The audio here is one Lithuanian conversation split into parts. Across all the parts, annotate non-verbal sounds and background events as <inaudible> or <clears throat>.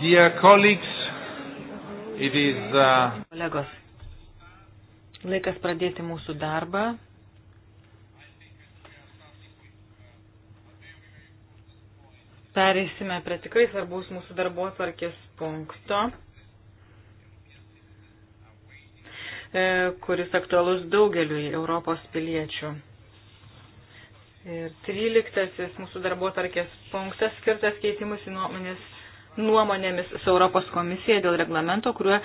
Dear colleagues, it is. Uh... Kolegos, laikas pradėti mūsų darbą. Perėsime prie tikrai svarbus mūsų darbo atvarkės punkto. E, kuris aktualus daugeliui Europos piliečių. Ir tryliktasis mūsų darbo tarkės punktas skirtas keitimus į nuomonės, nuomonėmis su Europos komisija dėl reglamento, kuriuo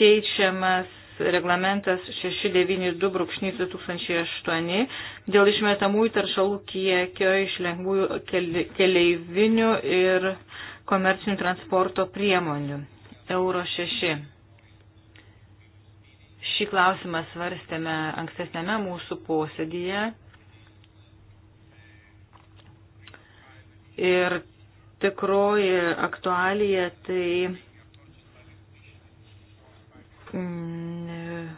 keičiamas reglamentas 692-2008 dėl išmetamųjų taršalų kiekio iš lengvųjų keleivinių ir komercinių transporto priemonių. Euro 6. Šį klausimą svarstėme ankstesnėme mūsų posėdyje. Ir tikroji aktualija tai mm,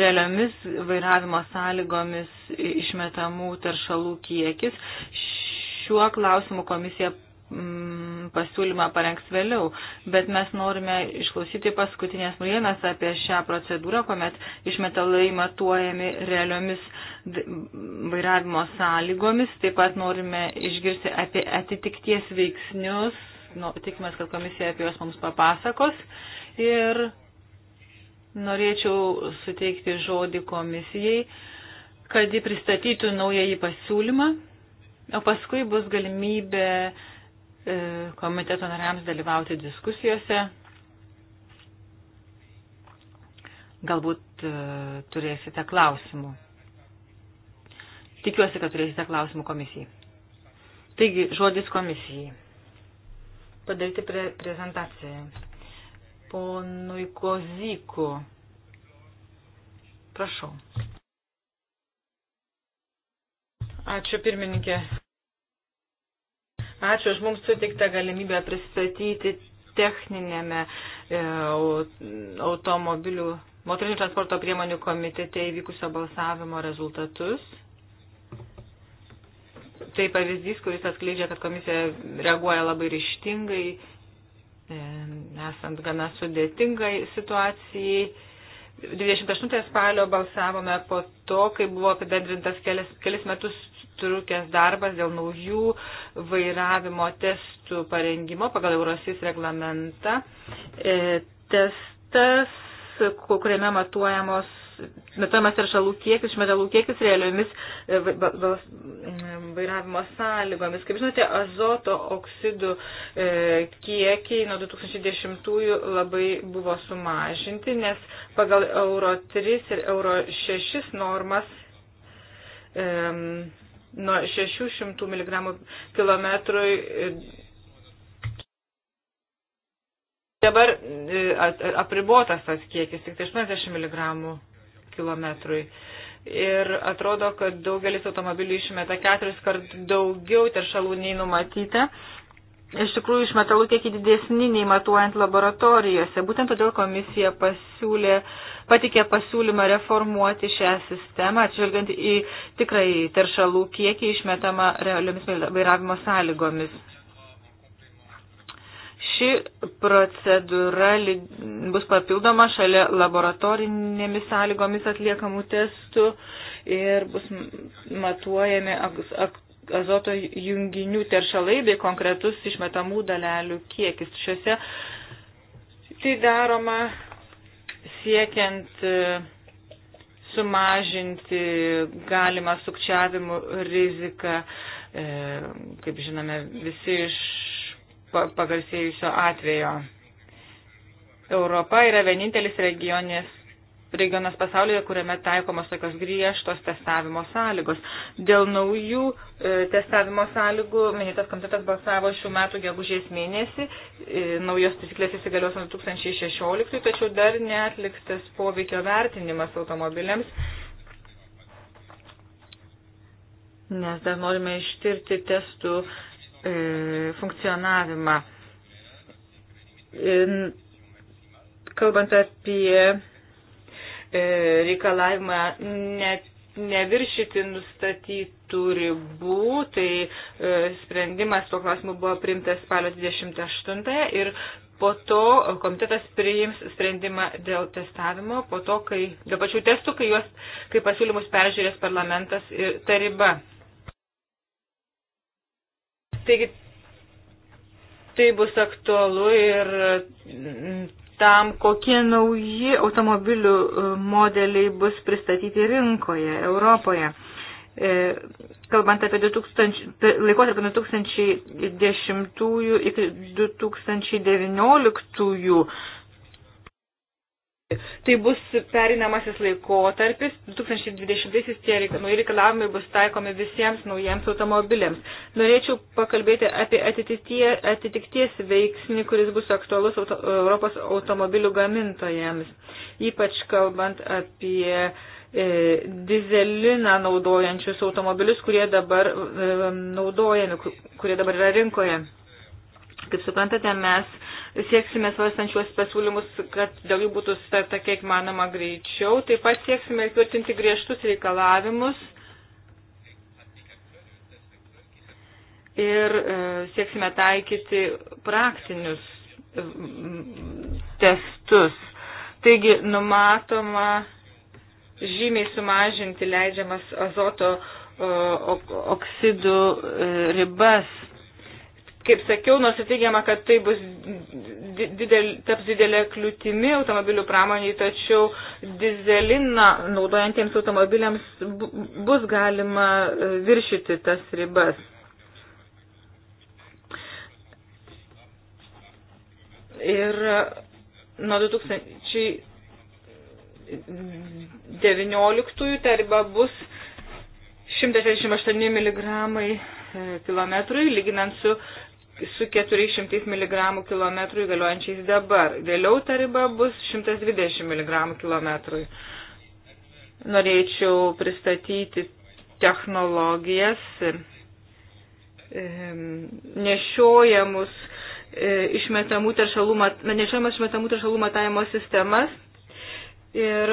realiomis vairavimo sąlygomis išmetamų teršalų kiekis. Šiuo klausimu komisija mm, pasiūlymą parengs vėliau, bet mes norime išklausyti paskutinės naujienas apie šią procedūrą, kuomet išmetalai matuojami realiomis vairavimo sąlygomis. Taip pat norime išgirsti apie atitikties veiksnius. Nu, tikimės, kad komisija apie juos mums papasakos. Ir norėčiau suteikti žodį komisijai, kad ji pristatytų naująjį pasiūlymą. O paskui bus galimybė E, komiteto nariams dalyvauti diskusijose. Galbūt e, turėsite klausimų. Tikiuosi, kad turėsite klausimų komisijai. Taigi, žodis komisijai. Padaryti pre prezentaciją. Ponui Kozyku. Prašau. Ačiū pirmininkė. Ačiū už mums sutiktą galimybę pristatyti techninėme e, automobilių, motorinių transporto priemonių komitete įvykusio balsavimo rezultatus. Tai pavyzdys, kuris atskleidžia, kad komisija reaguoja labai ryštingai, e, esant gana sudėtingai situacijai. 28 spalio balsavome po to, kai buvo apibendrintas kelis, kelis metus užtrukęs darbas dėl naujų vairavimo testų parengimo pagal Eurosis reglamentą. E, testas, kuriame matuojamos matuojamas teršalų kiekis, išmetalų kiekis realiomis e, mm, vairavimo sąlygomis. Kaip žinote, azoto oksidų e, kiekiai nuo 2010-ųjų labai buvo sumažinti, nes pagal Euro 3 ir Euro 6 normas nuo 600 mg kilometrui. E, dabar e, apribotas tas kiekis, tik tai 80 mg kilometrui. Ir atrodo, kad daugelis automobilių išmeta keturis kart daugiau teršalų nei numatyta. Iš tikrųjų, išmetalų kiekį didesnį nei matuojant laboratorijose. Būtent todėl komisija pasiūlė uh, patikė pasiūlymą reformuoti šią sistemą, atžvelgiant į tikrai teršalų kiekį išmetamą realiomis vairavimo sąlygomis. Ši procedūra bus papildoma šalia laboratorinėmis sąlygomis atliekamų testų ir bus matuojami azoto junginių teršalai bei konkretus išmetamų dalelių kiekis. Šiuose tai daroma siekiant e, sumažinti galimą sukčiavimų riziką, e, kaip žinome, visi iš pagarsėjusio atvejo. Europa yra vienintelis regionės regionas pasaulyje, kuriame taikomos tokios griežtos testavimo sąlygos. Dėl naujų e, testavimo sąlygų minėtas komitetas balsavo šių metų gegužės mėnesį, e, naujos taisyklės įsigalios 2016, tačiau dar netliktas poveikio vertinimas automobiliams, nes dar norime ištirti testų e, funkcionavimą. Ir, e, kalbant apie E, reikalavimą net neviršyti nustatytų ribų, tai e, sprendimas tuo klausimu buvo priimtas spalio 28 ir po to komitetas priims sprendimą dėl testavimo, po to, kai dėl pačių testų, kai, juos, kai pasiūlymus peržiūrės parlamentas ir taryba. Taigi, tai bus aktualu ir tam, kokie nauji automobilių e, modeliai bus pristatyti rinkoje, Europoje. E, kalbant apie 2000, laikotarpį 2010 iki 2019, Tai bus perinamasis laikotarpis, 2020-aisiais tie nauji reikalavimai bus taikomi visiems naujiems automobiliams. Norėčiau pakalbėti apie atitiktie, atitikties veiksnį, kuris bus aktualus auto, Europos automobilių gamintojams, ypač kalbant apie e, dizeliną naudojančius automobilius, kurie dabar e, naudojami, kurie dabar yra rinkoje. Kaip suprantate, mes Sieksime svarstant šiuos pasiūlymus, kad dėl jų būtų starta kiek manoma greičiau. Taip pat sieksime tvirtinti griežtus reikalavimus ir e, sieksime taikyti praktinius testus. Taigi numatoma žymiai sumažinti leidžiamas azoto oksidų e, ribas kaip sakiau, nors teigiama, kad tai bus didel, taps didelė kliūtimi automobilių pramoniai, tačiau dizeliną naudojantiems automobiliams bus galima e, viršyti tas ribas. Ir e, nuo 2019 ta riba bus 168 mg e, kilometrui, lyginant su su 400 mg km įgaliojančiais dabar. Vėliau ta riba bus 120 mg km. Norėčiau pristatyti technologijas nešiojamus e, išmetamų teršalų, nešiojamas išmetamų teršalų matavimo sistemas. Ir,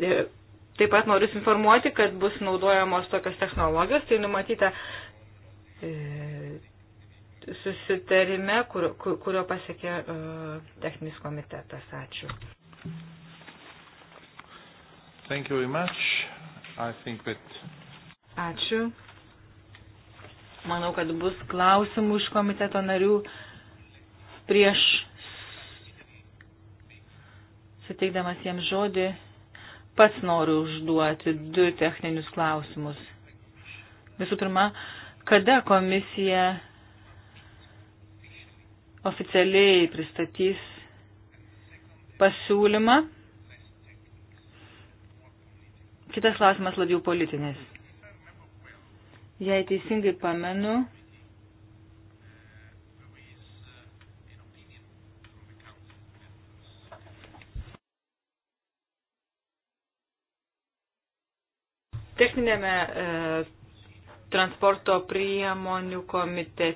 ir e, taip pat noriu informuoti, kad bus naudojamos tokios technologijos, tai numatyta e, susitarime, kur, kur, kurio pasiekė uh, techninis komitetas. Ačiū. Thank you very much. I think that... Ačiū. Manau, kad bus klausimų iš komiteto narių prieš suteikdamas jiems žodį. Pats noriu užduoti du techninius klausimus. Visų pirma, kada komisija oficialiai pristatys pasiūlymą. Kitas klausimas labiau politinis. Jei teisingai pamenu, techninėme e, transporto priemonių komitete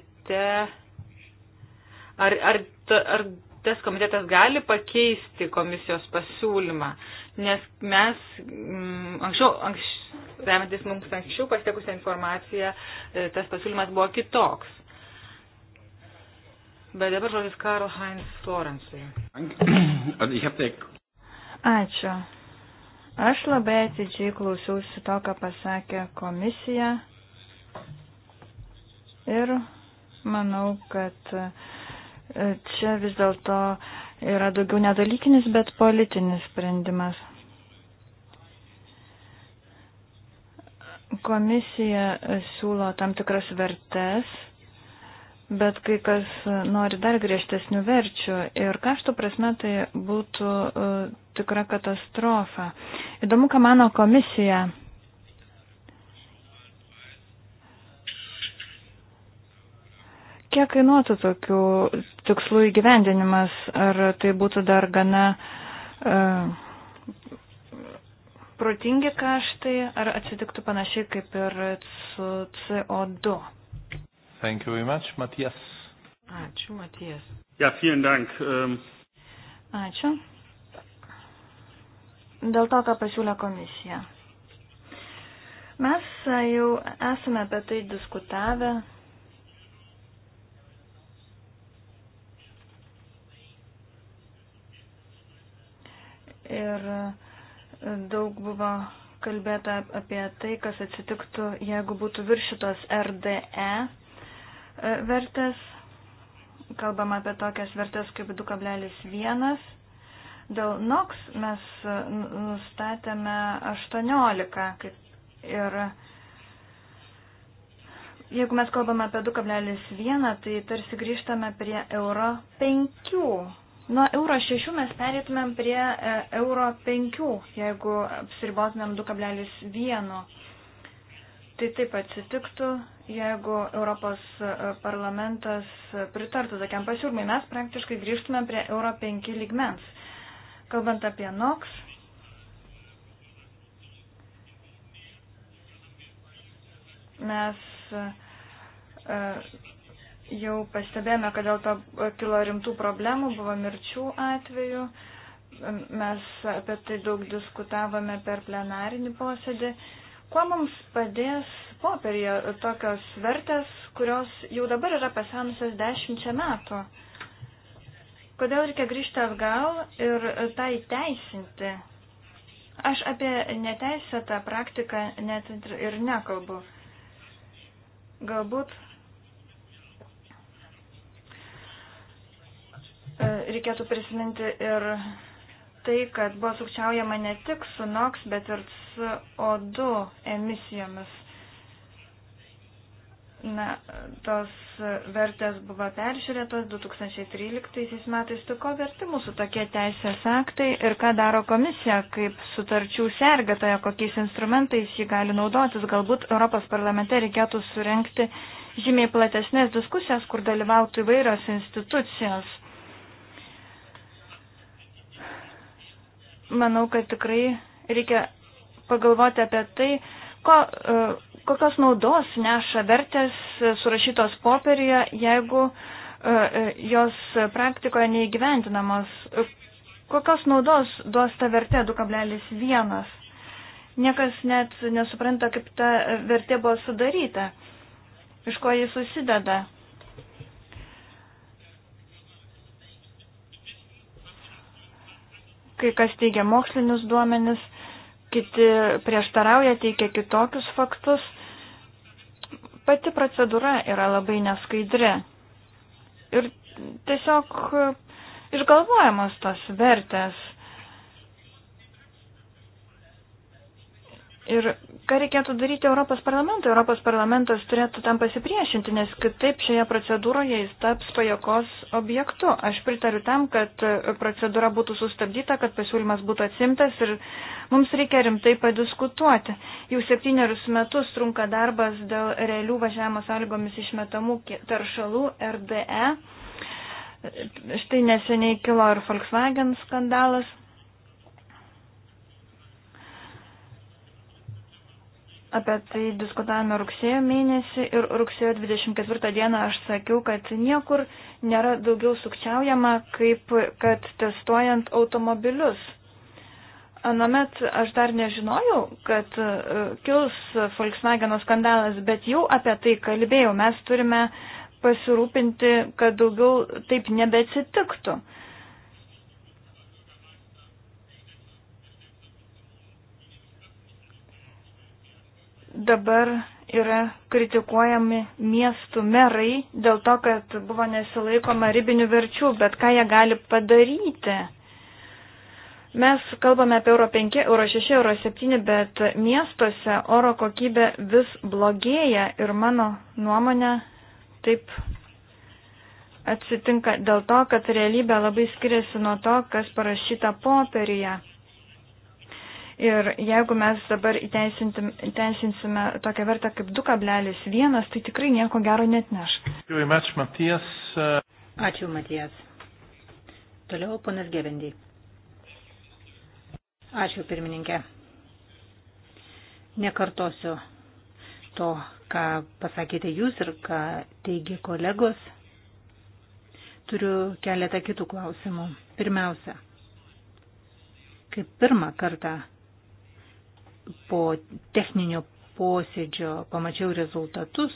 Ar, ar, ar tas komitetas gali pakeisti komisijos pasiūlymą, nes mes mm, anksčiau, anks, remiantis mums anksčiau pasiekusią informaciją, e, tas pasiūlymas buvo kitoks. Bet dabar žodis Karl Heinz Florensui. <clears throat> Ačiū. Aš labai atidžiai klausiausi to, ką pasakė komisija ir manau, kad uh, Čia vis dėlto yra daugiau nedalykinis, bet politinis sprendimas. Komisija siūlo tam tikras vertes, bet kai kas nori dar griežtesnių verčių ir kaštų prasme tai būtų e, tikra katastrofa. Įdomu, ką mano komisija Kiek kainuotų tokių tikslų įgyvendinimas? Ar tai būtų dar gana uh, protingi kaštai, ar atsitiktų panašiai kaip ir su CO2? Thank you very much, Matijas. Ačiū, Matijas. Ja, vielen dank. Um... Ačiū. Dėl to, ką pasiūlė komisija. Mes jau esame apie tai diskutavę ir e, daug buvo kalbėta apie tai, kas atsitiktų, jeigu būtų viršytos RDE e, vertės. Kalbam apie tokias vertės kaip 2,1. Dėl NOX mes e, nustatėme 18 kaip, ir jeigu mes kalbame apie 2,1, tai tarsi grįžtame prie euro 5 Nuo euro 6 mes perėtumėm prie e, euro 5, jeigu apsiribotumėm 2,1. Tai taip atsitiktų, jeigu Europos e, parlamentas pritartų tokiam pasiūlymui, mes praktiškai grįžtume prie euro 5 ligmens. Kalbant apie NOX, mes e, Jau pastebėjome, kad dėl to kilo rimtų problemų, buvo mirčių atveju. Mes apie tai daug diskutavome per plenarinį posėdį. Kuo mums padės popierėje tokios vertės, kurios jau dabar yra pasenusios dešimčia metų? Kodėl reikia grįžti atgal ir tai teisinti? Aš apie neteisėtą praktiką net ir nekalbu. Galbūt E, reikėtų prisiminti ir tai, kad buvo sukčiaujama ne tik su NOX, bet ir su O2 emisijomis. Na, tos vertės buvo peržiūrėtos 2013 metais. Tai ko verti mūsų tokie teisės aktai ir ką daro komisija, kaip sutarčių sergėtoja, kokiais instrumentais ji gali naudotis. Galbūt Europos parlamente reikėtų surenkti žymiai platesnės diskusijas, kur dalyvautų įvairios institucijos manau, kad tikrai reikia pagalvoti apie tai, ko, e, kokios naudos neša vertės surašytos popierioje, jeigu e, e, jos praktikoje neįgyventinamos. Kokios naudos duos ta vertė 2,1? Niekas net nesupranta, kaip ta vertė buvo sudaryta, iš ko jis susideda. kai kas teigia mokslinius duomenis, kiti prieštarauja, teikia kitokius faktus. Pati procedūra yra labai neskaidri. Ir tiesiog išgalvojamos tos vertės. Ir ką reikėtų daryti Europos parlamentui? Europos parlamentas turėtų tam pasipriešinti, nes kitaip šioje procedūroje jis taps pajakos objektu. Aš pritariu tam, kad procedūra būtų sustabdyta, kad pasiūlymas būtų atsimtas ir mums reikia rimtai padiskutuoti. Jau septynerius metus trunka darbas dėl realių važiavimo sąlygomis išmetamų taršalų RDE. Štai neseniai kilo ir Volkswagen skandalas. Apie tai diskutavome rugsėjo mėnesį ir rugsėjo 24 dieną aš sakiau, kad niekur nėra daugiau sukčiaujama, kaip kad testuojant automobilius. Anomet aš dar nežinojau, kad e, kils Volkswagen skandalas, bet jau apie tai kalbėjau. Mes turime pasirūpinti, kad daugiau taip nebeatsitiktų. dabar yra kritikuojami miestų merai dėl to, kad buvo nesilaikoma ribinių verčių, bet ką jie gali padaryti? Mes kalbame apie euro 5, euro 6, euro 7, bet miestuose oro kokybė vis blogėja ir mano nuomonė taip atsitinka dėl to, kad realybė labai skiriasi nuo to, kas parašyta popieriuje. Ir jeigu mes dabar įteisinsime tokią vertę kaip 2,1, tai tikrai nieko gero net neš. Ačiū, Matijas. Toliau ponas Gevendy. Ačiū, pirmininkė. Nekartosiu to, ką pasakėte jūs ir ką teigia kolegos. Turiu keletą kitų klausimų. Pirmiausia, kaip pirmą kartą po techninio posėdžio pamačiau rezultatus,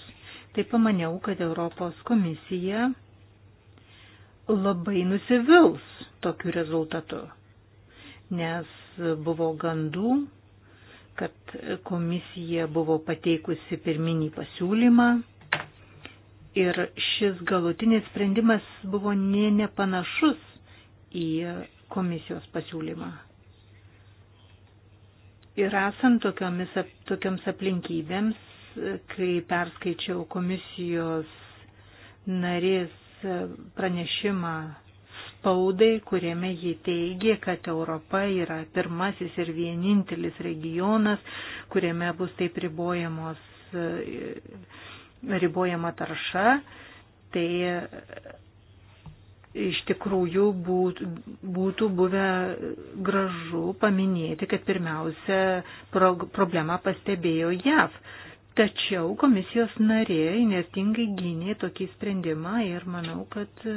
tai pamaniau, kad Europos komisija labai nusivils tokiu rezultatu, nes buvo gandų, kad komisija buvo pateikusi pirminį pasiūlymą ir šis galutinis sprendimas buvo nė nepanašus į komisijos pasiūlymą. Ir esant tokiomis, tokiams aplinkybėms, kai perskaičiau komisijos narės pranešimą spaudai, kuriame ji teigia, kad Europa yra pirmasis ir vienintelis regionas, kuriame bus taip ribojamos, ribojama tarša, tai iš tikrųjų būtų, būtų buvę gražu paminėti, kad pirmiausia pro, problemą pastebėjo JAV. Tačiau komisijos narė inertingai gynė tokį sprendimą ir manau, kad e,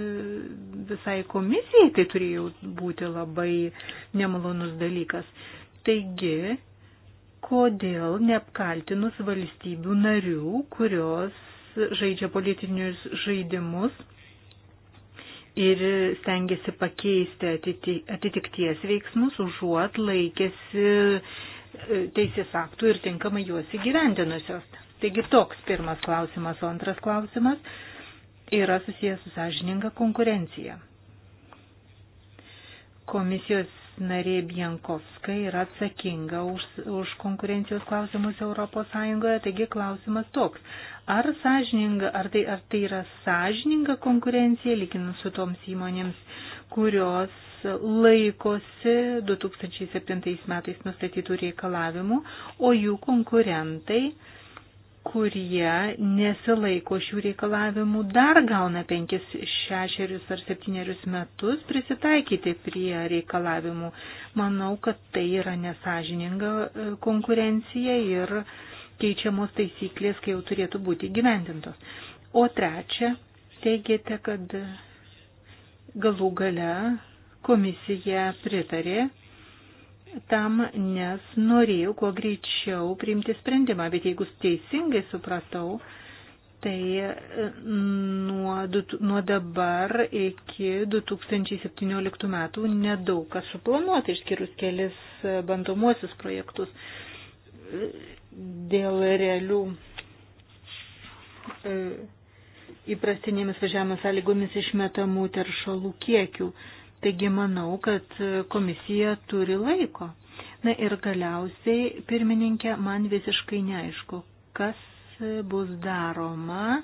visai komisijai tai turėjo būti labai nemalonus dalykas. Taigi, kodėl neapkaltinus valstybių narių, kurios žaidžia politinius žaidimus, ir stengiasi pakeisti atitikties veiksmus, užuot laikėsi e, teisės aktų ir tinkamai juos įgyvendinusios. Taigi toks pirmas klausimas, o antras klausimas yra susijęs su sąžininga konkurencija. Komisijos narė Bienkovska yra atsakinga už, už konkurencijos klausimus ES, taigi klausimas toks, Ar, sąžininga, ar, tai, ar tai yra sąžininga konkurencija, lyginant su toms įmonėms, kurios laikosi 2007 metais nustatytų reikalavimų, o jų konkurentai kurie nesilaiko šių reikalavimų, dar gauna 5, 6 ar 7 metus prisitaikyti prie reikalavimų. Manau, kad tai yra nesažininga e, konkurencija ir keičiamos taisyklės, kai jau turėtų būti gyvendintos. O trečia, teigėte, kad galų gale komisija pritarė tam, nes norėjau kuo greičiau priimti sprendimą, bet jeigu teisingai supratau, tai e, nuo, nuo dabar iki 2017 metų nedaug kas suplanuota, išskyrus kelis bandomuosius projektus dėl realių e, įprastinėmis važiavimo sąlygomis išmetamų teršalų kiekių. Taigi manau, kad e, komisija turi laiko. Na ir galiausiai, pirmininkė, man visiškai neaišku, kas e, bus daroma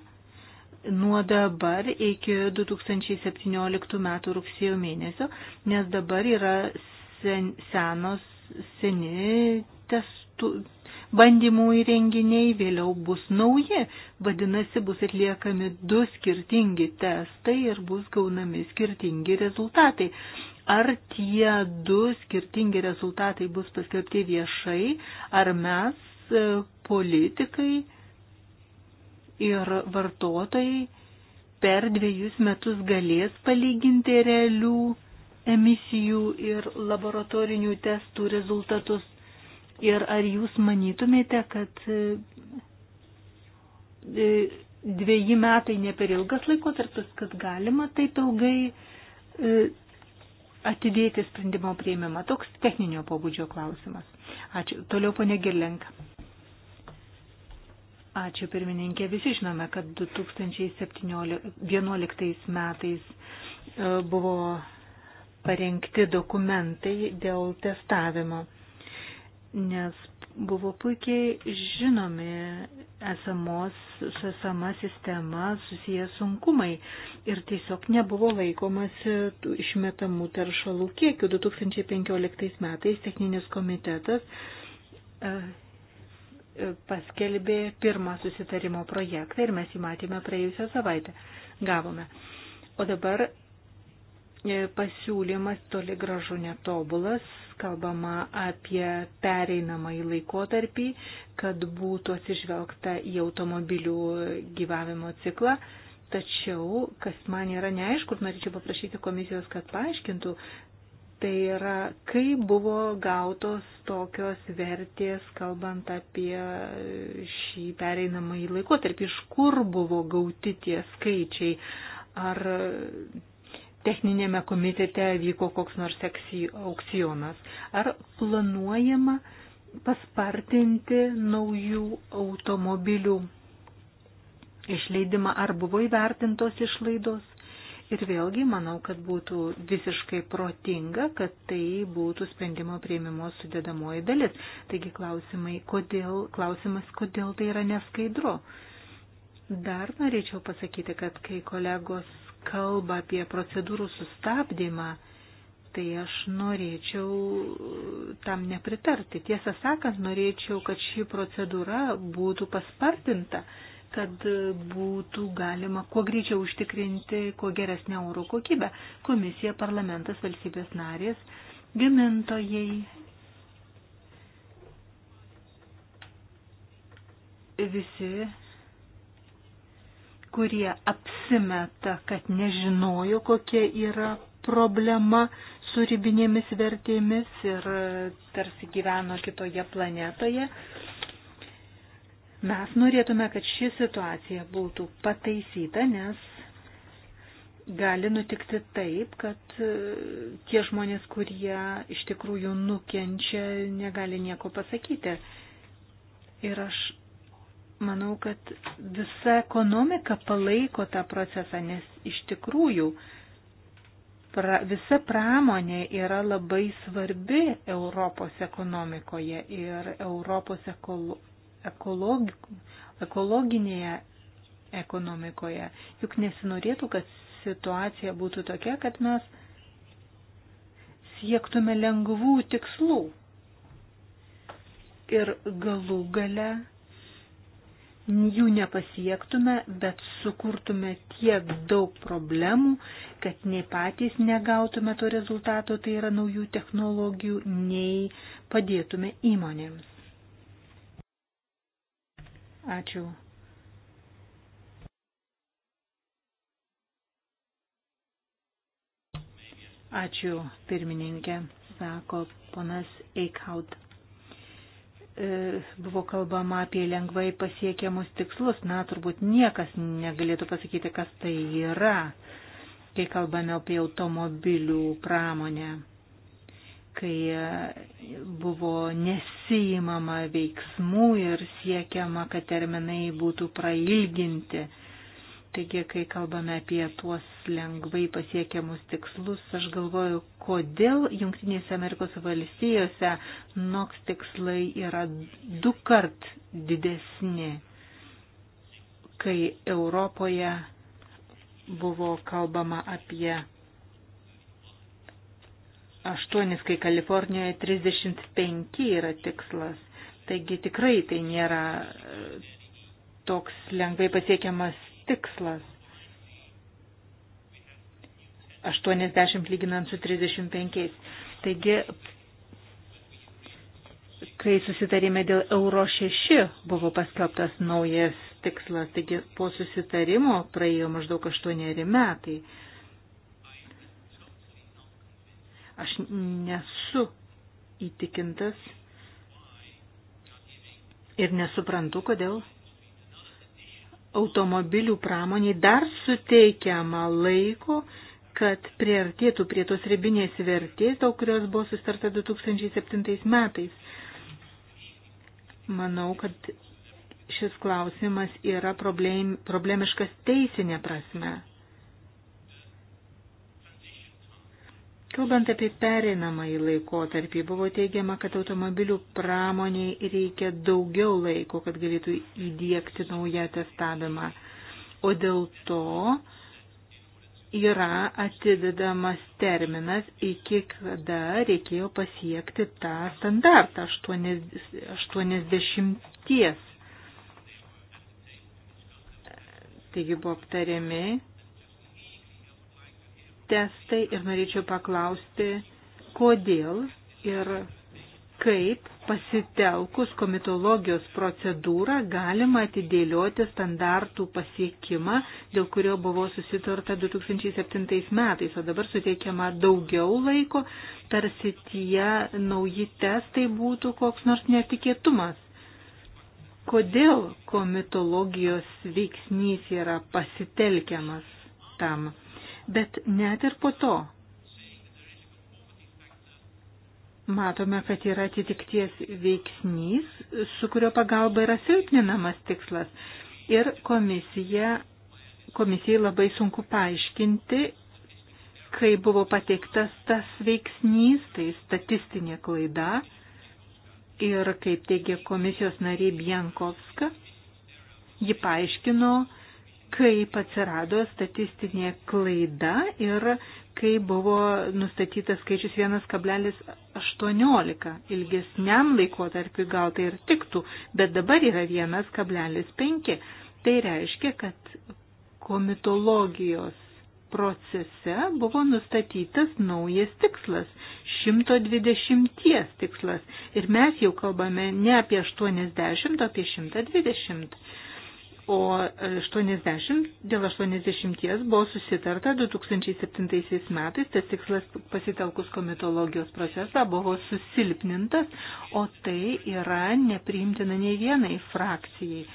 nuo dabar iki 2017 metų rugsėjo mėnesio, nes dabar yra sen, senos, seni tes, tų bandymų įrenginiai vėliau bus nauji, vadinasi, bus atliekami du skirtingi testai ir bus gaunami skirtingi rezultatai. Ar tie du skirtingi rezultatai bus paskelbti viešai, ar mes, e, politikai ir vartotojai, per dviejus metus galės palyginti realių emisijų ir laboratorinių testų rezultatus Ir ar jūs manytumėte, kad e, dviejį metai ne per ilgas laikotarpis, kad galima taip ilgai e, atidėti sprendimo prieimimą? Toks techninio pobūdžio klausimas. Ačiū. Toliau ponė Girlenka. Ačiū pirmininkė. Visi žinome, kad 2011 metais e, buvo parengti dokumentai dėl testavimo nes buvo puikiai žinomi esamos, su esama sistema susiję sunkumai ir tiesiog nebuvo laikomasi išmetamų teršalų kiekių. 2015 metais techninis komitetas e, e, paskelbė pirmą susitarimo projektą ir mes jį matėme praėjusią savaitę. Gavome. O dabar E, pasiūlymas toli gražu netobulas, kalbama apie pereinamąjį laikotarpį, kad būtų atsižvelgta į automobilių gyvavimo ciklą. Tačiau, kas man yra neaišku, ir norėčiau paprašyti komisijos, kad paaiškintų, tai yra, kaip buvo gautos tokios vertės, kalbant apie šį pereinamąjį laikotarpį, iš kur buvo gauti tie skaičiai. Ar techninėme komitete vyko koks nors aukcionas. Ar planuojama paspartinti naujų automobilių išleidimą, ar buvo įvertintos išlaidos? Ir vėlgi manau, kad būtų visiškai protinga, kad tai būtų sprendimo prieimimo sudėdamoji dalis. Taigi klausimai, kodėl, klausimas, kodėl tai yra neskaidru. Dar norėčiau pasakyti, kad kai kolegos kalba apie procedūrų sustabdymą, tai aš norėčiau tam nepritarti. Tiesą sakant, norėčiau, kad ši procedūra būtų paspartinta, kad būtų galima kuo greičiau užtikrinti kuo geresnę oro kokybę. Komisija, parlamentas, valstybės narės, gamintojai. Visi kurie apsimeta, kad nežinojo, kokia yra problema su ribinėmis vertėmis ir e, tarsi gyveno kitoje planetoje. Mes norėtume, kad ši situacija būtų pataisyta, nes gali nutikti taip, kad e, tie žmonės, kurie iš tikrųjų nukenčia, negali nieko pasakyti. Ir aš manau, kad visa ekonomika palaiko tą procesą, nes iš tikrųjų pra, visa pramonė yra labai svarbi Europos ekonomikoje ir Europos ekolo, ekolog, ekologinėje ekonomikoje. Juk nesinorėtų, kad situacija būtų tokia, kad mes siektume lengvų tikslų. Ir galų gale jų nepasiektume, bet sukurtume tiek daug problemų, kad nei patys negautume to rezultato, tai yra naujų technologijų, nei padėtume įmonėms. Ačiū. Ačiū, pirmininkė, sako ponas Eikhaut. E, buvo kalbama apie lengvai pasiekiamus tikslus. Na, turbūt niekas negalėtų pasakyti, kas tai yra, kai kalbame apie automobilių pramonę, kai e, buvo nesijimama veiksmų ir siekiama, kad terminai būtų prailginti. Taigi, kai kalbame apie tuos lengvai pasiekiamus tikslus, aš galvoju, kodėl Junktinėse Amerikos valstijose NOX tikslai yra du kart didesni, kai Europoje buvo kalbama apie 8, kai Kalifornijoje 35 yra tikslas. Taigi tikrai tai nėra e, toks lengvai pasiekiamas tikslas. 80 lyginant su 35. Taigi, kai susitarime dėl euro 6 buvo paskelbtas naujas tikslas, taigi po susitarimo praėjo maždaug 8 metai. Aš nesu įtikintas ir nesuprantu, kodėl automobilių pramoniai dar suteikiama laiko, kad priartėtų prie tos ribinės vertės, dėl kurios buvo sustarta 2007 metais. Manau, kad šis klausimas yra problemiškas teisinė prasme. Kalbant apie pereinamąjį laikotarpį, buvo teigiama, kad automobilių pramoniai reikia daugiau laiko, kad galėtų įdėkti naują testavimą. O dėl to yra atidedamas terminas, iki kada reikėjo pasiekti tą standartą 80. Taigi buvo aptariami testai ir norėčiau paklausti, kodėl ir kaip pasitelkus komitologijos procedūrą galima atidėlioti standartų pasiekimą, dėl kurio buvo susitarta 2007 metais, o dabar suteikiama daugiau laiko, tarsi tie nauji testai būtų koks nors netikėtumas. Kodėl komitologijos veiksnys yra pasitelkiamas tam? Bet net ir po to matome, kad yra atitikties veiksnys, su kurio pagalba yra silpninamas tikslas. Ir komisija, komisijai labai sunku paaiškinti, kai buvo pateiktas tas veiksnys, tai statistinė klaida. Ir kaip teigia komisijos narė Bienkovska, ji paaiškino, kaip atsirado statistinė klaida ir kai buvo nustatytas skaičius 1,18. Ilgesniam laikotarpiu gal tai ir tiktų, bet dabar yra 1,5. Tai reiškia, kad komitologijos procese buvo nustatytas naujas tikslas - 120 tikslas. Ir mes jau kalbame ne apie 80, o apie 120 o 80, dėl 80 buvo susitarta 2007 metais, tas tikslas pasitelkus komitologijos procesą buvo susilpnintas, o tai yra nepriimtina nei vienai frakcijai,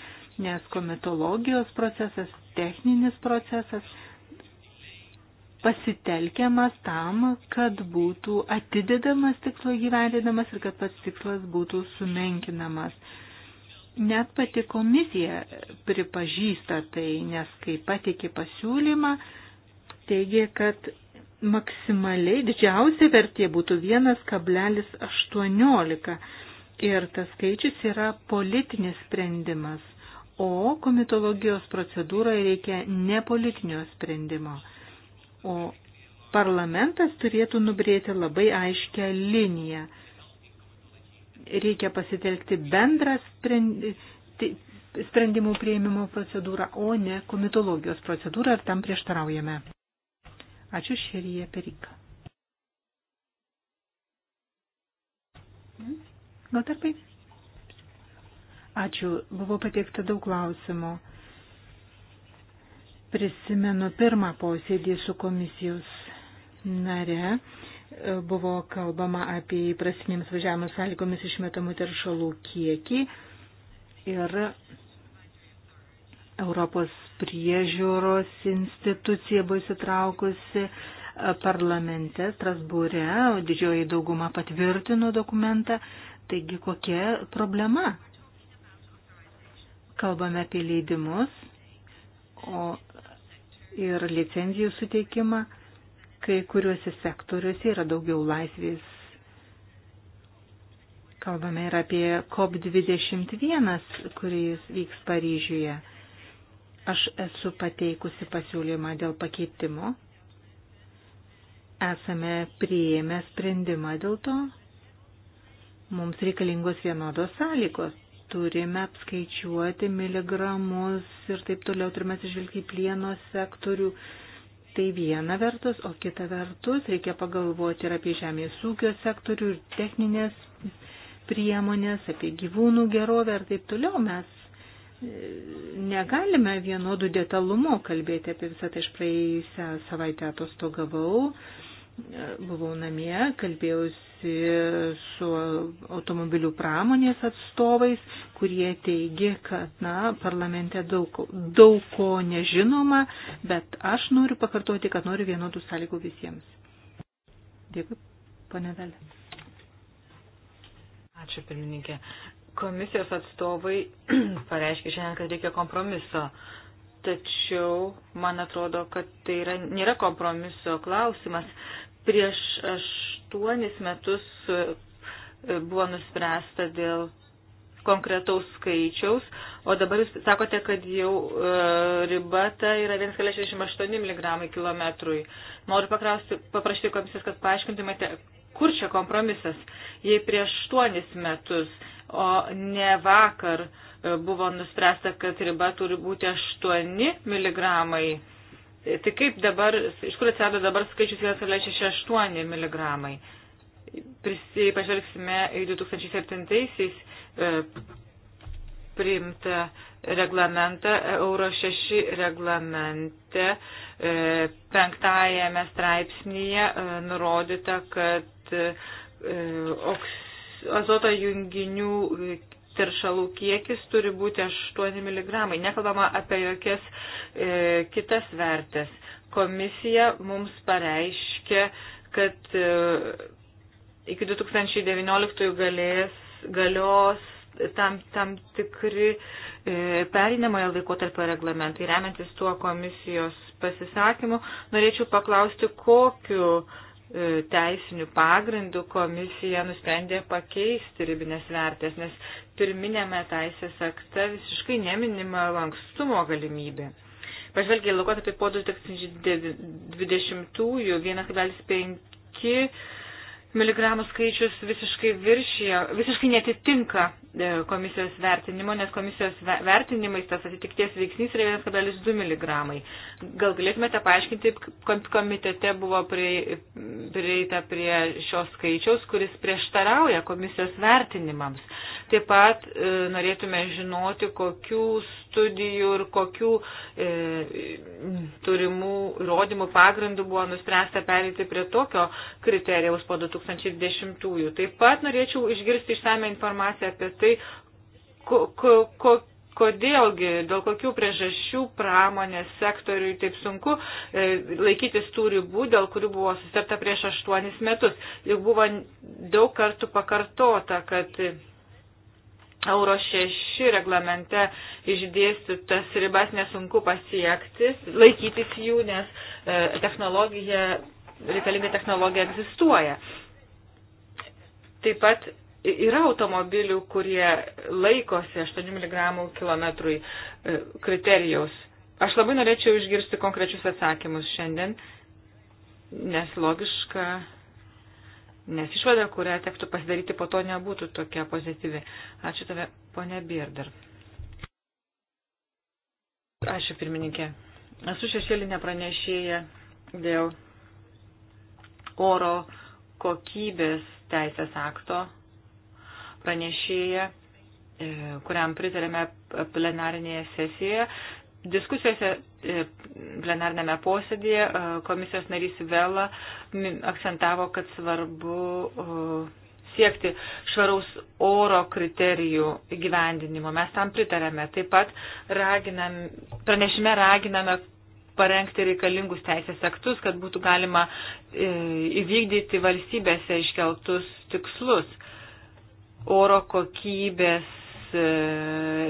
nes komitologijos procesas, techninis procesas pasitelkiamas tam, kad būtų atidedamas tikslo gyvendinamas ir kad pats tikslas būtų sumenkinamas. Net pati komisija pripažįsta tai, nes kai patikė pasiūlymą, teigė, kad maksimaliai didžiausia vertė būtų 1,18 ir tas skaičius yra politinis sprendimas, o komitologijos procedūroje reikia ne politinio sprendimo, o parlamentas turėtų nubrėti labai aiškę liniją reikia pasitelkti bendrą sprendimų prieimimo procedūrą, o ne komitologijos procedūrą ir tam prieštaraujame. Ačiū Šerija Perika. Gal tarpai? Ačiū, buvo pateikta daug klausimų. Prisimenu pirmą posėdį su komisijos nare buvo kalbama apie įprastinėms važiavimo sąlygomis išmetamų teršalų kiekį ir Europos priežiūros institucija buvo įsitraukusi e, parlamente Strasbūre, didžioji dauguma patvirtino dokumentą. Taigi kokia problema? Kalbame apie leidimus o, ir licenzijų suteikimą kai kuriuose sektoriuose yra daugiau laisvės. Kalbame ir apie COP21, kuris vyks Paryžiuje. Aš esu pateikusi pasiūlymą dėl pakeitimo. Esame priėmę sprendimą dėl to. Mums reikalingos vienodos sąlygos turime apskaičiuoti miligramus ir taip toliau turime atsižvelgti į plieno sektorių, Tai viena vertus, o kita vertus reikia pagalvoti ir apie žemės ūkio sektorių, ir techninės priemonės, apie gyvūnų gerovę ir taip toliau. Mes e, negalime vienodų detalumų kalbėti apie visą tai. Aš praėjusią savaitę atostogavau, buvau namie, kalbėjausi su automobilių pramonės atstovais, kurie teigia, kad na, parlamente daug, daug ko nežinoma, bet aš noriu pakartoti, kad noriu vienodų sąlygų visiems. Dėkui, pane Velė. Ačiū, pirmininkė. Komisijos atstovai <clears throat> pareiškia šiandien, kad reikia kompromiso tačiau man atrodo, kad tai yra, nėra kompromiso klausimas. Prieš aštuonis metus e, buvo nuspręsta dėl konkretaus skaičiaus, o dabar jūs sakote, kad jau e, riba ta yra 1,68 mg kilometrui. Noriu pakrausti, paprašyti komisijos, kad paaiškintumėte, kur čia kompromisas, jei prieš 8 metus, o ne vakar e, buvo nuspręsta, kad riba turi būti 8 mg Tai kaip dabar, iš kur atsirado dabar skaičius 1,68 mg? Jei pažvelgsime į 2007-aisiais e, priimtą reglamentą, Euro 6 reglamente, e, penktajame straipsnėje e, nurodyta, kad e, oks, azoto junginių teršalų kiekis turi būti 8 mg. Nekalbama apie jokias e, kitas vertės. Komisija mums pareiškė, kad e, iki 2019 galės, galios tam, tam tikri e, perinamojo laikotarpio reglamentai. Remiantis tuo komisijos pasisakymu, norėčiau paklausti, kokiu e, E, teisinių pagrindų komisija nusprendė pakeisti ribinės vertės, nes pirminėme teisės akte visiškai neminima lankstumo galimybė. Pažvelgiai laikotarpį po 2020-ųjų 1,5 miligramų skaičius visiškai viršijo, visiškai netitinka e, komisijos vertinimo, nes komisijos vertinimais tas atitikties veiksnys yra 1,2 miligramai. Gal galėtumėte paaiškinti, kad komitete buvo prieita prie šios skaičiaus, kuris prieštarauja komisijos vertinimams. Taip pat e, norėtume žinoti, kokius studijų ir kokių e, turimų įrodymų pagrindų buvo nuspręsta perėti prie tokio kriterijaus po 2010-ųjų. Taip pat norėčiau išgirsti išsame informaciją apie tai, ko, ko, ko, kodėlgi, dėl kokių priežasčių pramonės sektoriui taip sunku e, laikytis tų ribų, dėl kurių buvo susitarta prieš aštuonis metus. Juk buvo daug kartų pakartota, kad Euro 6 reglamente išdėstytas ribas nesunku pasiekti, laikytis jų, nes e, technologija, reikalinga technologija egzistuoja. Taip pat yra automobilių, kurie laikosi 8 mg kilometrui e, kriterijaus. Aš labai norėčiau išgirsti konkrečius atsakymus šiandien, nes logiška Nes išvada, kurią tektų pasidaryti po to, nebūtų tokia pozityvi. Ačiū tave, ponė Birdar. Ačiū, pirmininkė. Esu šešėlinė pranešėja dėl oro kokybės teisės akto pranešėja, e, kuriam pritarėme plenarinėje sesijoje. Diskusijose E, plenarname posėdėje e, komisijos narys Vela akcentavo, kad svarbu e, siekti švaraus oro kriterijų įgyvendinimo. Mes tam pritarėme. Taip pat raginam, pranešime raginame parengti reikalingus teisės aktus, kad būtų galima įvykdyti valstybėse iškeltus tikslus. Oro kokybės E,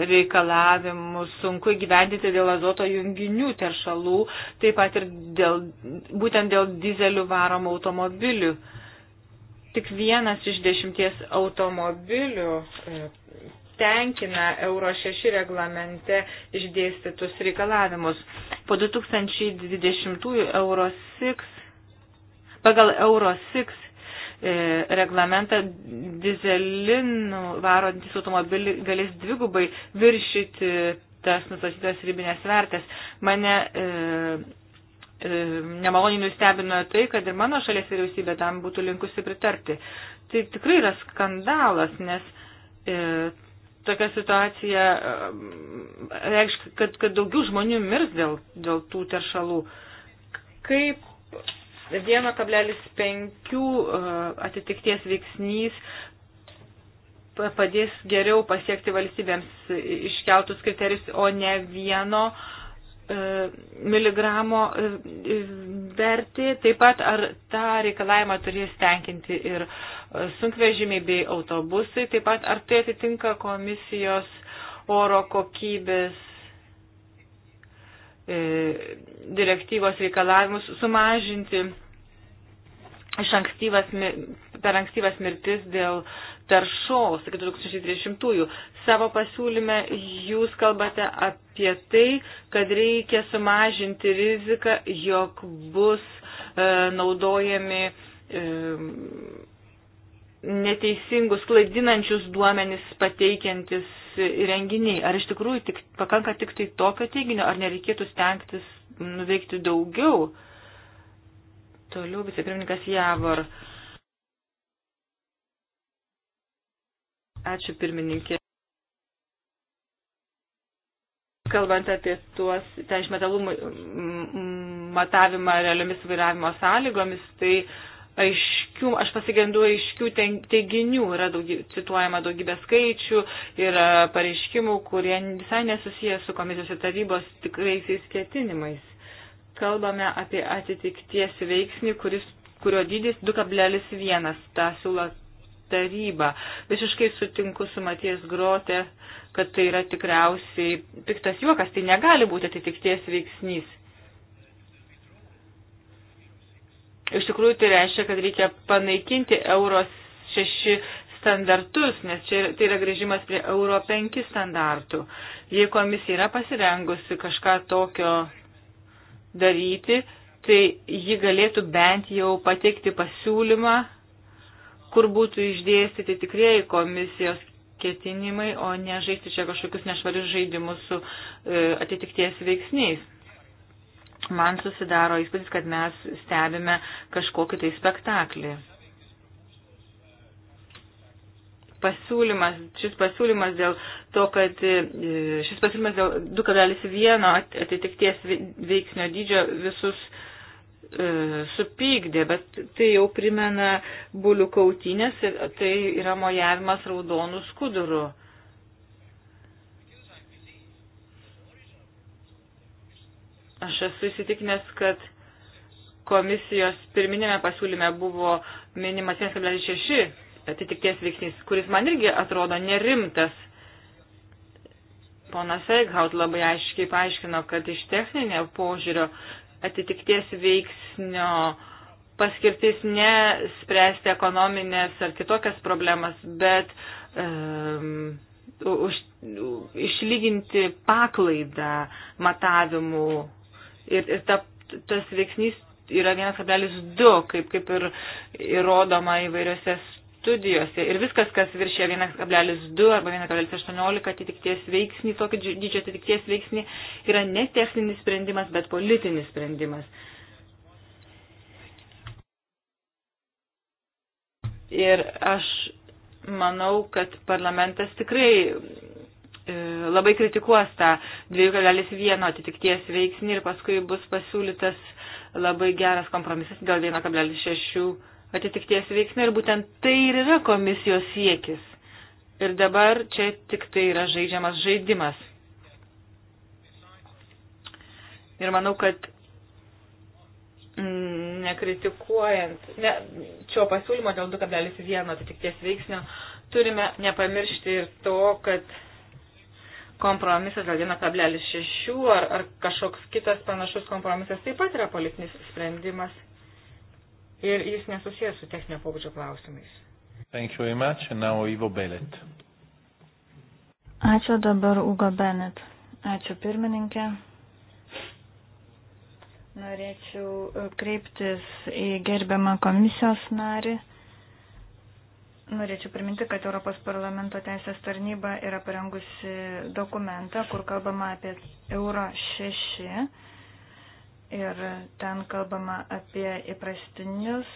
reikalavimus sunku įgyvendinti dėl azoto junginių teršalų, taip pat ir dėl, būtent dėl dizelių varomų automobilių. Tik vienas iš dešimties automobilių e, tenkina Euro 6 reglamente išdėstytus reikalavimus. Po 2020 Euro 6 pagal Euro 6 E, reglamentą dizelinų varantis automobilį galės dvigubai viršyti tas nustatytas ribinės vertės. Mane e, e, nemaloniai nustebino tai, kad ir mano šalies vyriausybė tam būtų linkusi pritarti. Tai tikrai yra skandalas, nes e, tokia situacija e, reikš, kad, kad daugiau žmonių mirs dėl, dėl tų teršalų. Kaip 1,5 e, atitikties veiksnys padės geriau pasiekti valstybėms iškeltus kriterijus, o ne vieno e, miligramo e, vertė. Taip pat ar tą reikalavimą turės tenkinti ir sunkvežimiai bei autobusai. Taip pat ar tai atitinka komisijos oro kokybės E, direktyvos reikalavimus sumažinti iš ankstyvas, per ankstyvas mirtis dėl taršos iki 2030-ųjų. Savo pasiūlyme jūs kalbate apie tai, kad reikia sumažinti riziką, jog bus e, naudojami e, neteisingus, klaidinančius duomenis pateikiantis renginiai. Ar iš tikrųjų tik, pakanka tik tai tokio teiginio, ar nereikėtų stengtis nuveikti daugiau? Toliau vicepirmininkas Javor. Ačiū pirmininkė. Kalbant apie tuos, tą išmetalų matavimą realiomis vairavimo sąlygomis, tai uh, aiškių, aš pasigendu aiškių teiginių, yra daugy, cituojama daugybė skaičių, yra pareiškimų, kurie visai nesusiję su komisijos ir tarybos tikraisiais ketinimais. Kalbame apie atitikties veiksnį, kuris, kurio dydis 2,1, tą siūlo taryba. Visiškai sutinku su Matijas Grote, kad tai yra tikriausiai piktas juokas, tai negali būti atitikties veiksnys Iš tikrųjų, tai reiškia, kad reikia panaikinti euros 6 standartus, nes čia tai yra grįžimas prie euro 5 standartų. Jei komisija yra pasirengusi kažką tokio daryti, tai ji galėtų bent jau pateikti pasiūlymą, kur būtų išdėstyti tikrieji komisijos ketinimai, o ne žaisti čia kažkokius nešvarius žaidimus su e, atitikties veiksniais man susidaro įspūdis, kad mes stebime kažkokį tai spektaklį. Pasiūlymas, šis pasiūlymas dėl to, kad e, šis pasiūlymas dėl 2,1 atitikties veiksnio dydžio visus e, supykdė, bet tai jau primena bulių kautinės ir tai yra mojavimas raudonų skudurų. E, Aš esu įsitikinęs, kad komisijos pirminėme pasiūlyme buvo minimas 1,6 atitikties veiksnys, kuris man irgi atrodo nerimtas. Ponas Eichhaut labai aiškiai paaiškino, kad iš techninio požiūrio atitikties veiksnio paskirtis ne spręsti ekonominės ar kitokias problemas, bet um, už, išlyginti paklaidą matavimų Ir, ir ta, tas veiksnys yra 1,2, kaip, kaip ir įrodoma įvairiose studijose. Ir viskas, kas viršė 1,2 arba 1,18 atitikties veiksnį, tokio dydžio atitikties veiksnį, yra ne techninis sprendimas, bet politinis sprendimas. Ir aš manau, kad parlamentas tikrai E, labai kritikuos tą 2,1 atitikties veiksnį ir paskui bus pasiūlytas labai geras kompromisas dėl 1,6 atitikties veiksnį ir būtent tai ir yra komisijos siekis. Ir dabar čia tik tai yra žaidžiamas žaidimas. Ir manau, kad mm, nekritikuojant ne, šio pasiūlymo dėl 2,1 atitikties veiksnio, turime nepamiršti ir to, kad kompromisas dėl 1,6 ar, ar kažkoks kitas panašus kompromisas taip pat yra politinis sprendimas ir jis nesusijęs su techninio pobūdžio klausimais. Thank you very much. And now Ivo Belet. Ačiū dabar Ugo Benet. Ačiū pirmininkė. Norėčiau kreiptis į gerbiamą komisijos narį. Norėčiau priminti, kad Europos parlamento teisės tarnyba yra parengusi dokumentą, kur kalbama apie euro 6 ir ten kalbama apie įprastinius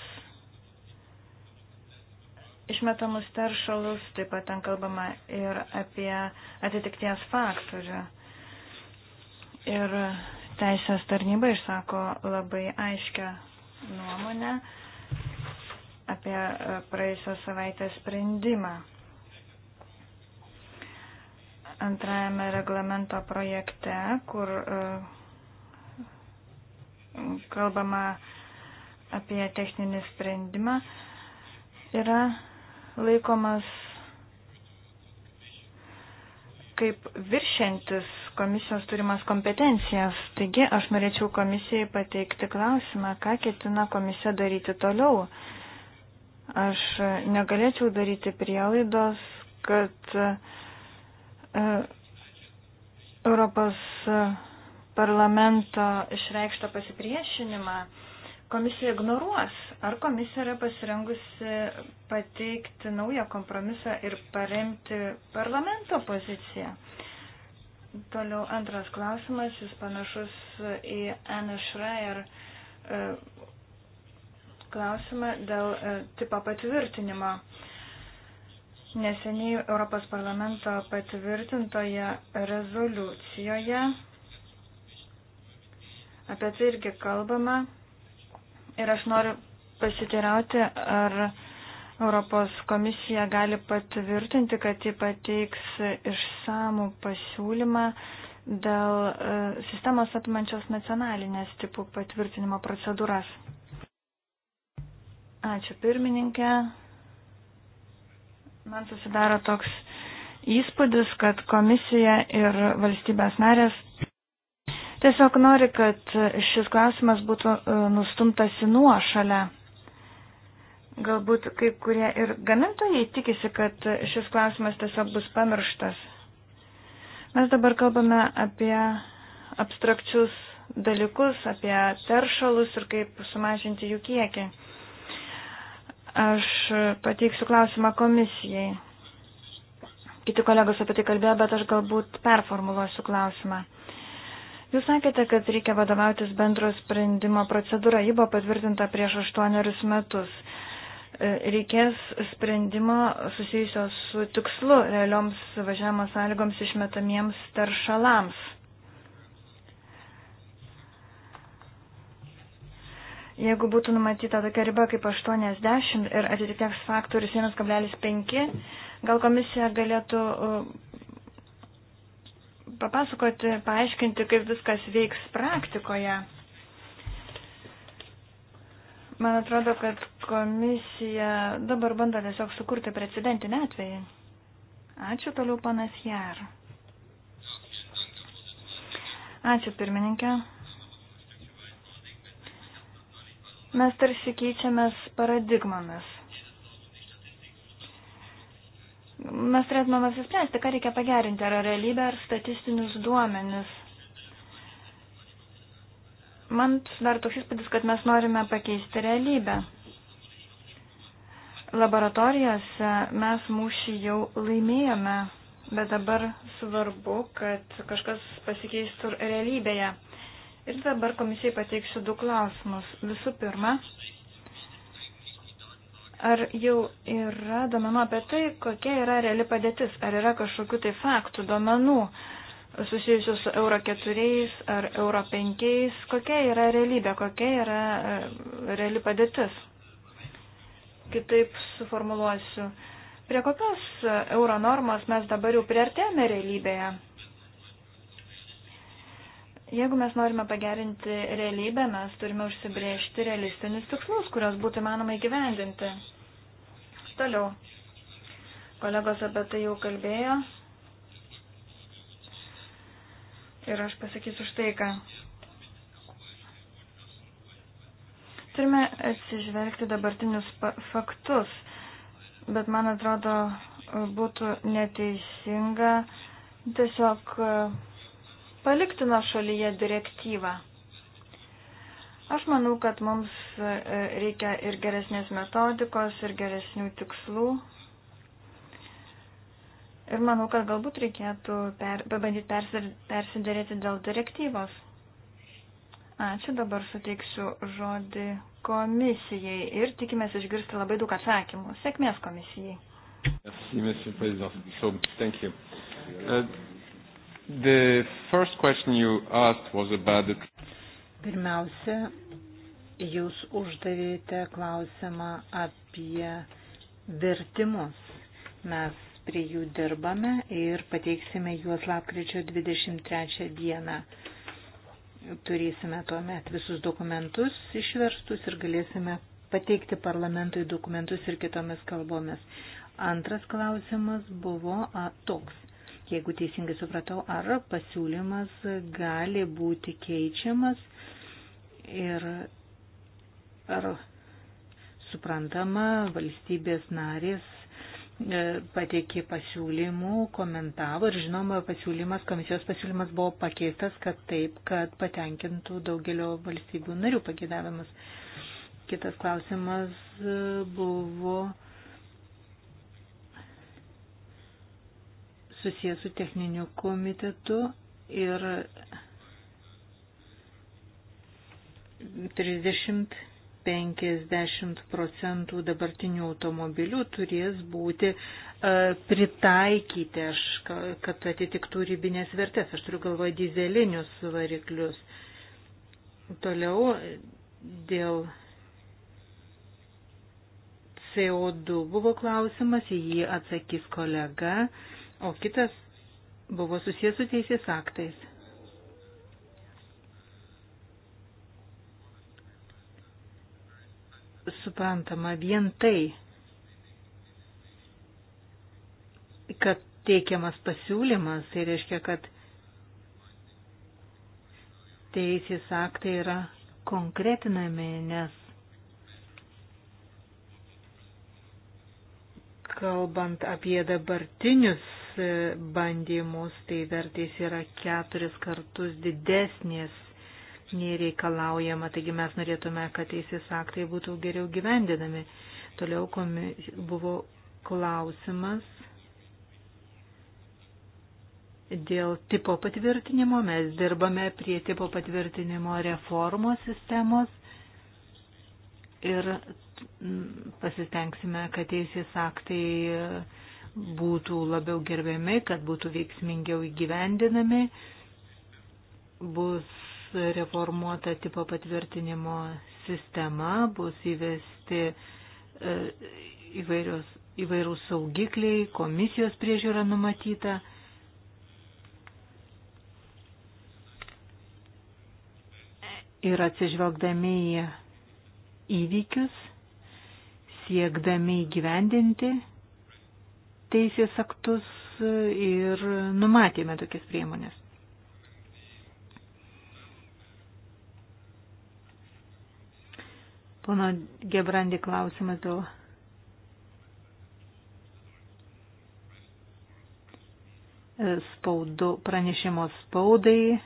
išmetamus teršalus, taip pat ten kalbama ir apie atitikties faktorių. Ir teisės tarnyba išsako labai aiškę nuomonę apie e, praėjusios savaitės sprendimą. Antrajame reglamento projekte, kur e, kalbama apie techninį sprendimą, yra laikomas kaip viršintis komisijos turimas kompetencijas. Taigi aš norėčiau komisijai pateikti klausimą, ką ketina komisija daryti toliau. Aš negalėčiau daryti prielaidos, kad e, Europos parlamento išreikštą pasipriešinimą komisija ignoruos. Ar komisija yra pasirengusi pateikti naują kompromisą ir paremti parlamento poziciją? Toliau antras klausimas, jis panašus į Anne Schreier e, klausimą dėl e, tipo patvirtinimo. Neseniai Europos parlamento patvirtintoje rezoliucijoje apie tai irgi kalbama. Ir aš noriu pasiteirauti, ar Europos komisija gali patvirtinti, kad ji pateiks išsamų pasiūlymą dėl e, sistemos apimančios nacionalinės tipų patvirtinimo procedūras. Ačiū pirmininkė. Man susidaro toks įspūdis, kad komisija ir valstybės narės tiesiog nori, kad šis klausimas būtų e, nustumtas į nuošalę. Galbūt kai kurie ir gamintojai tikisi, kad šis klausimas tiesiog bus pamirštas. Mes dabar kalbame apie abstrakčius dalykus, apie teršalus ir kaip sumažinti jų kiekį. Aš pateiksiu klausimą komisijai. Kiti kolegos apie tai kalbėjo, bet aš galbūt performuluosiu klausimą. Jūs sakėte, kad reikia vadovautis bendro sprendimo procedūra. Ji buvo patvirtinta prieš aštuonerius metus. E, reikės sprendimo susijusio su tikslu realioms važiavimo sąlygoms išmetamiems taršalams. Jeigu būtų numatyta tokia riba kaip 80 ir atitikties faktorius 1,5, gal komisija galėtų uh, papasakoti, paaiškinti, kaip viskas veiks praktikoje. Man atrodo, kad komisija dabar bando tiesiog sukurti precedentinį atvejį. Ačiū toliau, panas Jar. Ačiū pirmininkė. Mes tarsi keičiamės paradigmomis. Mes turėtumėm apsispręsti, ką reikia pagerinti, ar realybę, ar statistinius duomenis. Man dar toks įspūdis, kad mes norime pakeisti realybę. Laboratorijose mes mūšį jau laimėjome, bet dabar svarbu, kad kažkas pasikeistų realybėje. Ir dabar komisijai pateiksiu du klausimus. Visų pirma, ar jau yra domenų apie tai, kokia yra reali padėtis, ar yra kažkokių tai faktų, domenų susijusių su Euro 4 ar Euro 5, kokia yra realybė, kokia yra e, reali padėtis. Kitaip suformuluosiu. Prie kokios e, euro normos mes dabar jau priartėme realybėje? Jeigu mes norime pagerinti realybę, mes turime užsibriežti realistinius tikslus, kurios būtų manoma įgyvendinti. Toliau. Kolegos apie tai jau kalbėjo. Ir aš pasakysiu štai ką. Turime atsižvelgti dabartinius faktus, bet man atrodo būtų neteisinga tiesiog palikti nuo šalyje direktyvą. Aš manau, kad mums e, reikia ir geresnės metodikos, ir geresnių tikslų. Ir manau, kad galbūt reikėtų per, pabandyti persi, persidėrėti dėl direktyvos. Ačiū, dabar suteiksiu žodį komisijai ir tikimės išgirsti labai daug atsakymų. Sėkmės komisijai. Merci, monsieur le président. So, thank you. Uh, The first question you asked was about the... Pirmiausia, jūs uždavėte klausimą apie vertimus. Mes prie jų dirbame ir pateiksime juos lapkričio 23 dieną. Turėsime tuomet visus dokumentus išverstus ir galėsime pateikti parlamentui dokumentus ir kitomis kalbomis. Antras klausimas buvo a, toks jeigu teisingai supratau, ar pasiūlymas gali būti keičiamas ir ar suprantama valstybės narės e, pateikė pasiūlymų, komentavo ir žinoma, pasiūlymas, komisijos pasiūlymas buvo pakeistas, kad taip, kad patenkintų daugelio valstybių narių pagėdavimus. Kitas klausimas e, buvo susijęs su techniniu komitetu ir 30-50 procentų dabartinių automobilių turės būti e, pritaikyti, aš, kad tai atitiktų ribinės vertės. Aš turiu galvoje dizelinius variklius. Toliau dėl CO2 buvo klausimas, į jį atsakys kolega o kitas buvo susijęs su teisės aktais. Suprantama, vien tai, kad teikiamas pasiūlymas, tai reiškia, kad teisės aktai yra konkretinami, nes kalbant apie dabartinius bandymus, tai vertės yra keturis kartus didesnės nei reikalaujama, taigi mes norėtume, kad teisės aktai būtų geriau gyvendinami. Toliau komi, buvo klausimas dėl tipo patvirtinimo. Mes dirbame prie tipo patvirtinimo reformos sistemos ir pasistengsime, kad teisės aktai būtų labiau gerbiami, kad būtų veiksmingiau įgyvendinami, bus reformuota tipo patvirtinimo sistema, bus įvesti e, įvairios, įvairūs saugikliai, komisijos priežiūra numatyta. Ir atsižvelgdami į įvykius, siekdami įgyvendinti teisės aktus ir numatėme tokias priemonės. Pono Gebrandi klausimas dėl spaudu, pranešimo spaudai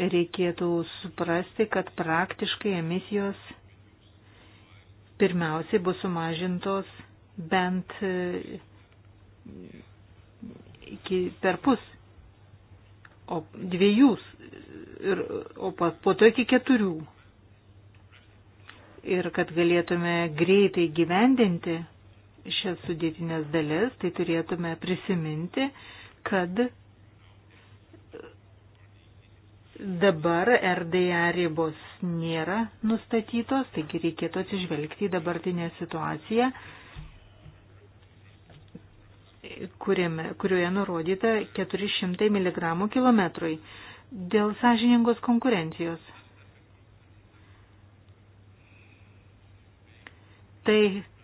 reikėtų suprasti, kad praktiškai emisijos pirmiausiai bus sumažintos bent e, iki perpus, o dviejus, ir, o po to iki keturių. Ir kad galėtume greitai gyvendinti šias sudėtinės dalis, tai turėtume prisiminti, kad dabar RDA ribos nėra nustatytos, taigi reikėtų atsižvelgti į dabartinę situaciją kuriame, kurioje nurodyta 400 mg kilometrui dėl sąžiningos konkurencijos. Tai,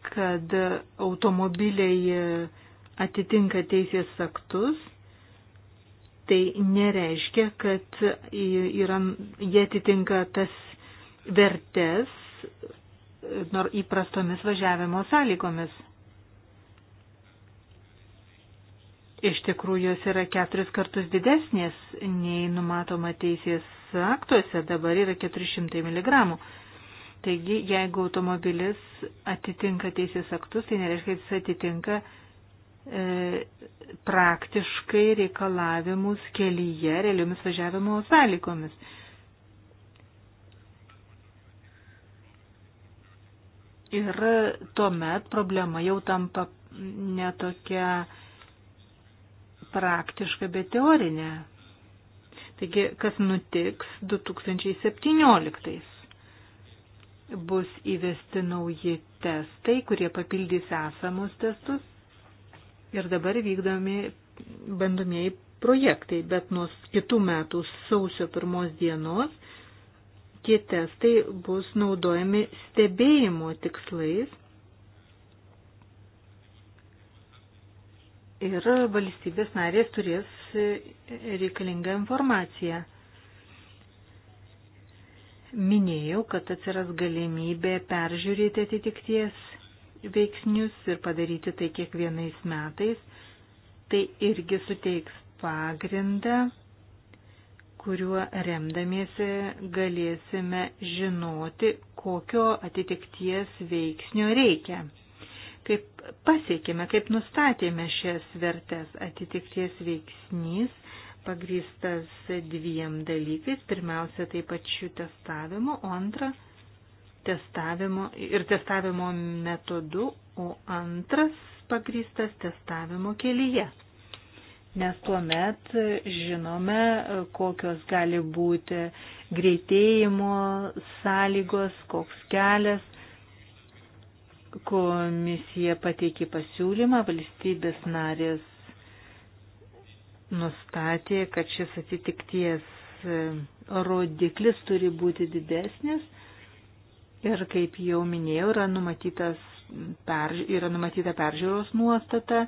kad automobiliai atitinka teisės aktus, tai nereiškia, kad yra, jie atitinka tas vertes įprastomis važiavimo sąlygomis. iš tikrųjų jos yra keturis kartus didesnės nei numatoma teisės aktuose, dabar yra 400 mg. Taigi, jeigu automobilis atitinka teisės aktus, tai nereiškia, kad jis atitinka e, praktiškai reikalavimus kelyje realiomis važiavimo sąlygomis. Ir tuomet problema jau tampa netokia praktiška, bet teorinė. Taigi, kas nutiks 2017? Bus įvesti nauji testai, kurie papildys esamus testus ir dabar vykdomi bandomieji projektai, bet nuo kitų metų sausio pirmos dienos tie testai bus naudojami stebėjimo tikslais ir valstybės narės turės reikalingą informaciją. Minėjau, kad atsiras galimybė peržiūrėti atitikties veiksnius ir padaryti tai kiekvienais metais. Tai irgi suteiks pagrindą, kuriuo remdamiesi galėsime žinoti, kokio atitikties veiksnio reikia kaip pasiekėme, kaip nustatėme šias vertes atitikties veiksnys pagrįstas dviem dalykais. Pirmiausia, tai pačiu testavimu, o antra, testavimo ir testavimo metodu, o antras pagrįstas testavimo kelyje. Nes tuomet žinome, kokios gali būti greitėjimo sąlygos, koks kelias Komisija pateikė pasiūlymą, valstybės narės nustatė, kad šis atitikties e, rodiklis turi būti didesnis ir, kaip jau minėjau, yra, numatytas, per, yra numatyta peržiūros nuostata,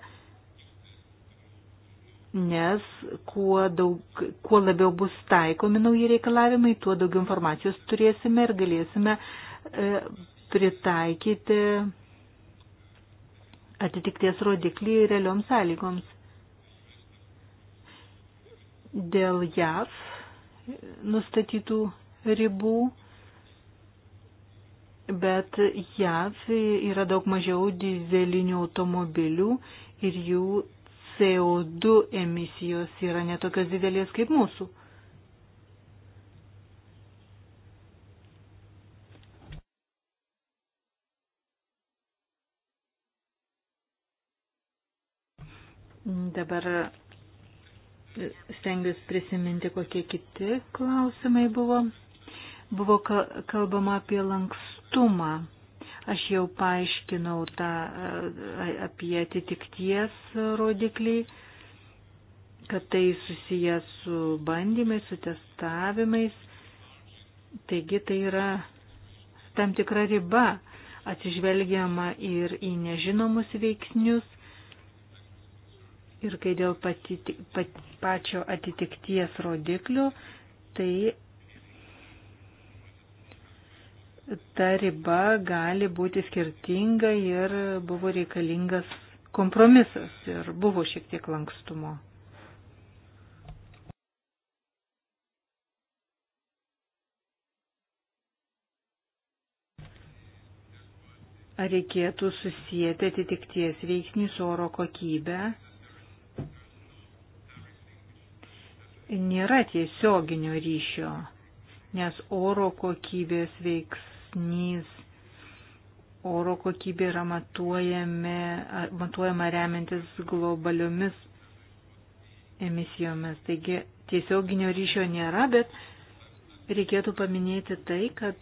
nes kuo, daug, kuo labiau bus taikomi nauji reikalavimai, tuo daugiau informacijos turėsime ir galėsime e, pritaikyti atitikties rodiklį realioms sąlygoms. Dėl JAV nustatytų ribų, bet JAV yra daug mažiau dizelinių automobilių ir jų CO2 emisijos yra netokios didelės kaip mūsų. Dabar stengiuosi prisiminti, kokie kiti klausimai buvo. Buvo kalbama apie lankstumą. Aš jau paaiškinau tą e, apie atitikties rodiklį, kad tai susijęs su bandymais, su testavimais. Taigi tai yra tam tikra riba, atsižvelgiama ir į nežinomus veiksnius Ir kai dėl pati, pat, pačio atitikties rodiklių, tai ta riba gali būti skirtinga ir buvo reikalingas kompromisas ir buvo šiek tiek lankstumo. Ar reikėtų susijęti atitikties veiksnį su oro kokybę nėra tiesioginio ryšio, nes oro kokybės veiksnys, oro kokybė yra matuojama remiantis globaliomis emisijomis. Taigi tiesioginio ryšio nėra, bet reikėtų paminėti tai, kad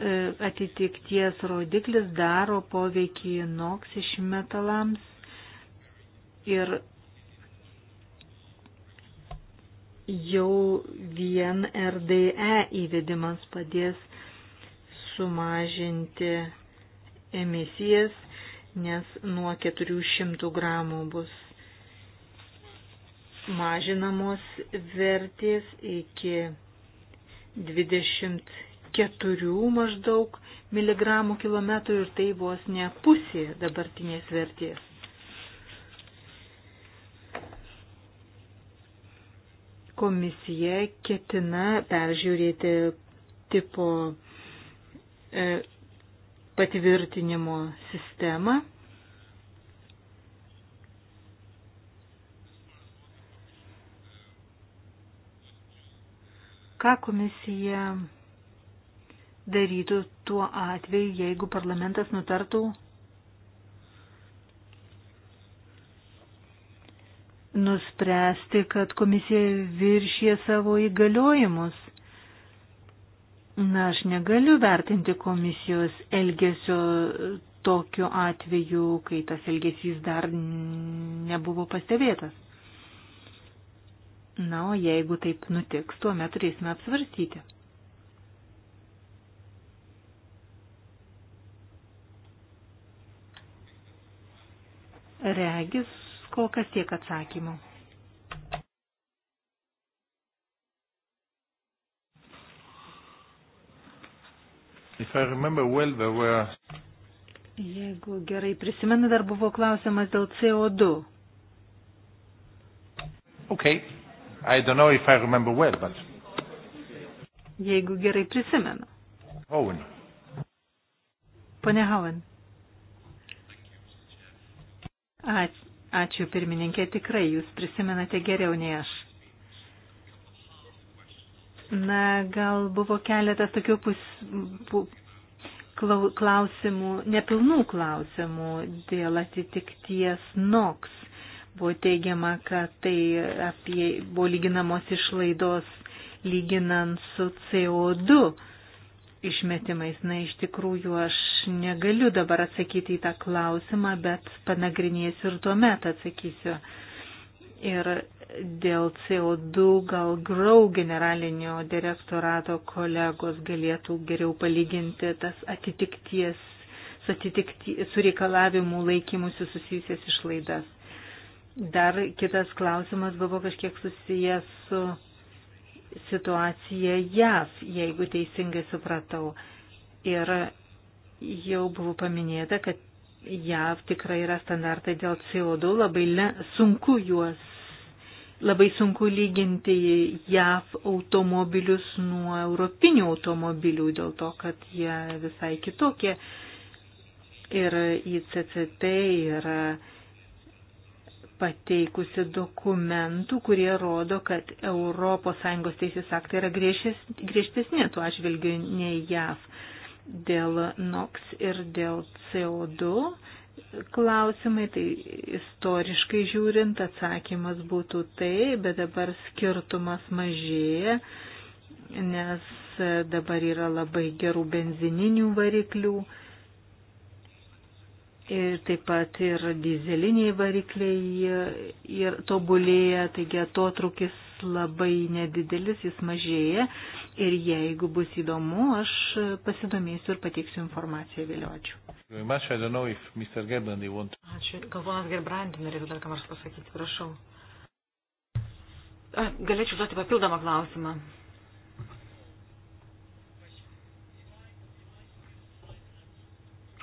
e, atitikties rodiklis daro poveikį NOX išmetalams ir jau vien RDE įvedimas padės sumažinti emisijas, nes nuo 400 gramų bus mažinamos vertės iki 24 maždaug miligramų kilometrų ir tai vos ne pusė dabartinės vertės. komisija ketina peržiūrėti tipo e, patvirtinimo sistemą. Ką komisija darytų tuo atveju, jeigu parlamentas nutartų nuspręsti, kad komisija viršė savo įgaliojimus. Na, aš negaliu vertinti komisijos elgesio tokiu atveju, kai tas elgesys dar nebuvo pastebėtas. Na, o jeigu taip nutiks, tuomet turėsime apsvarstyti. Regis Kol kas tiek atsakymų. Well, were... Jeigu gerai prisimenu, dar buvo klausimas dėl CO2. Okay. I don't know if I remember well, but... Jeigu gerai prisimenu. Owen. Pone Howen. Ačiū. Ačiū pirmininkė, tikrai jūs prisimenate geriau nei aš. Na, gal buvo keletas tokių pus, pu, klausimų, nepilnų klausimų dėl atitikties NOX. Buvo teigiama, kad tai apie, buvo lyginamos išlaidos lyginant su CO2 išmetimais. Na, iš tikrųjų, aš negaliu dabar atsakyti į tą klausimą, bet panagrinėsiu ir tuomet atsakysiu. Ir dėl CO2 gal Grau generalinio direktorato kolegos galėtų geriau palyginti tas atitikties, su, atitikti, su reikalavimu laikymusi susijusias išlaidas. Dar kitas klausimas buvo kažkiek susijęs su situacija JAV, jeigu teisingai supratau. Ir Jau buvo paminėta, kad JAV tikrai yra standartai dėl CO2, labai le, sunku juos, labai sunku lyginti JAV automobilius nuo europinių automobilių dėl to, kad jie visai kitokie. Ir ICCT yra pateikusi dokumentų, kurie rodo, kad ES teisės aktai yra griežtesni tuo atžvilgiu nei JAV dėl NOX ir dėl CO2 klausimai, tai istoriškai žiūrint atsakymas būtų tai, bet dabar skirtumas mažėja, nes dabar yra labai gerų benzininių variklių ir taip pat ir dizeliniai varikliai ir tobulėja, taigi atotrukis labai nedidelis, jis mažėja ir jeigu bus įdomu, aš pasidomėsiu ir pateiksiu informaciją vėliau. Ačiū. Ačiū. Gal ponas Gerbrandi norėtų dar ką nors pasakyti, prašau. A, galėčiau duoti papildomą klausimą.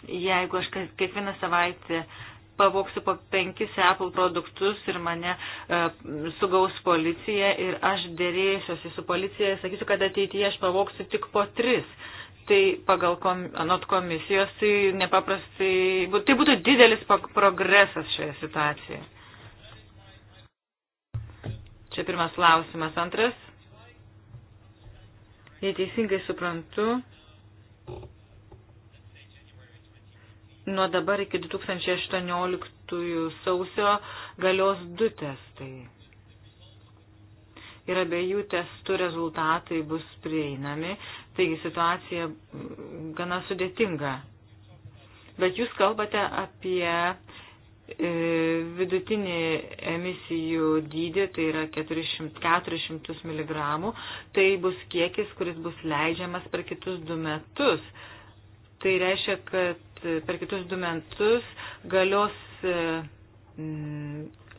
Jeigu aš kiekvieną savaitę uh, pavoksiu po penkis Apple produktus ir mane e, sugaus policija ir aš dėrėsiuosi su policija ir sakysiu, kad ateityje aš pavoksiu tik po tris. Tai pagal kom, anot komisijos tai nepaprastai, tai būtų didelis progresas šioje situacijoje. Čia pirmas klausimas. Antras. Jei teisingai suprantu, nuo dabar iki 2018 sausio galios du testai. Ir abiejų testų rezultatai bus prieinami, taigi situacija gana sudėtinga. Bet jūs kalbate apie e, vidutinį emisijų dydį, tai yra 400, 400 mg, tai bus kiekis, kuris bus leidžiamas per kitus du metus. Tai reiškia, kad per kitus du metus galios e,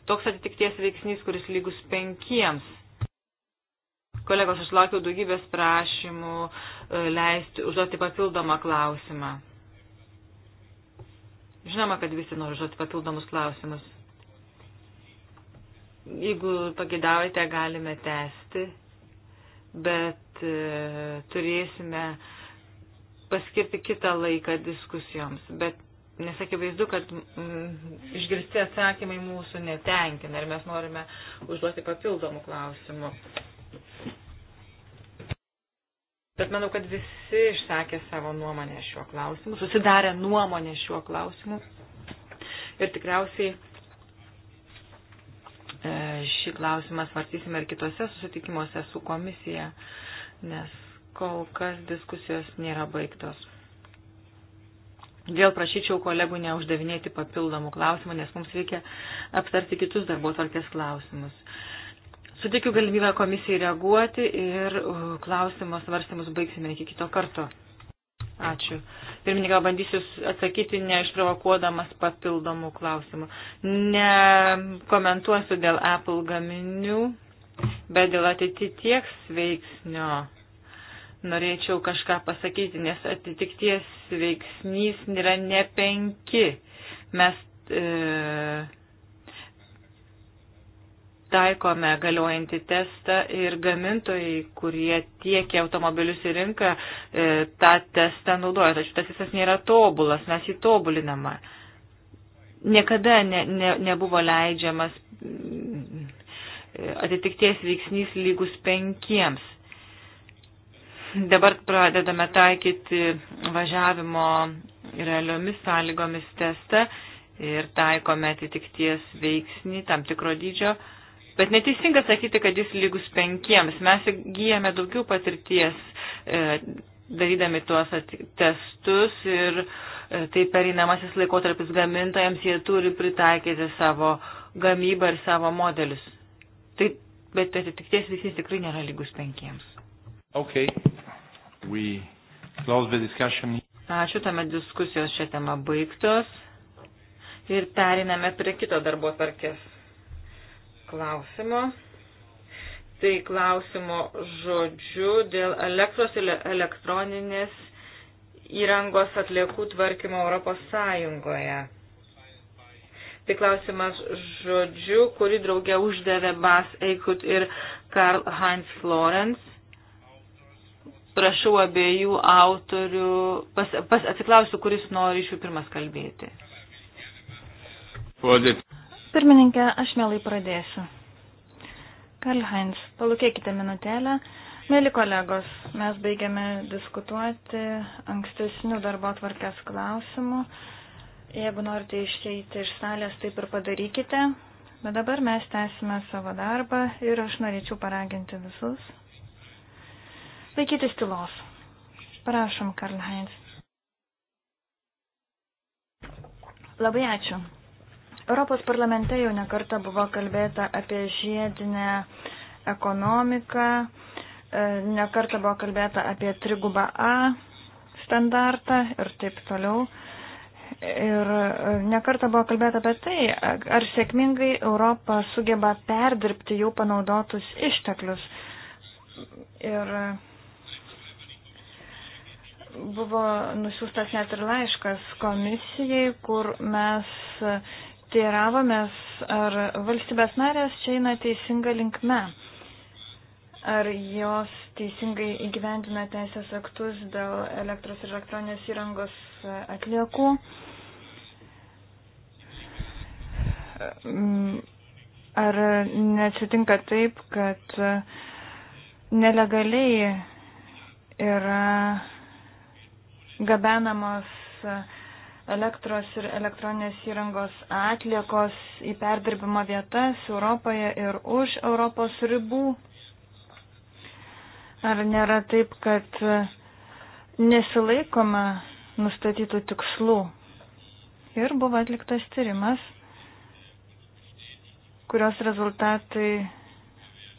toks atitikties veiksnys, kuris lygus penkiems. Kolegos, aš laukiau daugybės prašymų e, leisti užduoti papildomą klausimą. Žinoma, kad visi nori užduoti papildomus klausimus. Jeigu pagėdavote, galime tęsti, bet e, turėsime e, paskirti kitą laiką diskusijoms, bet nes akivaizdu, kad mm, išgirsti atsakymai mūsų netenkina ir mes norime užduoti papildomų klausimų. Bet manau, kad visi išsakė savo nuomonę šiuo klausimu, susidarė nuomonę šiuo klausimu ir tikriausiai e, šį klausimą svarstysime ir kitose susitikimuose su komisija, nes kol kas diskusijos nėra baigtos. Vėl prašyčiau kolegų neuždavinėti papildomų klausimų, nes mums reikia aptarti kitus darbo tvarkės klausimus. Sutikiu galimybę komisijai reaguoti ir uh, klausimo svarstymus baigsime iki kito karto. Ačiū. Pirmininką bandysiu atsakyti, neišprovokuodamas papildomų klausimų. Nekomentuosiu dėl Apple gaminių, bet dėl atititieks veiksnio norėčiau kažką pasakyti, nes atitikties veiksnys yra ne penki. Mes e, taikome galiojantį testą ir gamintojai, kurie tiekia automobilius į rinką, e, tą testą naudoja. Tačiau tas visas nėra tobulas, mes jį tobuliname. Niekada ne, ne, nebuvo leidžiamas mm, e, atitikties veiksnys lygus penkiems Dabar pradedame taikyti važiavimo realiomis sąlygomis testą ir taikome atitikties veiksnį tam tikro dydžio. Bet neteisinga sakyti, kad jis lygus penkiems. Mes įgyjame daugiau patirties e, darydami tuos testus ir e, tai pereinamasis laikotarpis gamintojams jie turi pritaikyti savo gamybą ir savo modelius. Tai, bet atitikties veiksnys tikrai nėra lygus penkiems. Okay. We close the discussion. Ačiū, tuomet diskusijos šią temą baigtos ir periname prie kito darbo tvarkės klausimo. Tai klausimo žodžiu dėl elektros ir elektroninės įrangos atliekų tvarkymo Europos Sąjungoje. Tai klausimas žodžiu, kurį draugė uždavė Bas Eikut ir Karl Heinz Florence prašau abiejų autorių, pas, pas, atsiklausiu, kuris nori iš jų pirmas kalbėti. Pirmininkė, aš mielai pradėsiu. Karl Heinz, palūkėkite minutėlę. Mėly kolegos, mes baigiame diskutuoti ankstesnių darbo atvarkės klausimų. Jeigu norite išeiti iš salės, taip ir padarykite. Bet dabar mes tęsime savo darbą ir aš norėčiau paraginti visus laikytis tylos. Prašom, Karl Heinz. Labai ačiū. Europos parlamente jau nekarta buvo kalbėta apie žiedinę ekonomiką, e, nekarta buvo kalbėta apie trigubą A standartą ir taip toliau. Ir e, nekarta buvo kalbėta apie tai, ar sėkmingai Europa sugeba perdirbti jau panaudotus išteklius. Ir Buvo nusiųstas net ir laiškas komisijai, kur mes teiravomės, ar valstybės narės čia eina teisinga linkme, ar jos teisingai įgyvendina teisės aktus dėl elektros ir elektroninės įrangos atliekų. Ar neatsitinka taip, kad nelegaliai yra gabenamos elektros ir elektroninės įrangos atliekos į perdirbimo vietas Europoje ir už Europos ribų. Ar nėra taip, kad nesilaikoma nustatytų tikslų? Ir buvo atliktas tyrimas, kurios rezultatai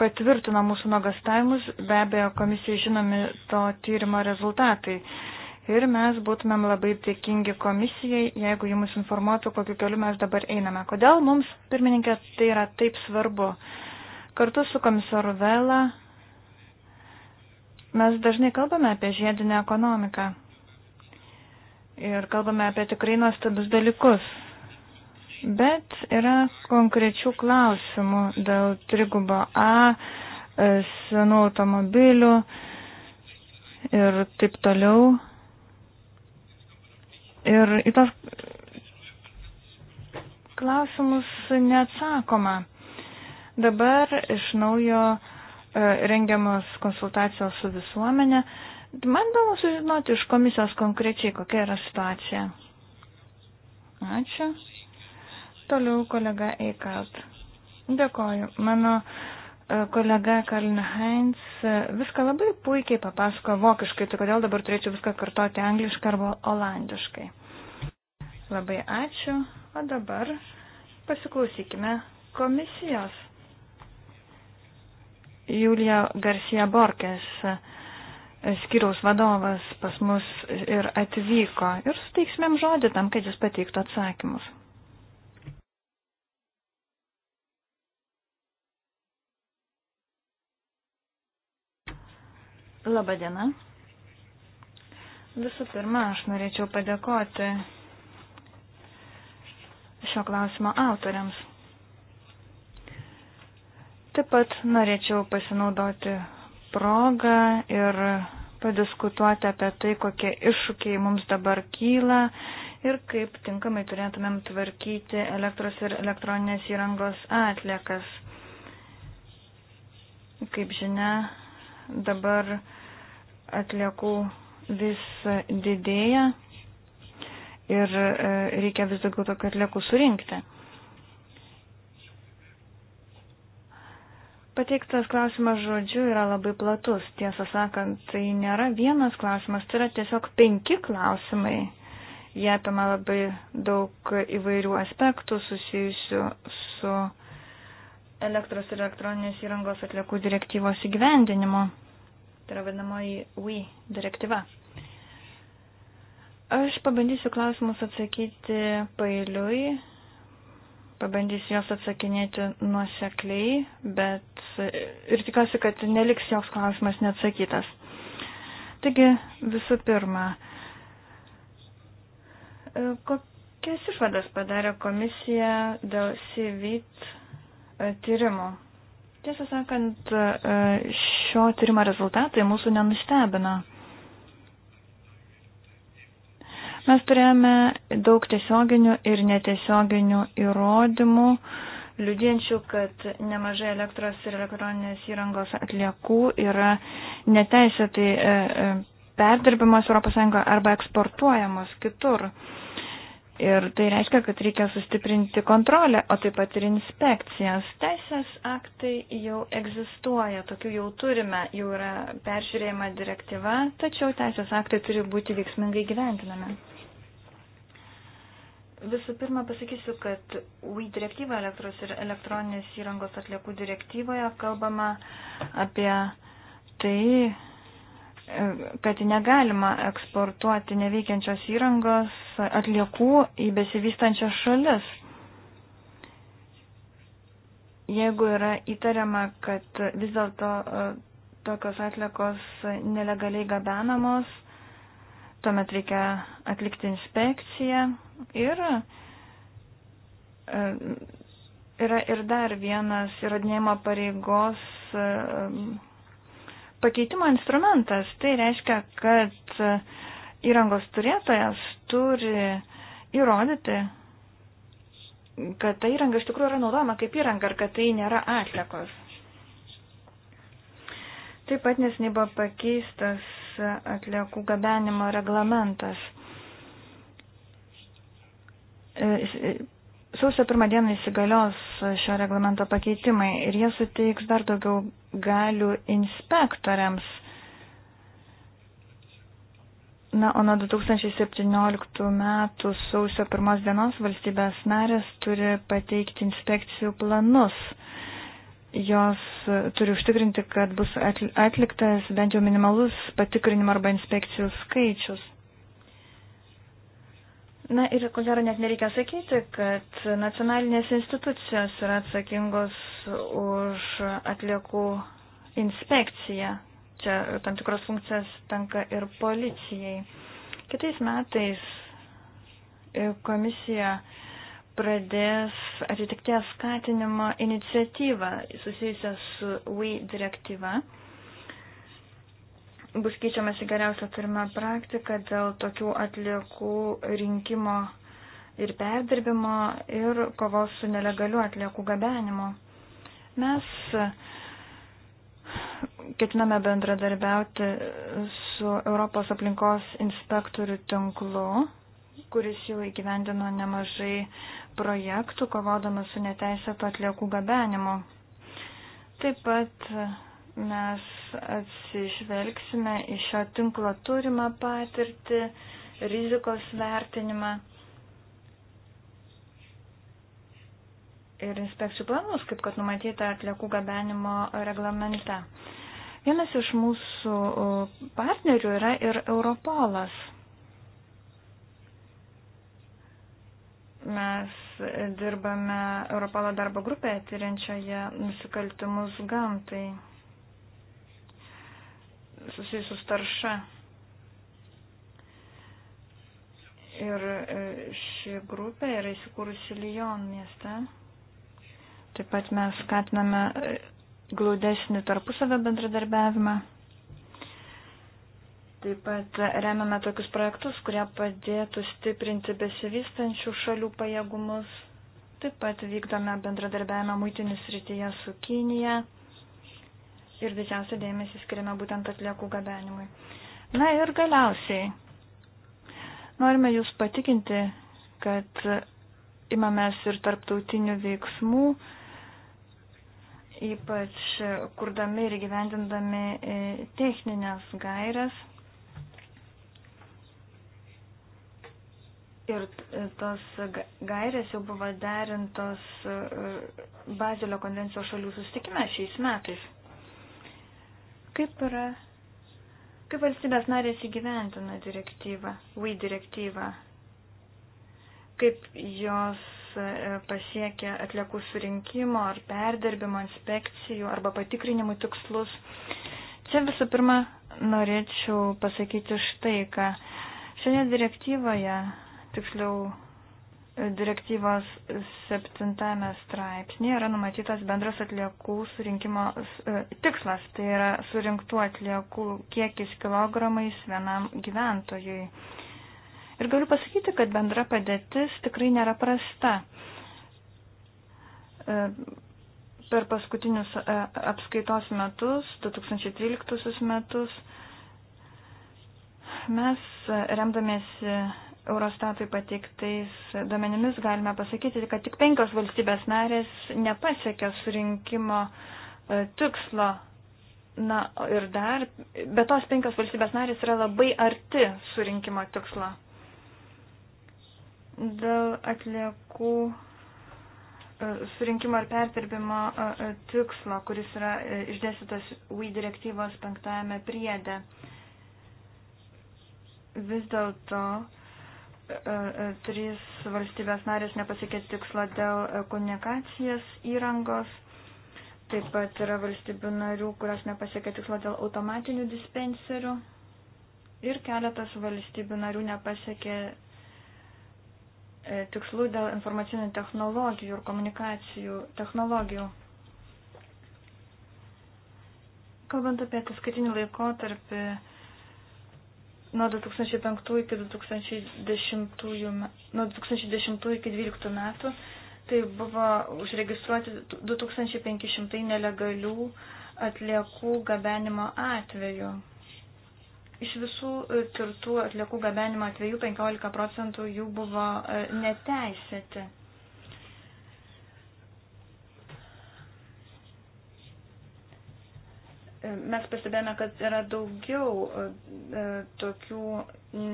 patvirtino mūsų nuogastavimus, be abejo, komisijai žinomi to tyrimo rezultatai ir mes būtumėm labai dėkingi komisijai, jeigu ji mus informuotų, kokiu keliu mes dabar einame. Kodėl mums, pirmininkė, tai yra taip svarbu? Kartu su komisaru Vela mes dažnai kalbame apie žiedinę ekonomiką ir kalbame apie tikrai nuostabius dalykus. Bet yra konkrečių klausimų dėl trigubo A, senų automobilių ir taip toliau. Ir į tos klausimus neatsakoma. Dabar iš naujo e, rengiamos konsultacijos su visuomenė. Man įdomu sužinoti iš komisijos konkrečiai, kokia yra situacija. Ačiū. Toliau kolega Eikalt. Dėkoju. Mano uh, E, kolega Kalin Heinz e, viską labai puikiai papasako vokiškai, tai kodėl dabar turėčiau viską kartoti angliškai arba olandiškai. Labai ačiū, o dabar pasiklausykime komisijos. Julija Garcia Borkės e, skiriaus vadovas pas mus ir atvyko ir suteiksime žodį tam, kad jis pateiktų atsakymus. Labadiena. Visų pirma, aš norėčiau padėkoti šio klausimo autoriams. Taip pat norėčiau pasinaudoti progą ir padiskutuoti apie tai, kokie iššūkiai mums dabar kyla ir kaip tinkamai turėtumėm tvarkyti elektros ir elektroninės įrangos atliekas. Kaip žinia, Dabar atliekų vis didėja ir e, reikia vis daugiau tokių atliekų surinkti. Pateiktas klausimas žodžiu yra labai platus. Tiesą sakant, tai nėra vienas klausimas, tai yra tiesiog penki klausimai. Jie apima labai daug įvairių aspektų susijusių su elektros ir elektroninės įrangos atliekų direktyvos įgyvendinimu. Tai yra vadinamoji WE direktyva. Aš pabandysiu klausimus atsakyti pailiui, pabandysiu jos atsakinėti nuosekliai, bet ir tikiuosi, kad neliks joks klausimas neatsakytas. Taigi, visų pirma, kokias išvadas padarė komisija dėl CVT tyrimo? Tiesą sakant, e, šio tyrimo rezultatai mūsų nenustebina. Mes turėjome daug tiesioginių ir netiesioginių įrodymų, liudienčių, kad nemažai elektros ir elektroninės įrangos atliekų yra neteisėtai e, e, perdirbimas ES arba eksportuojamos kitur. Ir tai reiškia, kad reikia sustiprinti kontrolę, o taip pat ir inspekcijas. Teisės aktai jau egzistuoja, tokių jau turime, jau yra peržiūrėjama direktyva, tačiau teisės aktai turi būti veiksmingai gyventinami. Visų pirma, pasakysiu, kad UI direktyva elektros ir elektroninės įrangos atliekų direktyvoje kalbama apie tai, kad negalima eksportuoti neveikiančios įrangos atliekų į besivystančias šalis. Jeigu yra įtariama, kad vis dėlto e, tokios atliekos nelegaliai gabenamos, tuomet reikia atlikti inspekciją ir e, yra ir dar vienas įrodinėjimo pareigos e, pakeitimo instrumentas. Tai reiškia, kad įrangos turėtojas turi įrodyti, kad ta įranga iš tikrųjų yra naudojama kaip įranga ir kad tai nėra atlikos. Taip pat nesiniai buvo pakeistas atliekų gabenimo reglamentas. E, e, Sausio pirmą dieną įsigalios šio reglamento pakeitimai ir jie suteiks dar daugiau galių inspektoriams. Na, o nuo 2017 metų sausio pirmos dienos valstybės narės turi pateikti inspekcijų planus. Jos turi užtikrinti, kad bus atliktas bent jau minimalus patikrinimo arba inspekcijų skaičius. Na ir ko gero net nereikia sakyti, kad nacionalinės institucijos yra atsakingos už atliekų inspekciją. Čia tam tikros funkcijas tenka ir policijai. Kitais metais komisija pradės atitikties skatinimo iniciatyvą susijusią su WE direktyva bus keičiamasi geriausia turima praktika dėl tokių atliekų rinkimo ir perdirbimo ir kovos su nelegaliu atliekų gabenimu. Mes ketiname bendradarbiauti su Europos aplinkos inspektorių tinklu, kuris jau įgyvendino nemažai projektų, kovodamas su neteisėto atliekų gabenimu. Taip pat Mes atsižvelgsime į šio tinklo turimą patirtį, rizikos vertinimą ir inspekcijų planus, kaip kad numatyta atliekų gabenimo reglamente. Vienas iš mūsų partnerių yra ir Europolas. Mes dirbame Europolo darbo grupėje tyriančioje nusikaltimus gamtai susijusius tarša. Ir e, ši grupė yra įsikūrusi Lyon mieste. Taip pat mes skatiname e, glaudesnį tarpusavę bendradarbiavimą. Taip pat remiame tokius projektus, kurie padėtų stiprinti besivystančių šalių pajėgumus. Taip pat vykdome bendradarbiavimą muitinių srityje su Kinija ir didžiausią dėmesį skiriame būtent atliekų gabenimui. Na ir galiausiai norime Jūs patikinti, kad imamės ir tarptautinių veiksmų, ypač kurdami ir gyvendindami e, techninės gairias. Ir tos gairės jau buvo derintos e, Bazilio konvencijos šalių susitikime šiais metais. Kaip yra, kaip valstybės narės įgyventina direktyvą, WE direktyvą, kaip jos e, pasiekia atliekų surinkimo ar perdirbimo inspekcijų arba patikrinimų tikslus. Čia visų pirma norėčiau pasakyti štai, ką šioje direktyvoje, tiksliau direktyvos septintame straipsnėje yra numatytas bendras atliekų surinkimo e, tikslas, tai yra surinktų atliekų kiekis kilogramais vienam gyventojui. Ir galiu pasakyti, kad bendra padėtis tikrai nėra prasta. E, per paskutinius e, apskaitos metus, 2013 metus, mes remdamėsi Eurostatui pateiktais duomenimis galime pasakyti, kad tik penkios valstybės narės nepasiekė surinkimo e, tikslo. Na ir dar, bet tos penkios valstybės narės yra labai arti surinkimo tikslo. Dėl atliekų e, surinkimo ir perdirbimo e, tikslo, kuris yra išdėstytas UI direktyvos penktajame priede. Vis dėlto trys valstybės narės nepasikė tikslo dėl komunikacijos įrangos. Taip pat yra valstybių narių, kurios nepasikė tikslo dėl automatinių dispenserių. Ir keletas valstybių narių nepasikė e, tikslų dėl informacinių technologijų ir komunikacijų technologijų. Kalbant apie ataskaitinį laikotarpį, nuo 2005 iki 2010, nuo 2010 iki 2012 metų tai buvo užregistruoti 2500 nelegalių atliekų gabenimo atvejų. Iš visų e, tirtų atliekų gabenimo atvejų 15 procentų jų buvo e, neteisėti. Mes pastebėjome, kad yra daugiau e, e, tokių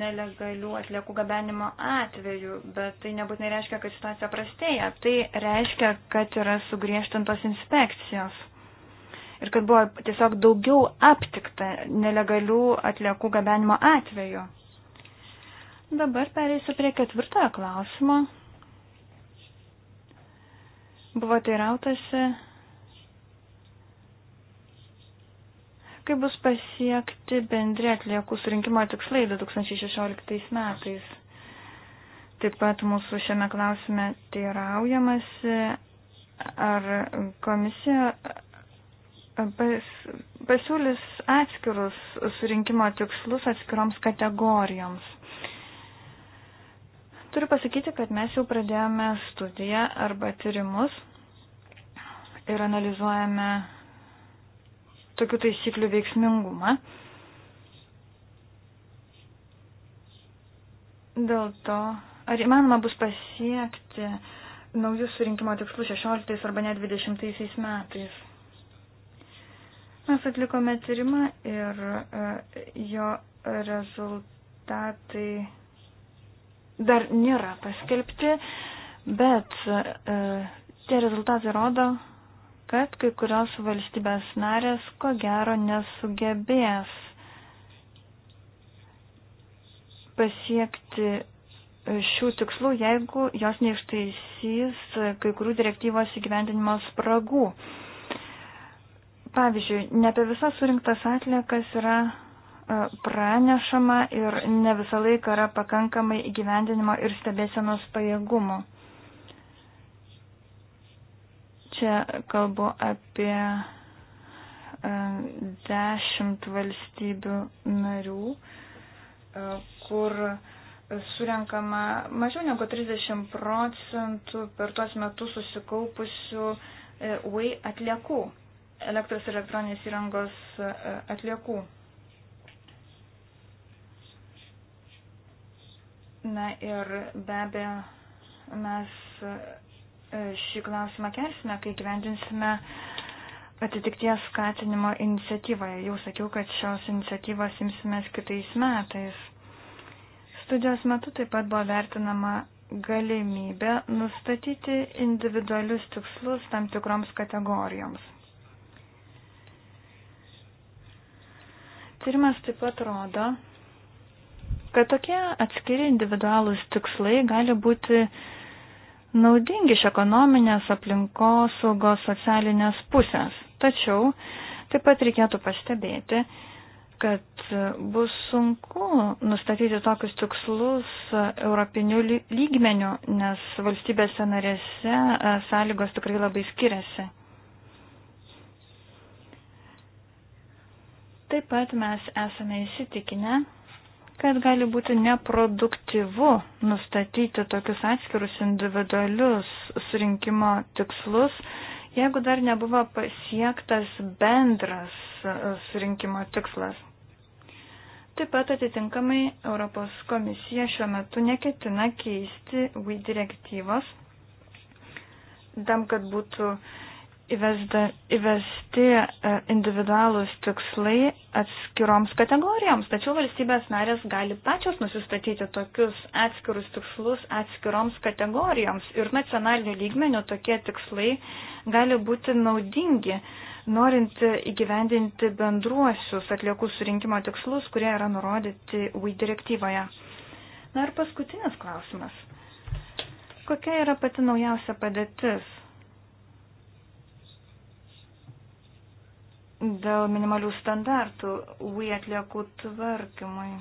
nelegalių atliekų gabenimo atvejų, bet tai nebūtinai reiškia, kad situacija prastėja. Tai reiškia, kad yra sugriežtintos inspekcijos ir kad buvo tiesiog daugiau aptikta nelegalių atliekų gabenimo atvejų. Dabar pereisiu prie ketvirtojo klausimo. Buvo teirautasi Kaip bus pasiekti bendri atliekų surinkimo tikslai 2016 metais? Taip pat mūsų šiame klausime teiraujamasi, ar komisija pas, pasiūlys atskirus surinkimo tikslus atskiroms kategorijoms. Turiu pasakyti, kad mes jau pradėjome studiją arba tyrimus ir analizuojame tokių taisyklių veiksmingumą. Dėl to, ar įmanoma bus pasiekti naujus surinkimo tikslus 16 arba net 20 metais? Mes atlikome tyrimą ir e, jo rezultatai dar nėra paskelbti, bet e, tie rezultatai rodo, kad kai kurios valstybės narės ko gero nesugebės pasiekti šių tikslų, jeigu jos neištaisys kai kurių direktyvos įgyvendinimo spragų. Pavyzdžiui, ne apie visas surinktas atliekas yra e, pranešama ir ne visą laiką yra pakankamai įgyvendinimo ir stebėsenos pajėgumų. Čia kalbu apie e, dešimt valstybių narių, e, kur surenkama mažiau negu 30 procentų per tuos metus susikaupusių e, WAI atliekų, elektros ir elektroninės įrangos atliekų. Na ir be abejo, mes E, šį klausimą kelsime, kai gyvendinsime atitikties skatinimo iniciatyvoje. Jau sakiau, kad šios iniciatyvos imsimės kitais metais. Studijos metu taip pat buvo vertinama galimybė nustatyti individualius tikslus tam tikroms kategorijoms. Tyrimas taip pat rodo, kad tokie atskiri individualūs tikslai gali būti uh, naudingi iš ekonominės aplinkosaugos socialinės pusės. Tačiau taip pat reikėtų pastebėti, kad bus sunku nustatyti tokius tikslus europinių lygmenių, nes valstybėse narėse e, sąlygos tikrai labai skiriasi. Taip pat mes esame įsitikinę, kad gali būti neproduktyvu nustatyti tokius atskirus individualius surinkimo tikslus, jeigu dar nebuvo pasiektas bendras e, surinkimo tikslas. Taip pat atitinkamai Europos komisija šiuo metu neketina keisti WE direktyvos, tam, kad būtų uh, įvesda, įvesti e, individualūs tikslai atskiroms kategorijoms, tačiau valstybės narės gali pačios nusistatyti tokius atskirus tikslus atskiroms kategorijoms ir nacionaliniu lygmeniu tokie tikslai gali būti naudingi, norint įgyvendinti bendruosius atliekų surinkimo tikslus, kurie yra nurodyti UI direktyvoje. Na ir paskutinis klausimas. Kokia yra pati naujausia padėtis? dėl minimalių standartų UI atliekų tvarkymui.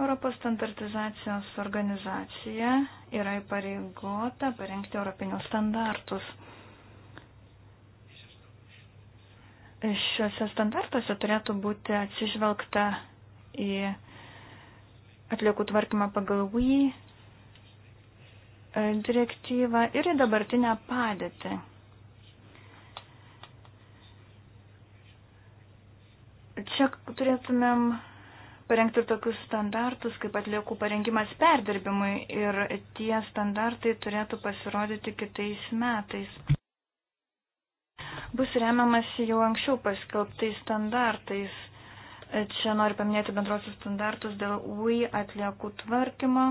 Europos standartizacijos organizacija yra įpareigota parengti europinius standartus. Šiuose standartuose turėtų būti atsižvelgta į atliekų tvarkymą pagal UI direktyvą ir į dabartinę padėtį. Čia turėtumėm parengti tokius standartus, kaip atliekų parengimas perdirbimui ir tie standartai turėtų pasirodyti kitais metais. Bus remiamasi jau anksčiau paskelbtais standartais. Čia noriu paminėti bendrosius standartus dėl UI atliekų tvarkymo,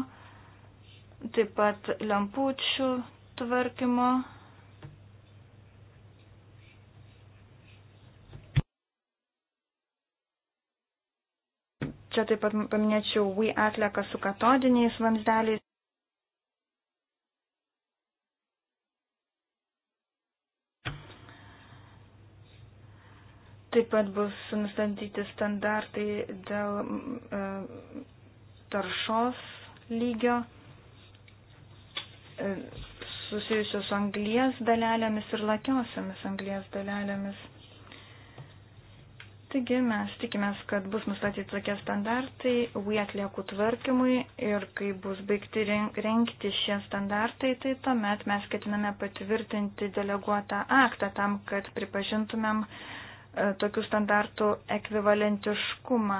taip pat lampučių tvarkymo Čia taip pat paminėčiau WE atlieka su katodiniais vamzdeliais. Taip pat bus nustatyti standartai dėl e, taršos lygio e, susijusios anglies dalelėmis ir lakiosiamis anglies dalelėmis. Taigi mes tikimės, kad bus nustatyti tokie standartai, UI atliekų tvarkymui ir kai bus baigti renkti šie standartai, tai tuomet mes ketiname patvirtinti deleguotą aktą tam, kad pripažintumėm e, tokių standartų ekvivalentiškumą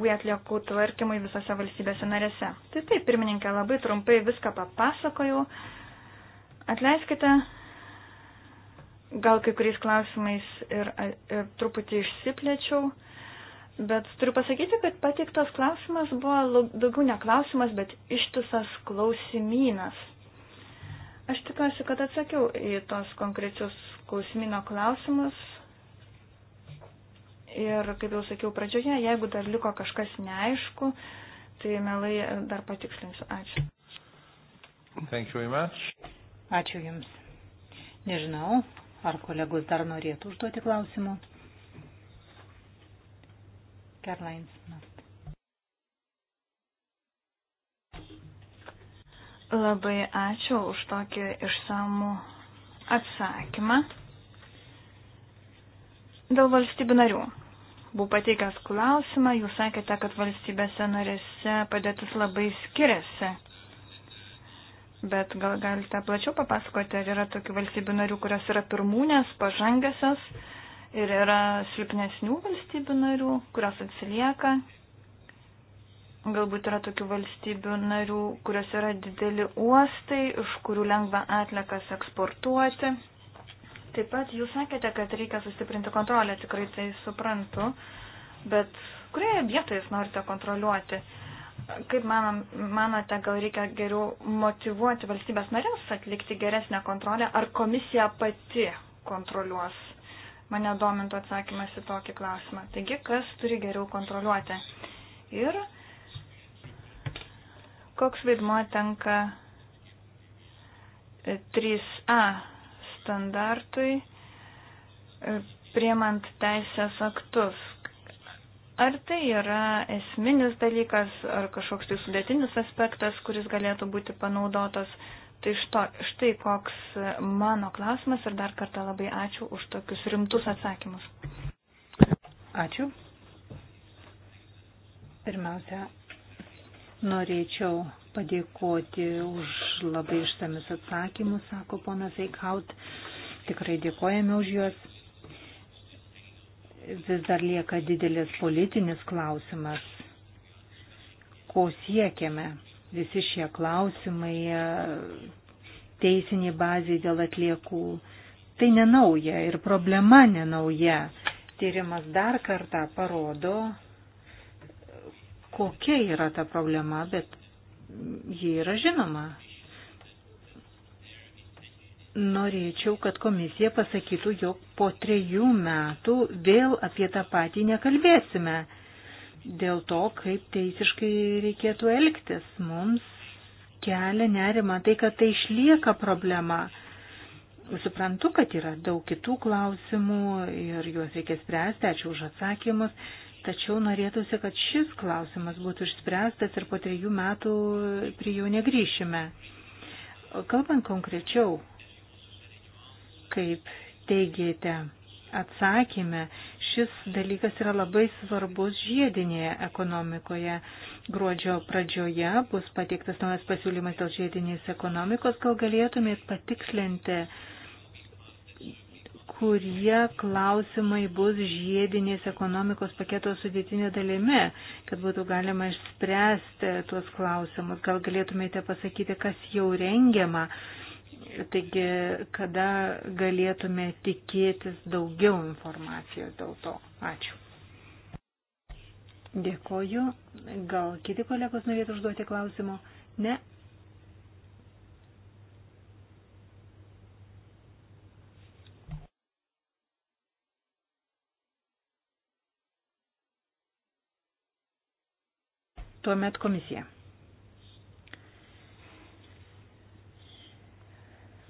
UI e, atliekų tvarkymui visose valstybėse narėse. Tai taip, pirmininkė, labai trumpai viską papasakojau. Atleiskite, gal kai kuriais klausimais ir, ir truputį išsiplėčiau, bet turiu pasakyti, kad pateiktas klausimas buvo daugiau ne klausimas, bet ištisas klausimynas. Aš tikiuosi, kad atsakiau į tos konkrečius klausimino klausimus. Ir kaip jau sakiau pradžioje, jeigu dar liko kažkas neaišku, tai melai dar patikslinsiu. Ačiū. Ačiū Jums. Nežinau, Ar kolegos dar norėtų užduoti klausimų? Kerlains. Labai ačiū už tokį išsamų atsakymą. Dėl valstybių narių. Buvau pateikęs klausimą, jūs sakėte, kad valstybėse narėse padėtis labai skiriasi bet gal galite plačiau papasakoti, ar yra tokių valstybių narių, kurios yra pirmūnės, pažangesios ir yra silpnesnių valstybių narių, kurios atsilieka. Galbūt yra tokių valstybių narių, kurios yra dideli uostai, iš kurių lengva atlikas eksportuoti. Taip pat jūs sakėte, kad reikia sustiprinti kontrolę, tikrai tai suprantu, bet kurioje vietoje jūs norite kontroliuoti? Uh, Kaip manom, manote, gal reikia geriau motivuoti valstybės narės atlikti geresnę kontrolę, ar komisija pati kontroliuos? Mane domintų atsakymas į tokį klausimą. Taigi, kas turi geriau kontroliuoti? Ir koks vaidmuo tenka 3A standartui, priemant teisės aktus, Ar tai yra esminis dalykas, ar kažkoks tai sudėtinis aspektas, kuris galėtų būti panaudotas? Tai što, štai koks mano klausimas ir dar kartą labai ačiū už tokius rimtus atsakymus. Ačiū. Pirmiausia, norėčiau padėkoti už labai ištamius atsakymus, sako ponas Eikaut. Tikrai dėkojame už juos vis dar lieka didelis politinis klausimas, ko siekiame. Visi šie klausimai, teisinė bazė dėl atliekų, tai nenauja ir problema nenauja. Tyrimas dar kartą parodo, kokia yra ta problema, bet ji yra žinoma norėčiau, kad komisija pasakytų, jog po trejų metų vėl apie tą patį nekalbėsime. Dėl to, kaip teisiškai reikėtų elgtis, mums kelia nerima tai, kad tai išlieka problema. Suprantu, kad yra daug kitų klausimų ir juos reikia spręsti, ačiū už atsakymus, tačiau norėtųsi, kad šis klausimas būtų išspręstas ir po trejų metų prie jų negrįšime. Kalbant konkrečiau kaip teigėte atsakymę, šis dalykas yra labai svarbus žiedinėje ekonomikoje. Gruodžio pradžioje bus pateiktas naujas pasiūlymas dėl žiedinės ekonomikos. Gal galėtumėt patikslinti, kurie klausimai bus žiedinės ekonomikos paketo sudėtinė dalimi, kad būtų galima išspręsti tuos klausimus. Gal galėtumėte pasakyti, kas jau rengiama Taigi, kada galėtume tikėtis daugiau informacijos dėl to? Ačiū. Dėkoju. Gal kiti kolegos norėtų užduoti klausimų? Ne. Tuomet komisija.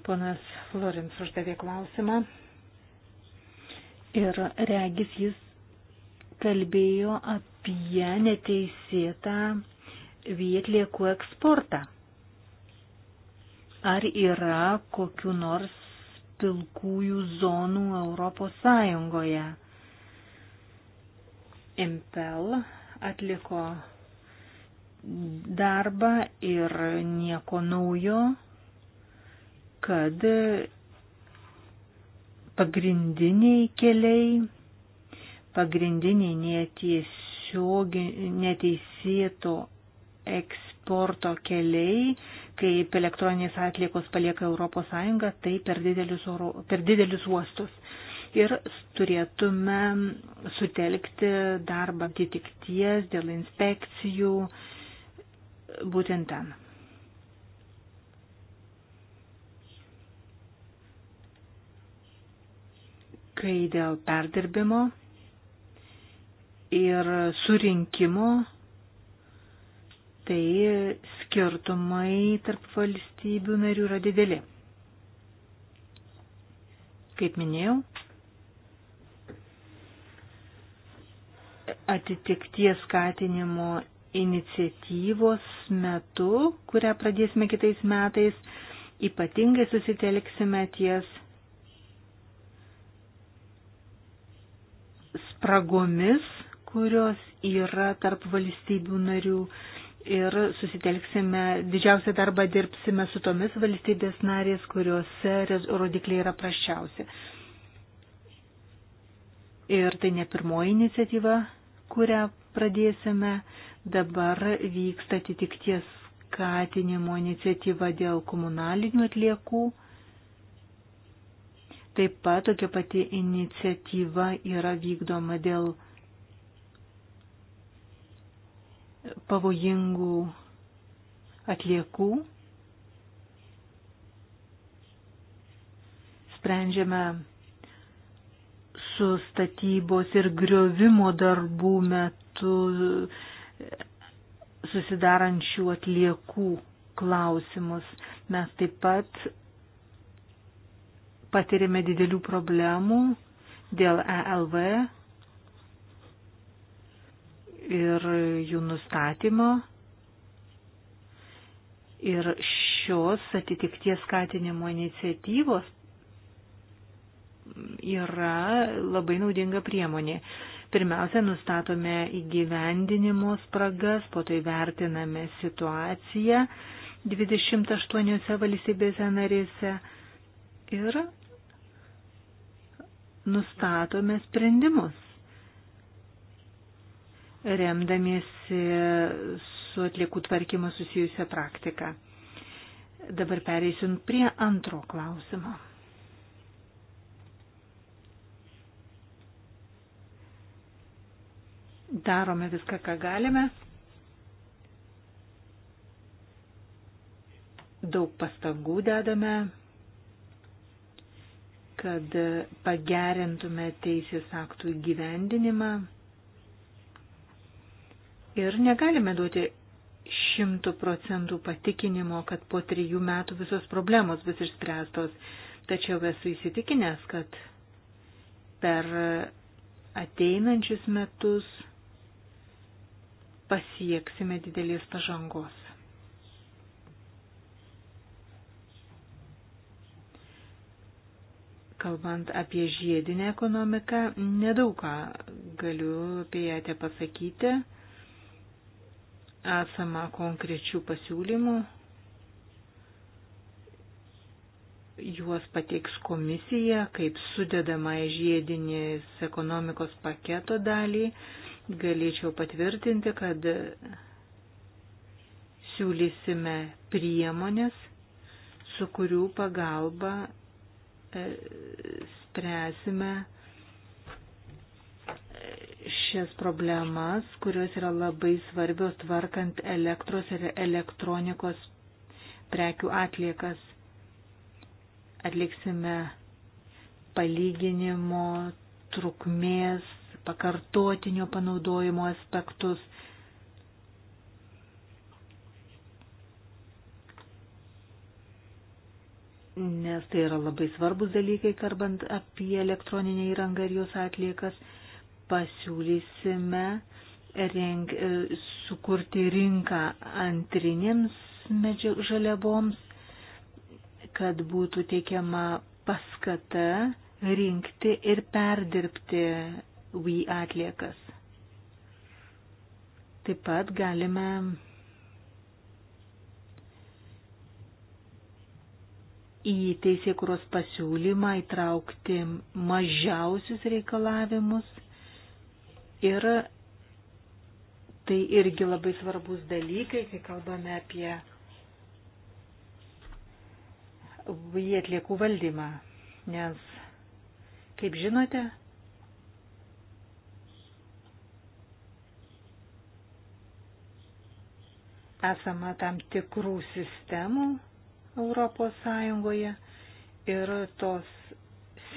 Ponas Florins uždavė klausimą ir regis jis kalbėjo apie neteisėtą vietlėkų eksportą. Ar yra kokiu nors pilkųjų zonų Europos Sąjungoje? Impel atliko darbą ir nieko naujo kad pagrindiniai keliai, pagrindiniai netiesiogi, neteisėto eksporto keliai, kaip elektroninės atliekos palieka ES, tai per didelius, oro, per didelius uostus. Ir turėtume sutelkti darbą atitikties dėl inspekcijų būtent ten. kai dėl perdirbimo ir surinkimo, tai skirtumai tarp valstybių narių yra dideli. Kaip minėjau, atitikties skatinimo iniciatyvos metu, kurią pradėsime kitais metais, ypatingai susitelksime ties spragomis, kurios yra tarp valstybių narių ir susitelksime, didžiausią darbą dirbsime su tomis valstybės narės, kuriuose rodikliai yra praščiausi. Ir tai ne pirmoji iniciatyva, kurią pradėsime. Dabar vyksta atitikties skatinimo iniciatyva dėl komunalinių atliekų Taip pat tokia pati iniciatyva yra vykdoma dėl pavojingų atliekų. Sprendžiame su statybos ir griovimo darbų metu susidarančių atliekų klausimus. Mes taip pat patirime didelių problemų dėl ELV ir jų nustatymo ir šios atitikties skatinimo iniciatyvos yra labai naudinga priemonė. Pirmiausia, nustatome įgyvendinimo spragas, po to įvertiname situaciją 28 valstybėse narėse ir nustatome sprendimus, remdamiesi su atliekų tvarkymu susijusią praktiką. Dabar pereisim prie antro klausimo. Darome viską, ką galime. Daug pastangų dedame kad pagerintume teisės aktų įgyvendinimą ir negalime duoti šimtų procentų patikinimo, kad po trijų metų visos problemos bus išspręstos, tačiau esu įsitikinęs, kad per ateinančius metus pasieksime didelės pažangos. Kalbant apie žiedinę ekonomiką, nedaug ką galiu apie ją te pasakyti. Esama konkrečių pasiūlymų. Juos pateiks komisija kaip sudedama į žiedinės ekonomikos paketo dalį. Galėčiau patvirtinti, kad siūlysime priemonės, su kurių pagalba E, spręsime šias problemas, kurios yra labai svarbios tvarkant elektros ir elektronikos prekių atliekas. Atliksime palyginimo, trukmės, pakartotinio panaudojimo aspektus nes tai yra labai svarbus dalykai, kalbant apie elektroninę įrangą ir jos atliekas, pasiūlysime renk, e, sukurti rinką antrinėms žaliavoms, kad būtų teikiama paskata rinkti ir perdirbti WE atliekas. Taip pat galime į teisėkuros pasiūlymą įtraukti mažiausius reikalavimus ir tai irgi labai svarbus dalykai, kai kalbame apie jį atliekų valdymą, nes, kaip žinote, esama tam tikrų sistemų, Europos Sąjungoje ir tos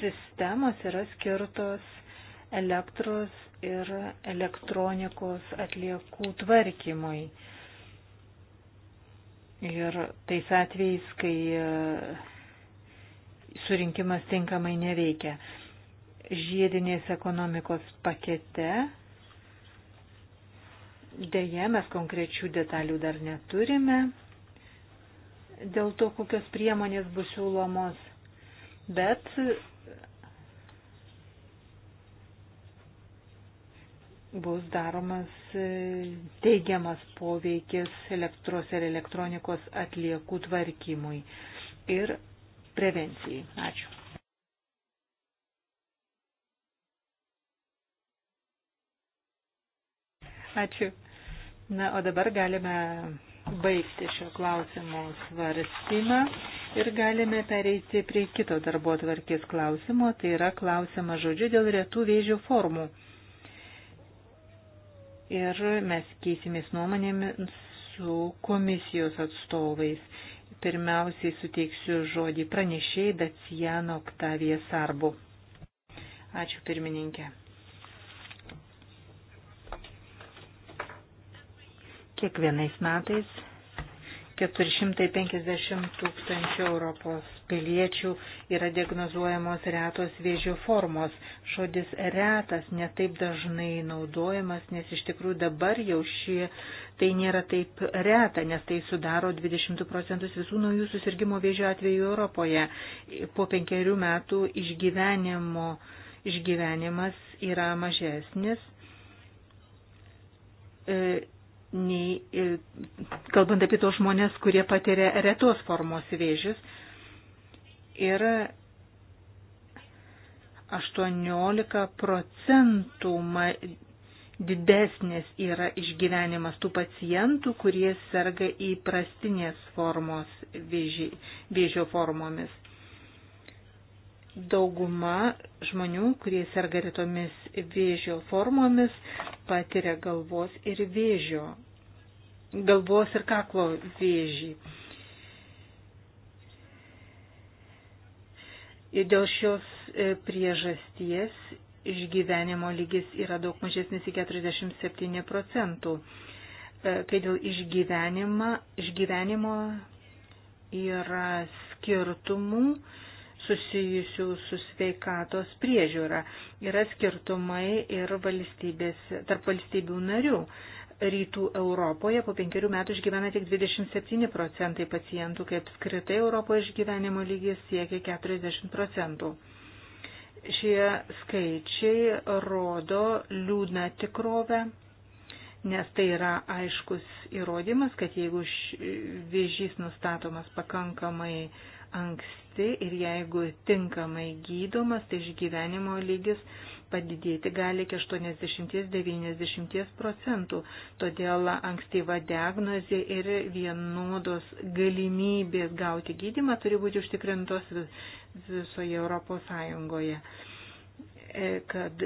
sistemos yra skirtos elektros ir elektronikos atliekų tvarkymui. Ir tais atvejais, kai e, surinkimas tinkamai neveikia. Žiedinės ekonomikos pakete dėje mes konkrečių detalių dar neturime dėl to, kokios priemonės bus siūlomos, bet bus daromas e, teigiamas poveikis elektros ir elektronikos atliekų tvarkymui ir prevencijai. Ačiū. Ačiū. Na, o dabar galime baigti šio klausimo svarstymą ir galime pereiti prie kito darbo tvarkės klausimo, tai yra klausimas žodžiu dėl retų vėžio formų. Ir mes keisimės nuomonėmis su komisijos atstovais. Pirmiausiai suteiksiu žodį pranešėjai Dacijano Oktavija Sarbu. Ačiū pirmininkė. kiekvienais metais 450 tūkstančių Europos piliečių yra diagnozuojamos retos vėžio formos. Žodis retas netaip dažnai naudojamas, nes iš tikrųjų dabar jau šie tai nėra taip reta, nes tai sudaro 20 procentus visų naujų susirgymo vėžio atvejų Europoje. Po penkerių metų išgyvenimo, išgyvenimas yra mažesnis. E, nei e, kalbant apie tos žmonės, kurie patiria retos formos vėžius. Ir 18 procentų didesnis yra išgyvenimas tų pacientų, kurie serga įprastinės formos vėži, vėžio formomis. Dauguma žmonių, kurie serga retomis vėžio formomis, patiria galvos ir vėžio galvos ir kaklo vėžį. Ir dėl šios e, priežasties išgyvenimo lygis yra daug mažesnis į 47 procentų. E, kai dėl išgyvenimo yra skirtumų susijusių su sveikatos priežiūra, yra skirtumai ir valstybės, tarp valstybių narių rytų Europoje po penkerių metų išgyvena tik 27 procentai pacientų, kai apskritai Europoje išgyvenimo lygis siekia 40 procentų. Šie skaičiai rodo liūdną tikrovę, nes tai yra aiškus įrodymas, kad jeigu vėžys nustatomas pakankamai anksti ir jeigu tinkamai gydomas, tai išgyvenimo lygis padidėti gali iki 80-90 procentų. Todėl ankstyva diagnozė ir vienodos galimybės gauti gydimą turi būti užtikrintos visoje Europos Sąjungoje e, kad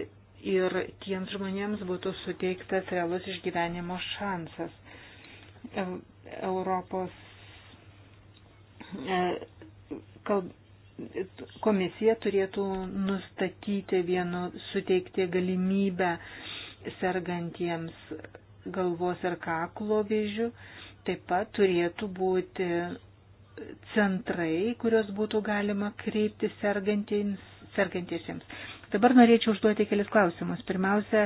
ir tiems žmonėms būtų suteiktas realus išgyvenimo šansas. E, Europos e, kalb, komisija turėtų nustatyti vienu suteikti galimybę sergantiems galvos ir kaklo vėžių. Taip pat turėtų būti centrai, kurios būtų galima kreipti sergantiesiems. Dabar norėčiau užduoti kelis klausimus. Pirmiausia,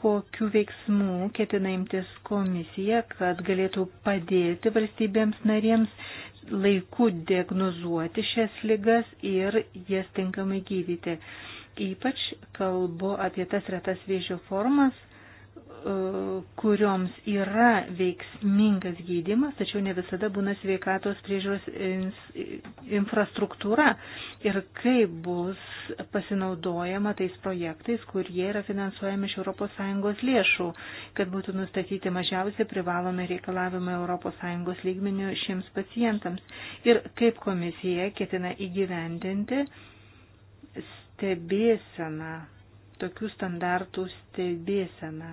kokiu veiksmu ketina imtis komisija, kad galėtų padėti valstybėms narėms laiku diagnozuoti šias ligas ir jas tinkamai gydyti. Ypač kalbu apie tas retas vėžio formas, E, kurioms yra veiksmingas gydimas, tačiau ne visada būna sveikatos priežiūros infrastruktūra ir kaip bus pasinaudojama tais projektais, kurie yra finansuojami iš ES lėšų, kad būtų nustatyti mažiausiai privalomi reikalavimai ES lygmenių šiems pacientams ir kaip komisija ketina įgyvendinti stebėseną tokių standartų stebėseną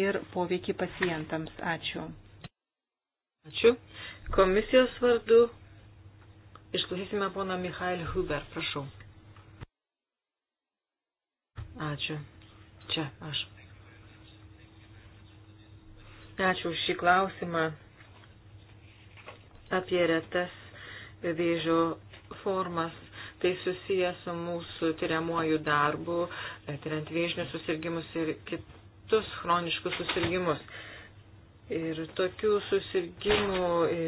ir poveikį pacientams. Ačiū. Ačiū. Komisijos vardu išklausysime pono Michael Huber. Prašau. Ačiū. Čia aš. Ačiū už šį klausimą apie retas vėžio formas Tai susijęs su mūsų tyriamuoju darbu, e, tyriant viešinius susirgymus ir kitus chroniškus susirgymus. Ir tokių susirgymų e,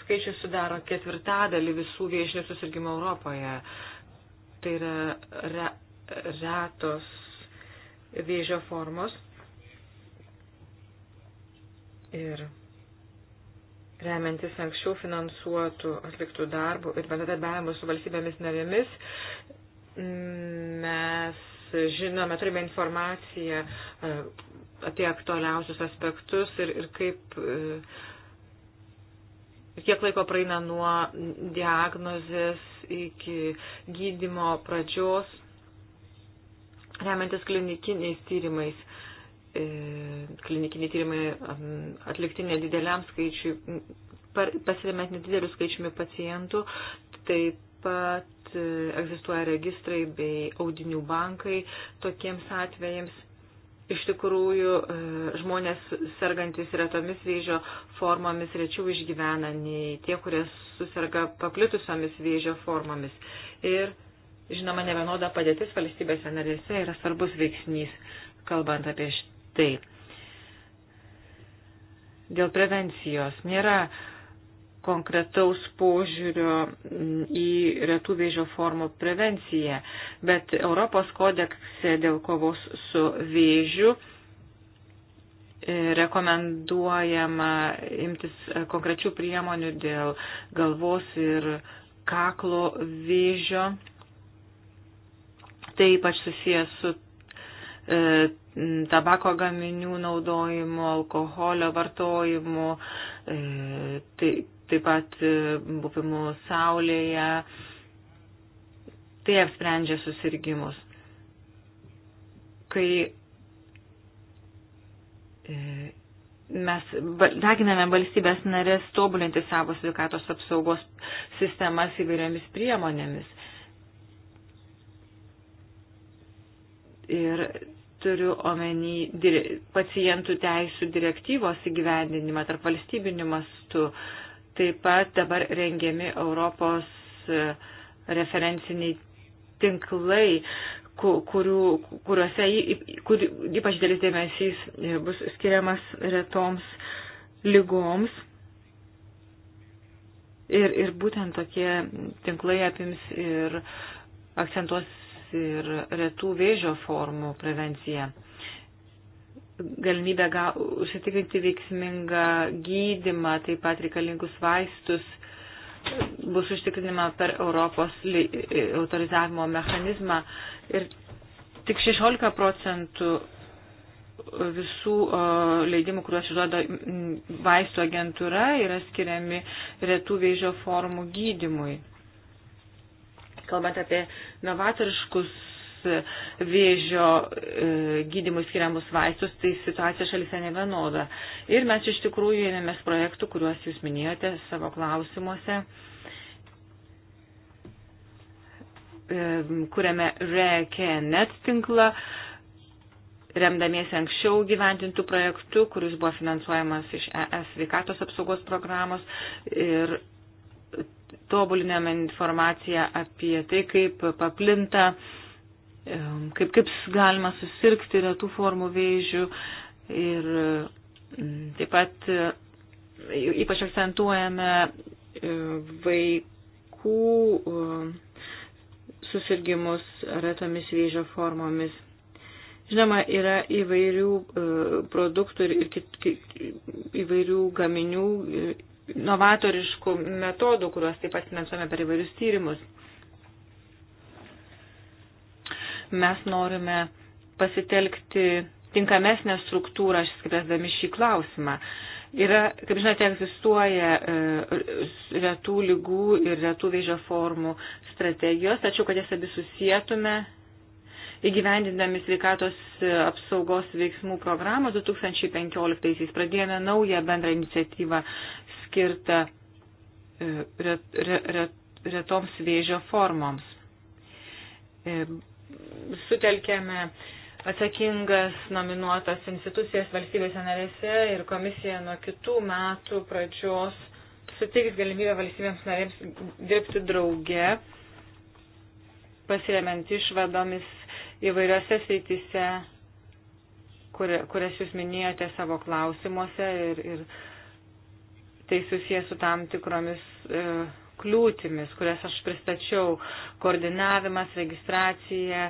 skaičius sudaro ketvirtadalį visų viešinių susirgymų Europoje. Tai yra re, retos vėžio formos. Ir remiantis anksčiau finansuotų atliktų darbų ir bendradarbiavimo su valstybėmis narėmis, mes žinome, turime informaciją e, apie aktualiausius aspektus ir, ir kaip, e, kiek laiko praeina nuo diagnozės iki gydimo pradžios, remiantis klinikiniais tyrimais. E, klinikiniai tyrimai atlikti nedideliam skaičiui, pasiremiant nedideliu skaičiumi pacientų, taip pat e, egzistuoja registrai bei audinių bankai tokiems atvejams. Iš tikrųjų, e, žmonės sergantis retomis vėžio formomis rečiau išgyvena nei tie, kurie susirga paplitusiomis vėžio formomis. Ir, žinoma, nevienoda padėtis valstybėse narėse yra svarbus veiksnys kalbant apie tai. Dėl prevencijos nėra konkretaus požiūrio į retų vėžio formų prevenciją, bet Europos kodekse dėl kovos su vėžiu e, rekomenduojama imtis konkrečių priemonių dėl galvos ir kaklo vėžio. Tai ypač susijęs su E, tabako gaminių naudojimo, alkoholio vartojimo, e, tai, taip pat e, buvimu saulėje. Tai apsprendžia susirgymus. Kai mes raginame valstybės narės tobulinti savo sveikatos apsaugos sistemas įvairiomis priemonėmis. Ir turiu omeny pacientų teisų direktyvos įgyvendinimą tarp valstybinių mastų. Taip pat dabar rengiami Europos e, referenciniai tinklai, kurių, kuriuose kur, ypač dėlis dėmesys e, bus skiriamas retoms lygoms. Ir, ir būtent tokie tinklai apims ir akcentuos ir retų vėžio formų prevencija. Galimybę ga, užsitikrinti veiksmingą gydimą, taip pat reikalingus vaistus bus užtikrinima per Europos autorizavimo mechanizmą ir tik 16 procentų visų leidimų, kuriuos išduoda vaistų agentūra, yra skiriami retų vėžio formų gydimui kalbant apie novatoriškus e, vėžio e, gydimui skiriamus vaistus, tai situacija šalise nevienoda. Ir mes iš tikrųjų ėmėmės projektų, kuriuos jūs minėjote savo klausimuose. E, kuriame RECANET tinklą, remdamiesi anksčiau gyventintų projektų, kuris buvo finansuojamas iš ES sveikatos apsaugos programos ir tobuliname informaciją apie tai, kaip paplinta, kaip, kaip galima susirgti retų formų vėžių ir taip pat e, ypač akcentuojame e, vaikų e, susirgymus retomis vėžio formomis. Žinoma, yra įvairių produktų ir, ir kit, įvairių gaminių novatoriškų metodų, kuriuos taip pat finansuojame per įvairius tyrimus. Mes norime pasitelkti tinkamesnę struktūrą, spręsdami šį klausimą. Yra, kaip žinote, egzistuoja e, retų lygų ir retų vėžio formų strategijos, tačiau, kad jas abi susijėtume, įgyvendindami sveikatos e, apsaugos veiksmų programą 2015-aisiais pradėjome naują bendrą iniciatyvą skirta ret, ret, retoms vėžio formoms. E, sutelkėme atsakingas nominuotas institucijas valstybėse narėse ir komisija nuo kitų metų pradžios suteiks galimybę valstybėms narėms dirbti drauge, pasiremiant išvadomis įvairiose sveityse, kur, kurias jūs minėjote savo klausimuose ir, ir tai susijęs su tam tikromis e, kliūtimis, kurias aš pristačiau - koordinavimas, registracija,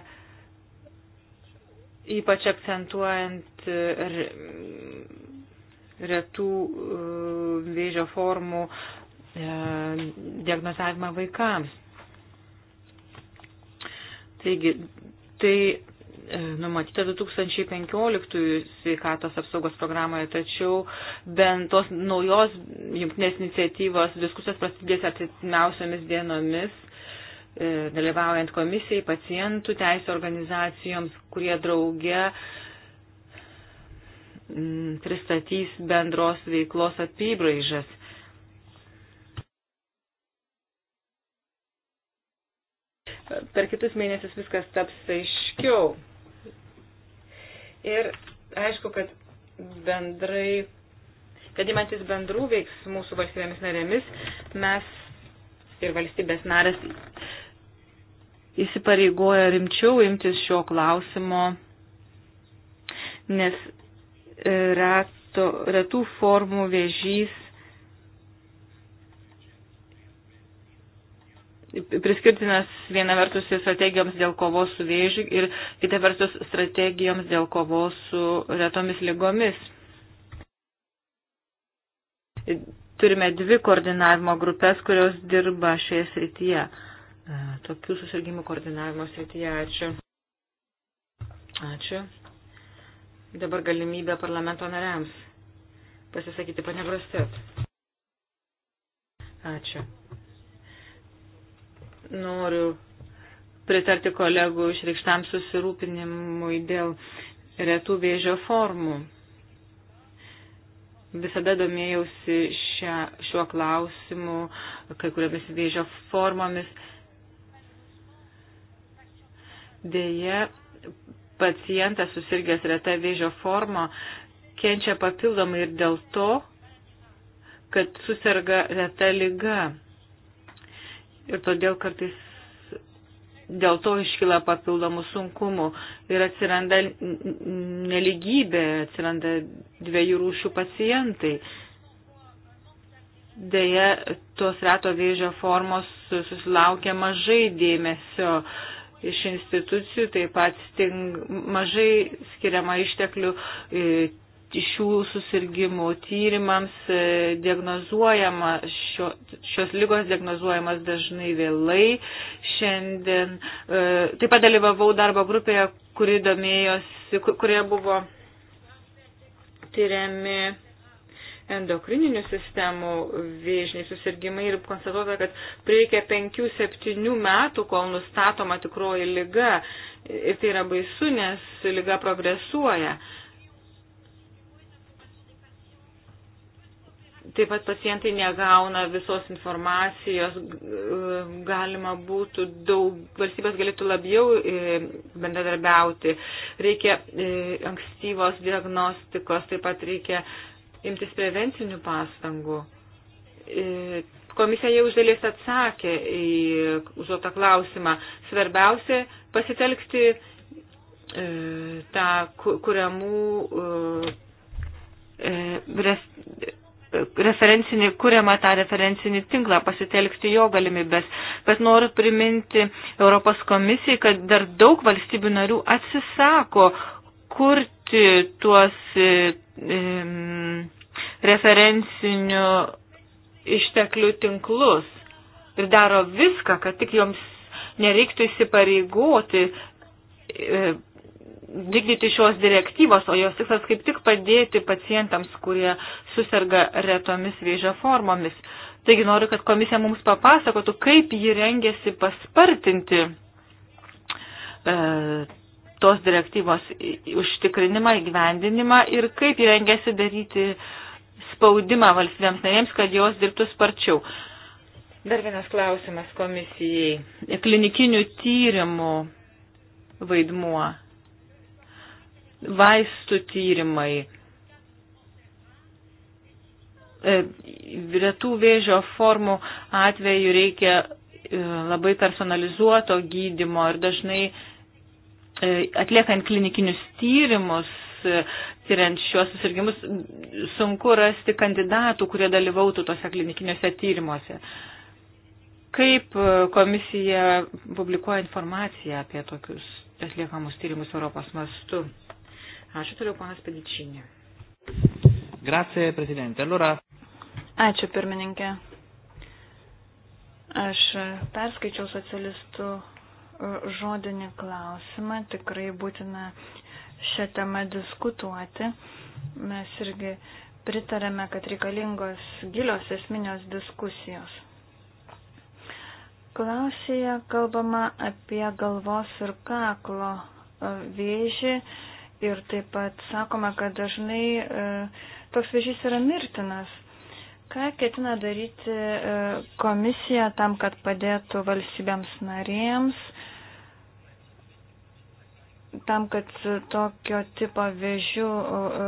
ypač akcentuojant e, retų e, vėžio formų e, diagnozavimą vaikams. Taigi, tai numatyta 2015 sveikatos apsaugos programoje, tačiau bent tos naujos jungtinės iniciatyvos diskusijos prasidės atitimiausiomis dienomis, e, dalyvaujant komisijai, pacientų teisų organizacijoms, kurie drauge mm, pristatys bendros veiklos apibraižas. per kitus mėnesius viskas taps aiškiau. Ir aišku, kad bendrai, kad įmantis bendrų veiksmų su valstybėmis narėmis, mes ir valstybės narės įsipareigoja rimčiau imtis šio klausimo, nes e, reto, retų formų vėžys priskirtinas viena vertus strategijoms dėl kovos su vėžiu ir kita vertus strategijoms dėl kovos su retomis lygomis. Turime dvi koordinavimo grupės, kurios dirba šioje srityje. E, tokių susirgymų koordinavimo srityje. Ačiū. Ačiū. Dabar galimybė parlamento nariams pasisakyti, pane Brastet. Ačiū noriu pritarti kolegų išreikštam susirūpinimui dėl retų vėžio formų. Visada domėjausi šia, šiuo klausimu, kai kuriomis vėžio formomis. Deja, pacientas susirgęs reta vėžio forma kenčia papildomai ir dėl to, kad susirga reta lyga ir todėl kartais dėl to iškyla papildomų sunkumų ir atsiranda neligybė, atsiranda dviejų rūšių pacientai. Deja, tos reto vėžio formos susilaukia mažai dėmesio iš institucijų, taip pat sting, mažai skiriama išteklių šių susirgymų tyrimams e, diagnozuojama, šio, šios lygos diagnozuojamas dažnai vėlai. Šiandien e, taip pat dalyvavau darbo grupėje, kuri domėjosi, kurioje buvo tyriami endokrininių sistemų vėžiniai susirgymai ir konstatuota, kad prireikia 5-7 metų, kol nustatoma tikroji lyga. Ir tai yra baisu, nes lyga progresuoja. Uh, Taip pat pacientai negauna visos informacijos, galima būtų daug, valstybės galėtų labiau e, bendradarbiauti. Reikia e, ankstyvos diagnostikos, taip pat reikia imtis prevencinių pastangų. E, komisija jau iš dalies atsakė į užduotą klausimą. Svarbiausia pasitelkti tą kuriamų referencinį, kuriamą tą referencinį tinklą, pasitelkti jo galimybės. Bet noriu priminti Europos komisijai, kad dar daug valstybių narių atsisako kurti tuos um, referencinių išteklių tinklus ir daro viską, kad tik joms nereiktų įsipareigoti e, vykdyti šios direktyvos, o jos tikslas kaip tik padėti pacientams, kurie susirga retomis vėžio formomis. Taigi noriu, kad komisija mums papasakotų, kaip ji rengėsi paspartinti e, tos direktyvos užtikrinimą, įgyvendinimą ir kaip ji rengėsi daryti spaudimą valstybėms narėms, kad jos dirbtų sparčiau. Dar vienas klausimas komisijai. Klinikinių tyrimų vaidmuo vaistų tyrimai, e, retų vėžio formų atveju reikia e, labai personalizuoto gydimo ir dažnai e, atliekant klinikinius tyrimus, tyriant šiuos susirgimus, sunku rasti kandidatų, kurie dalyvautų tose klinikiniuose tyrimuose. Kaip komisija publikuoja informaciją apie tokius atliekamus tyrimus Europos mastu? Ačiū toliau, ponas Pedičinė. Grazie, prezidentė. Allora... Ačiū, pirmininkė. Aš perskaičiau socialistų e, žodinį klausimą, tikrai būtina šią temą diskutuoti. Mes irgi pritarėme, kad reikalingos gilios esminios diskusijos. Klausėje kalbama apie galvos ir kaklo e, vėžį Ir taip pat sakoma, kad dažnai e, toks vėžys yra mirtinas. Ką ketina daryti e, komisija tam, kad padėtų valstybėms narėms, tam, kad tokio tipo vėžių e,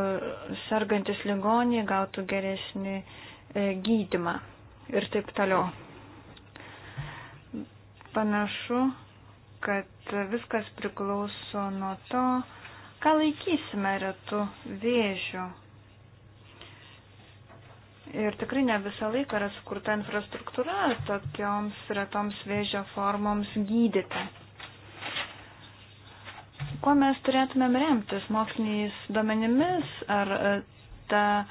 sergantis ligoniai gautų geresnį gydimą ir taip toliau. Panašu, kad viskas priklauso nuo to, Ką laikysime retų vėžių? Ir tikrai ne visą laiką yra sukurta infrastruktūra tokioms retoms vėžio formoms gydyti. Kuo mes turėtumėm remtis moksliniais duomenimis ar e, ta e,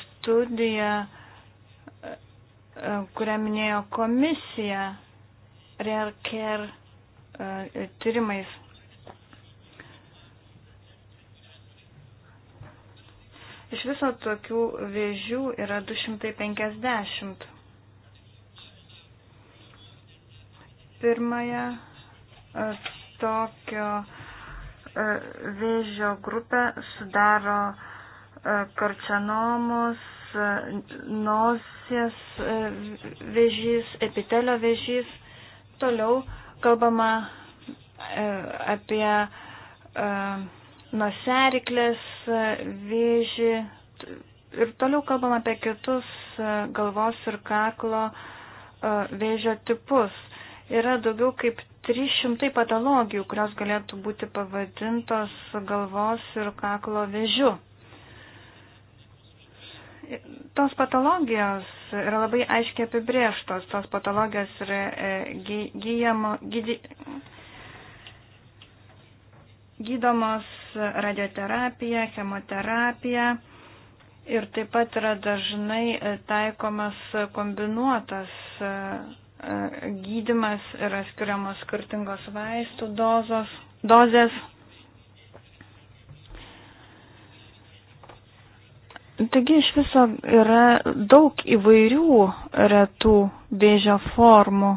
studija, e, kurią minėjo komisija, RERCARE tyrimais? Iš viso tokių vėžių yra 250. Pirmąją e, tokio e, vėžio grupę sudaro e, karčianomos, nosies vėžys, epitelio vėžys. Toliau kalbama apie nuseriklės vėžį ir toliau kalbam apie kitus e, galvos ir kaklo e, vėžio tipus. Yra daugiau kaip 300 patologijų, kurios galėtų būti pavadintos galvos ir kaklo vėžiu. Tos patologijos yra labai aiškiai apibrieštos, tos patologijos yra e, gyjamo, gydy, gydomos radioterapija, chemoterapija ir taip pat yra dažnai e, taikomas kombinuotas e, e, gydimas, yra skiriamos skirtingos vaistų dozos, dozės. Taigi iš viso yra daug įvairių retų vėžio formų.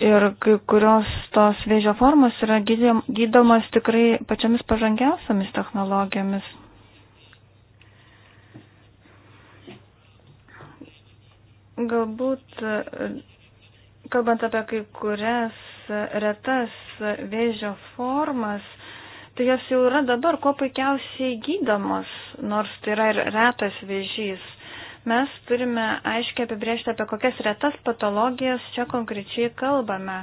Ir kai kurios tos vėžio formos yra gydomas tikrai pačiamis pažangiausiamis technologijomis. Galbūt, kalbant apie kai kurias retas vėžio formas, tai jos jau yra dabar kuo puikiausiai gydomos, nors tai yra ir retas vėžys. Mes turime aiškiai apibriežti, apie kokias retas patologijas čia konkrečiai kalbame.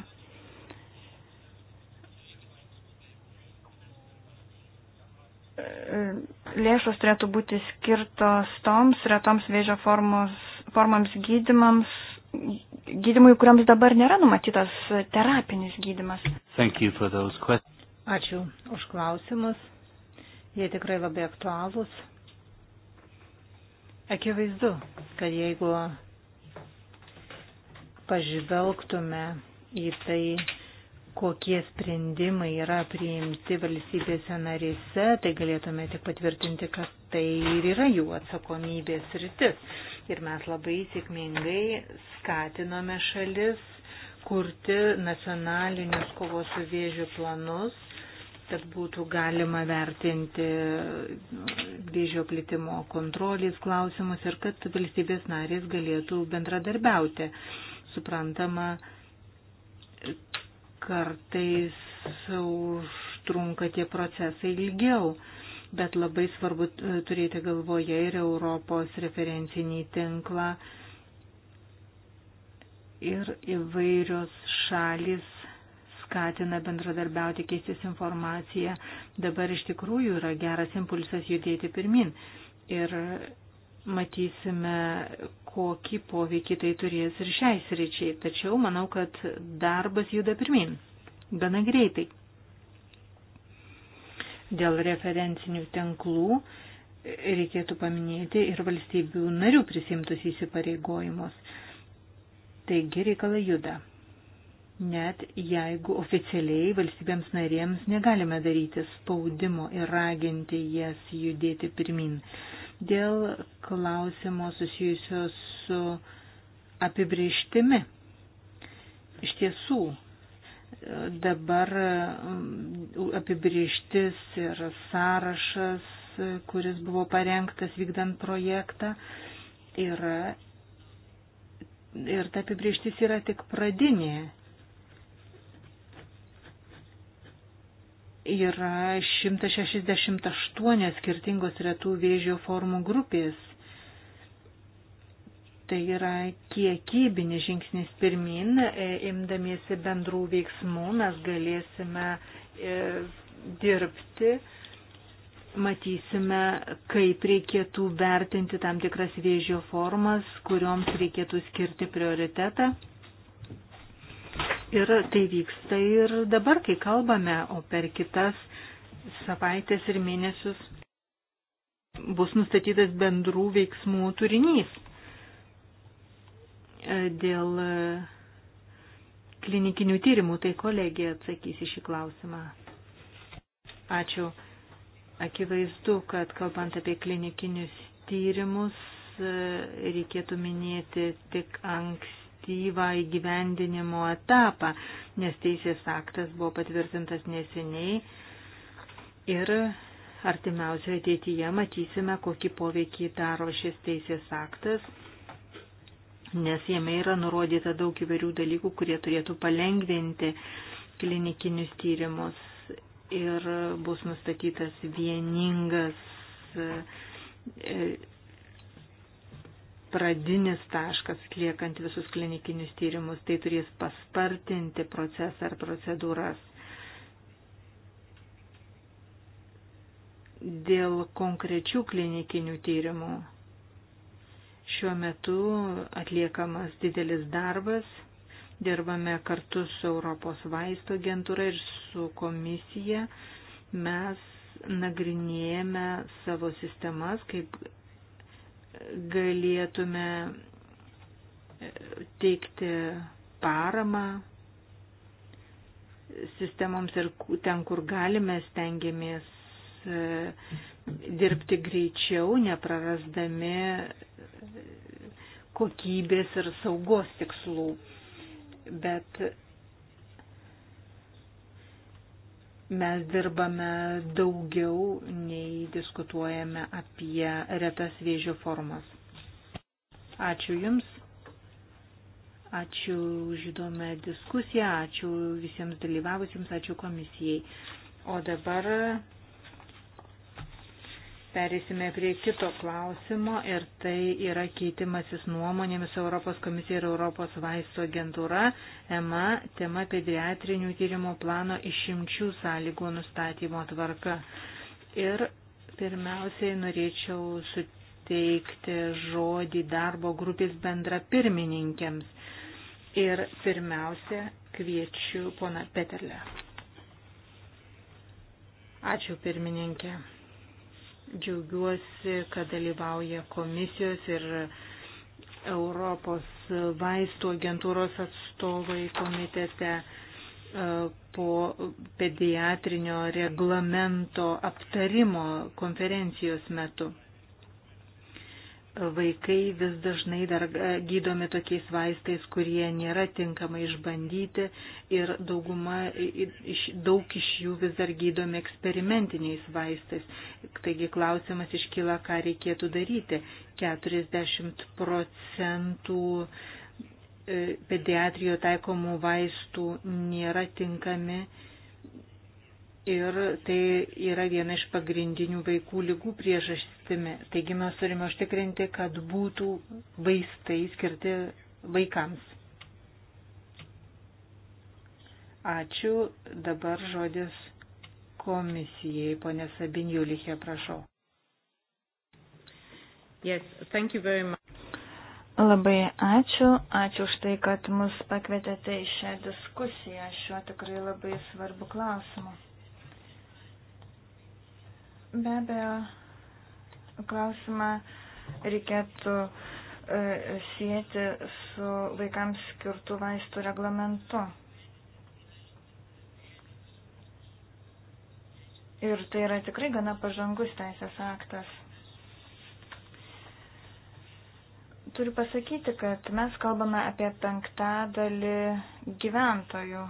Lėšos turėtų būti skirtos toms retoms vėžio formos, formams gydimams, gydimui, kuriams dabar nėra numatytas terapinis gydimas. Ačiū už klausimus. Jie tikrai labai aktualūs. Akivaizdu, kad jeigu pažvelgtume į tai, kokie sprendimai yra priimti valstybėse narėse, tai galėtume tik patvirtinti, kad tai ir yra jų atsakomybės rytis. Ir mes labai sėkmingai skatinome šalis kurti nacionalinius kovos su vėžiu planus kad būtų galima vertinti nu, vėžio plitimo kontrolės klausimus ir kad valstybės narės galėtų bendradarbiauti. Suprantama, kartais užtrunka tie procesai ilgiau, bet labai svarbu e, turėti galvoje ir Europos referencinį tinklą ir įvairios šalis skatina bendradarbiauti, keistis informaciją. Dabar iš tikrųjų yra geras impulsas judėti pirmin. Ir matysime, kokį poveikį tai turės ir šiai sričiai. Tačiau manau, kad darbas juda pirmin. Gana greitai. Dėl referencinių tinklų reikėtų paminėti ir valstybių narių prisimtus įsipareigojimus. Taigi reikalai juda net jeigu oficialiai valstybėms narėms negalime daryti spaudimo ir raginti jas judėti pirmin. Dėl klausimo susijusio su apibrieštimi. Iš tiesų, dabar mm, apibrieštis ir sąrašas, kuris buvo parengtas vykdant projektą, yra ir ta apibrieštis yra tik pradinė yra 168 skirtingos retų vėžio formų grupės. Tai yra kiekybinis žingsnis pirmin, e, imdamiesi bendrų veiksmų mes galėsime e, dirbti matysime, kaip reikėtų vertinti tam tikras vėžio formas, kurioms reikėtų skirti prioritetą. Ir tai vyksta ir dabar, kai kalbame, o per kitas savaitės ir mėnesius bus nustatytas bendrų veiksmų turinys e, dėl e, klinikinių tyrimų, tai kolegija atsakys į šį klausimą. Ačiū. Akivaizdu, kad kalbant apie klinikinius tyrimus, e, reikėtų minėti tik anksti direktyvą įgyvendinimo etapą, nes teisės aktas buvo patvirtintas neseniai ir artimiausioje ateityje matysime, kokį poveikį daro šis teisės aktas, nes jame yra nurodyta daug įvairių dalykų, kurie turėtų palengvinti klinikinius tyrimus ir bus nustatytas vieningas e, pradinis taškas atliekant visus klinikinius tyrimus, tai turės paspartinti procesą ar procedūras. Dėl konkrečių klinikinių tyrimų šiuo metu atliekamas didelis darbas, dirbame kartu su Europos vaisto agentūra ir su komisija. Mes nagrinėjame savo sistemas, kaip galėtume e, teikti paramą sistemoms ir ten, kur galime, stengiamės e, dirbti greičiau, neprarasdami e, kokybės ir saugos tikslų. Bet mes dirbame daugiau nei diskutuojame apie retas vėžio formas. Ačiū Jums, ačiū už įdomią diskusiją, ačiū visiems dalyvavusiems, ačiū komisijai. O dabar Perėsime prie kito klausimo ir tai yra keitimasis nuomonėmis Europos komisija ir Europos vaisto agentūra EMA tema pediatrinių tyrimo plano išimčių sąlygų nustatymo tvarka. Ir pirmiausiai norėčiau suteikti žodį darbo grupės bendra pirmininkėms. Ir pirmiausia kviečiu pona Peterle. Ačiū pirmininkė. Džiaugiuosi, kad dalyvauja komisijos ir Europos vaistų agentūros atstovai komitete e, po pediatrinio reglamento aptarimo konferencijos metu vaikai vis dažnai dar e, gydomi tokiais vaistais, kurie nėra tinkamai išbandyti ir dauguma, daug iš jų vis dar gydomi eksperimentiniais vaistais. Taigi klausimas iškyla, ką reikėtų daryti. 40 procentų e, pediatrijo taikomų vaistų nėra tinkami ir tai yra viena iš pagrindinių vaikų lygų priežasčių kryptimi. Taigi mes turime užtikrinti, kad būtų vaistai skirti vaikams. Ačiū. Dabar žodis komisijai. Pone Sabinjulichė, prašau. Yes, thank you very much. Labai ačiū. Ačiū už tai, kad mus pakvietėte į šią diskusiją šiuo tikrai labai svarbu klausimu. Be abejo, klausimą reikėtų e, sieti su vaikams skirtų vaistų reglamentu. Ir tai yra tikrai gana pažangus teisės aktas. Turiu pasakyti, kad mes kalbame apie penktadalį gyventojų.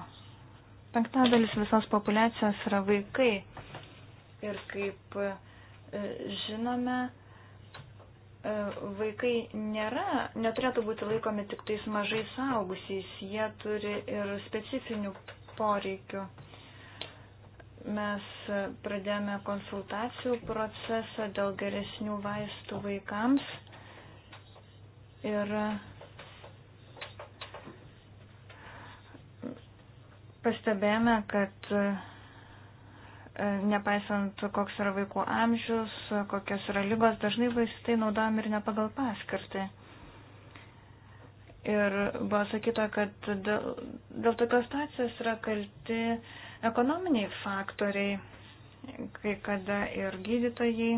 Penktadalis visos populacijos yra vaikai. Ir kaip uh, E, žinome, e, vaikai nėra, neturėtų būti laikomi tik tais mažai saugusiais, jie turi ir specifinių poreikių. Mes pradėjome konsultacijų procesą dėl geresnių vaistų vaikams ir pastebėjome, kad nepaisant koks yra vaikų amžius, kokios yra lygos, dažnai vaistai naudojami ir ne pagal paskirtį. Ir buvo sakyta, kad dėl, dėl tokios stacijos yra kalti ekonominiai faktoriai, kai kada ir gydytojai.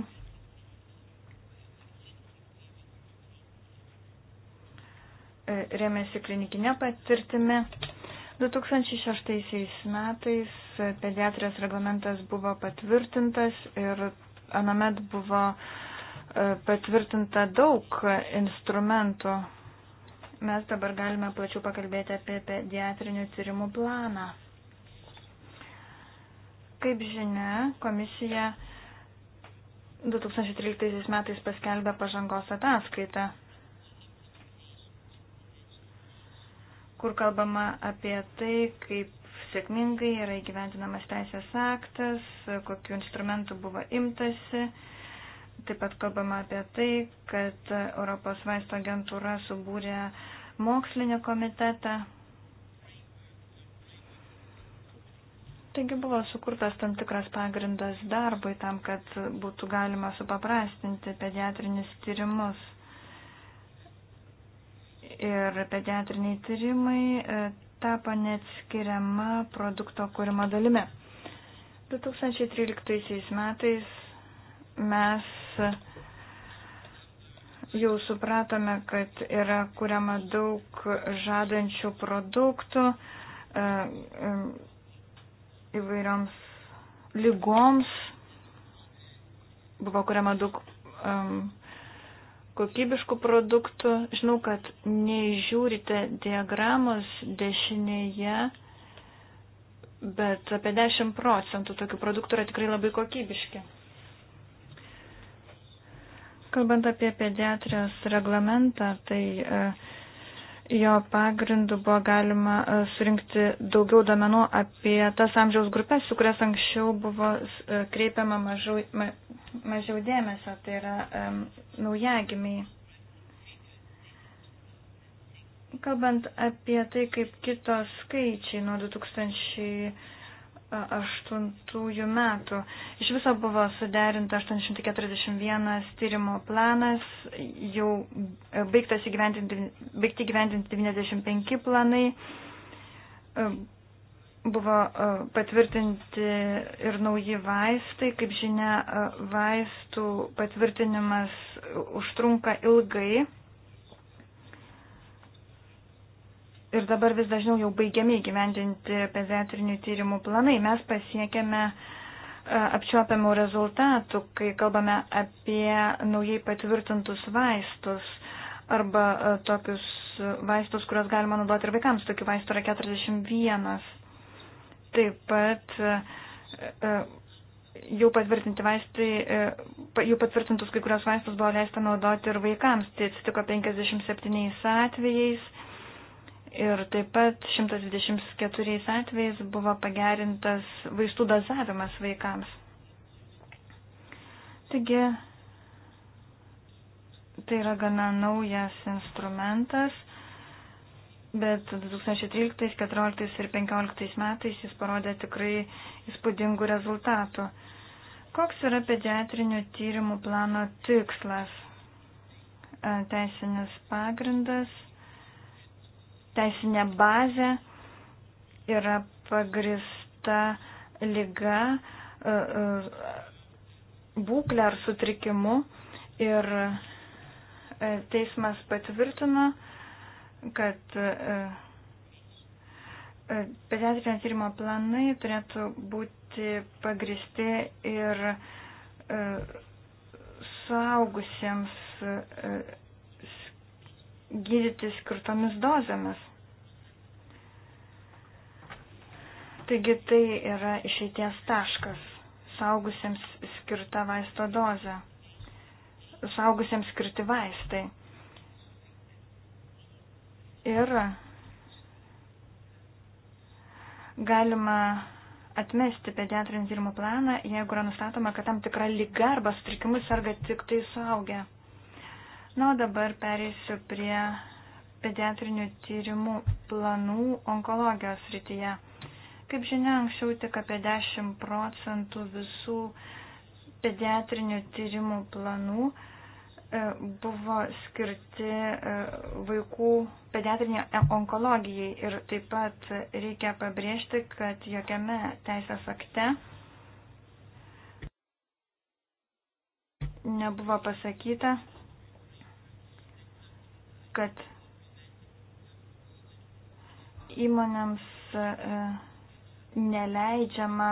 E, Rėmėsi klinikinė patirtimi. 2006 metais pediatrijos reglamentas buvo patvirtintas ir anomet buvo e, patvirtinta daug instrumentų. Mes dabar galime plačiau pakalbėti apie pediatrinių tyrimų planą. Kaip žinia, komisija 2013 metais paskelbė pažangos ataskaitą. kur kalbama apie tai, kaip sėkmingai yra įgyventinamas teisės aktas, kokiu instrumentu buvo imtasi. Taip pat kalbama apie tai, kad Europos vaisto agentūra subūrė mokslinį komitetą. Taigi buvo sukurtas tam tikras pagrindas darbui tam, kad būtų galima supaprastinti pediatrinis tyrimus ir pediatriniai tyrimai e, tapo neatskiriama produkto kūrimo dalimi. 2013 metais mes jau supratome, kad yra kuriama daug žadančių produktų e, e, įvairioms lygoms. Buvo kuriama daug um, kokybiškų produktų. Žinau, kad neižiūrite diagramos dešinėje, bet apie 10 procentų tokių produktų yra tikrai labai kokybiški. Kalbant apie pediatrijos reglamentą, tai e, jo pagrindu buvo galima e, surinkti daugiau domenų apie tas amžiaus grupės, su kurias anksčiau buvo e, kreipiama mažiau, mažiau dėmesio, tai yra um, naujagimiai. Kalbant apie tai, kaip kitos skaičiai nuo 2008 metų, iš viso buvo suderinta 841 tyrimo planas, jau baigtas įgyventinti, baigti gyventinti 95 planai, Buvo e, patvirtinti ir nauji vaistai. Kaip žinia, e, vaistų patvirtinimas užtrunka ilgai. ir dabar vis dažniau jau baigiami gyvendinti pediatrinių tyrimų planai, mes pasiekėme e, apčiopiamų rezultatų, kai kalbame apie naujai patvirtintus vaistus arba tokius vaistus, kuriuos galima naudoti ir vaikams. Tokių vaistų yra 41. Taip pat e, e, jau patvirtinti vaistai, e, jau patvirtintus kai kurios vaistus buvo leista naudoti ir vaikams. Tai atsitiko 57 atvejais ir taip pat 124 atvejais buvo pagerintas vaistų dozavimas vaikams. Taigi, tai yra gana naujas instrumentas Bet 2013, 2014 ir 2015 metais jis parodė tikrai įspūdingų rezultatų. Koks yra pediatrinių tyrimų plano tikslas? E, teisinis pagrindas, teisinė bazė yra pagrista lyga, e, e, būklė ar sutrikimu ir teismas patvirtino, kad e, e, pediatrinio tyrimo planai turėtų būti pagristi ir e, suaugusiems gydyti skirtomis dozėmis. Taigi tai yra išeities taškas saugusiems skirta vaisto dozė, saugusiems skirti vaistai ir galima atmesti pediatrinį tyrimų planą, jeigu yra nustatoma, kad tam tikra lyga arba sutrikimus serga tik tai suaugę. Na, o dabar pereisiu prie pediatrinių tyrimų planų onkologijos rytyje. Kaip žinia, anksčiau tik apie 10 procentų visų pediatrinių tyrimų planų uh, E, buvo skirti e, vaikų pediatrinė onkologijai ir taip pat reikia pabrėžti, kad jokiame teisės akte nebuvo pasakyta, kad įmonėms e, neleidžiama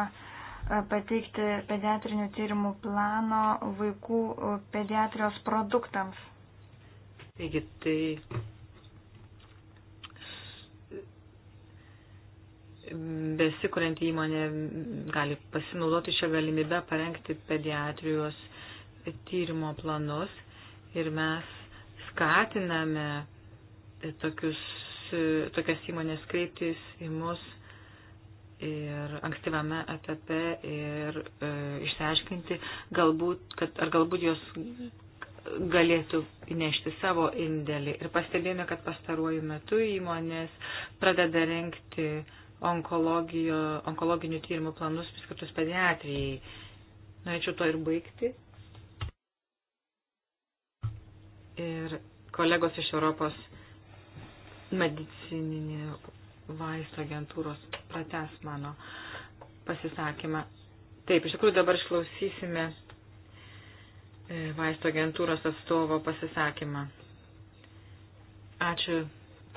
pateikti pediatrinių tyrimų plano vaikų e, pediatrijos produktams. Taigi tai besikurianti įmonė gali pasinaudoti šią galimybę parengti pediatrijos tyrimo planus ir mes skatiname tokius, tokias įmonės kreiptis į mus ir ankstyvame etape ir e, išsiaiškinti, galbūt, kad, ar galbūt jos galėtų įnešti savo indėlį. Ir pastebėjome, kad pastaruoju metu įmonės pradeda renkti onkologinių tyrimų planus skirtus pediatrijai. Norėčiau to ir baigti. Ir kolegos iš Europos medicininė vaisto agentūros prates mano pasisakymą. Taip, iš tikrųjų dabar išklausysime e, vaisto agentūros atstovo pasisakymą. Ačiū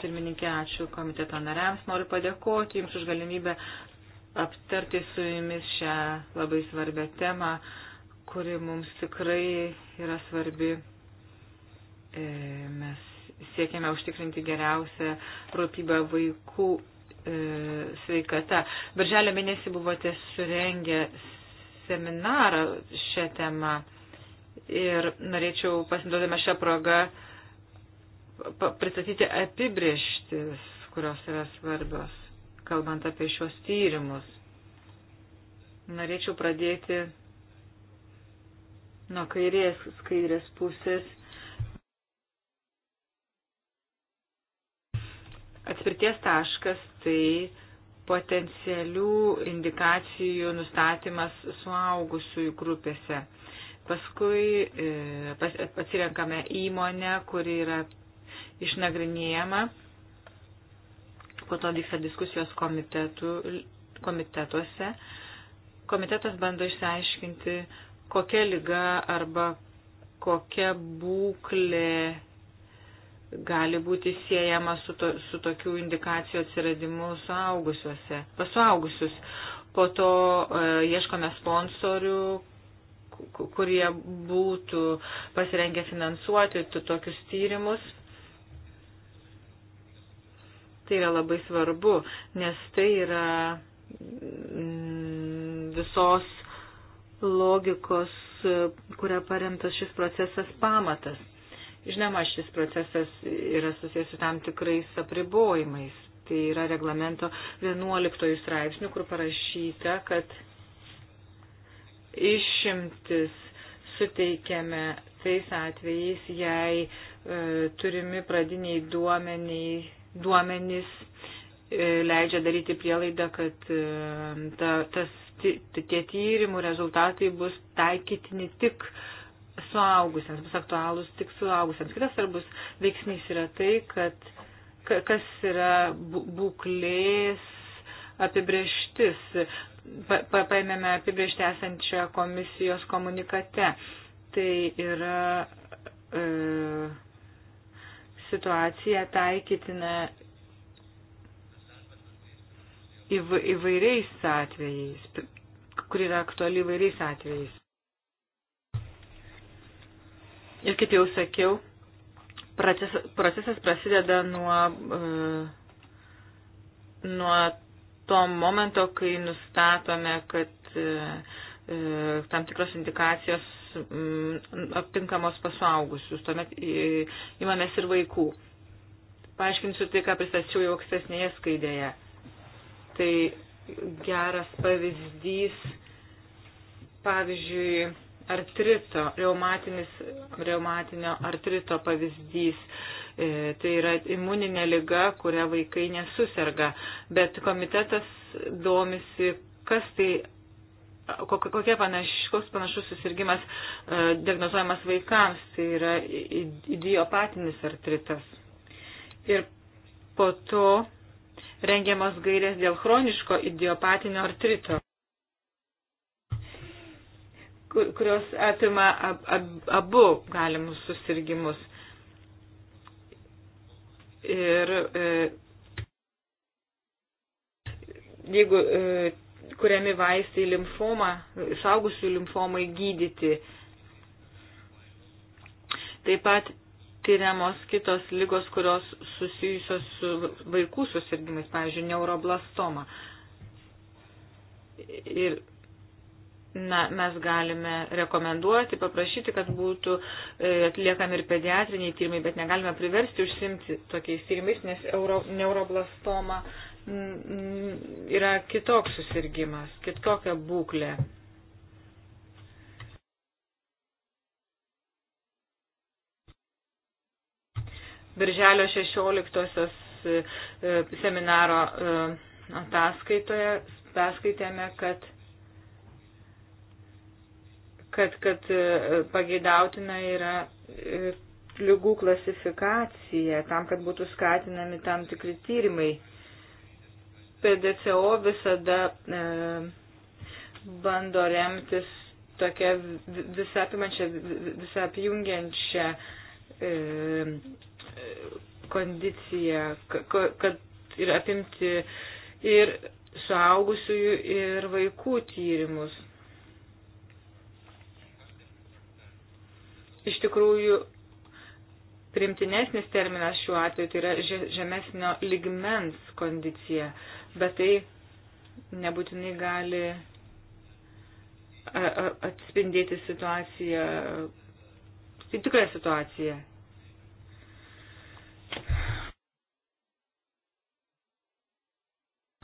pirmininkė, ačiū komiteto nariams. Noriu padėkoti Jums už galimybę aptarti su Jumis šią labai svarbę temą, kuri mums tikrai yra svarbi. E, mes siekiame užtikrinti geriausią rūpybę vaikų E, sveikata. Birželio mėnesį buvote surengę seminarą šią temą ir norėčiau pasinaudodama šią progą pristatyti apibrieštis, kurios yra svarbios, kalbant apie šios tyrimus. Norėčiau pradėti nuo kairės skairės pusės. Atspirties taškas tai potencialių indikacijų nustatymas suaugusiųjų grupėse. Paskui e, pas, atsirenkame įmonę, kuri yra išnagrinėjama, po to vyksta diskusijos komitetų, komitetuose. Komitetas bando išsiaiškinti, kokia lyga arba kokia būklė gali būti siejama su, to, su tokių indikacijų atsiradimu suaugusiuose, pasuaugusius. Po to e, ieškome sponsorių, kurie būtų pasirengę finansuoti tokius tyrimus. Tai yra labai svarbu, nes tai yra mm, visos logikos, e, kuria paremtas šis procesas pamatas. Žinoma, šis procesas yra susijęs su tam tikrais apribojimais. Tai yra reglamento 11 straipsnių, kur parašyta, kad išimtis suteikiame tais atvejais, jei e, turimi pradiniai duomeniai, duomenys e, leidžia daryti prielaidą, kad e, ta, tas, tie tyrimų rezultatai bus taikytini tik e, suaugusiems, bus aktualūs tik suaugusiems. Kitas svarbus veiksnys yra tai, kad kas yra būklės apibrieštis. Paėmėme apibriešti esančią komisijos komunikate. Tai yra e, situacija taikytina įv, įvairiais atvejais, kur yra aktuali įvairiais atvejais. Ir kaip jau sakiau, procesas, procesas prasideda nuo, e, nuo to momento, kai nustatome, kad e, e, tam tikros indikacijos aptinkamos pasaugusius, tuomet įmamės ir vaikų. Paaiškinsiu tai, ką pristačiau jau aukštesnėje skaidėje. Tai geras pavyzdys, pavyzdžiui, artrito, reumatinio artrito pavyzdys. E, tai yra imuninė lyga, kurią vaikai nesuserga. Bet komitetas domisi, kas tai kokie panaš, koks panašus susirgymas e, diagnozuojamas vaikams, tai yra idiopatinis artritas. Ir po to rengiamas gairės dėl chroniško idiopatinio artrito kurios apima ab, ab, abu galimus susirgymus. Ir e, jeigu e, kuriami vaistai limfoma, saugusių limfomai gydyti, taip pat tyriamos kitos lygos, kurios susijusios su vaikų susirgymais, pavyzdžiui, neuroblastoma. Ir na, mes galime rekomenduoti, paprašyti, kad būtų e, atliekami ir pediatriniai tyrimai, bet negalime priversti užsimti tokiais tyrimais, nes euro, neuroblastoma mm, yra kitoks susirgymas, kitokia būklė. Birželio 16 e, e, seminaro ataskaitoje perskaitėme, kad kad, kad e, pageidautina yra e, lygų klasifikacija, tam, kad būtų skatinami tam tikri tyrimai. PDCO visada e, bando remtis tokia visapimančia, visapjungiančia e, kondicija, kad ir apimti ir suaugusiųjų, ir vaikų tyrimus. iš tikrųjų primtinesnis terminas šiuo atveju, tai yra žemesnio ligmens kondicija, bet tai nebūtinai gali atspindėti situaciją, tai tikrą situaciją.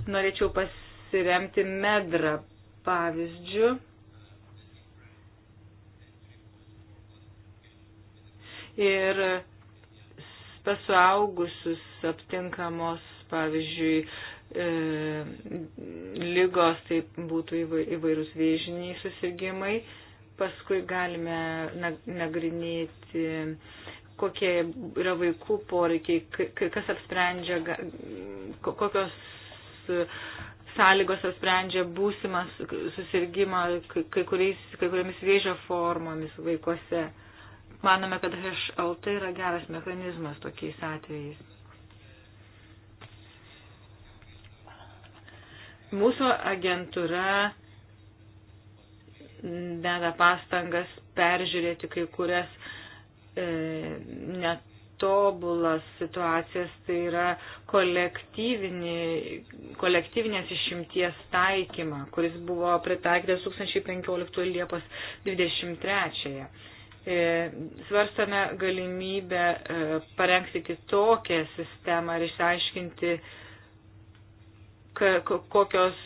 Norėčiau pasiremti medrą pavyzdžių. ir pasuaugusius aptinkamos, pavyzdžiui, e, lygos, tai būtų įvairūs vėžiniai susirgymai. Paskui galime nagrinėti, kokie yra vaikų poreikiai, kas apsprendžia, kokios sąlygos apsprendžia būsimas susirgymą kai, kuriais, kai kuriamis vėžio formomis vaikose. Manome, kad HLT yra geras mechanizmas tokiais atvejais. Mūsų agentūra deda pastangas peržiūrėti kai kurias e, net tobulas situacijas, tai yra kolektyvinės išimties taikymą, kuris buvo pritaikytas 2015 Liepos 23. -ąją. E, svarstame galimybę e, parengti kitokią sistemą ir išsiaiškinti, kokios,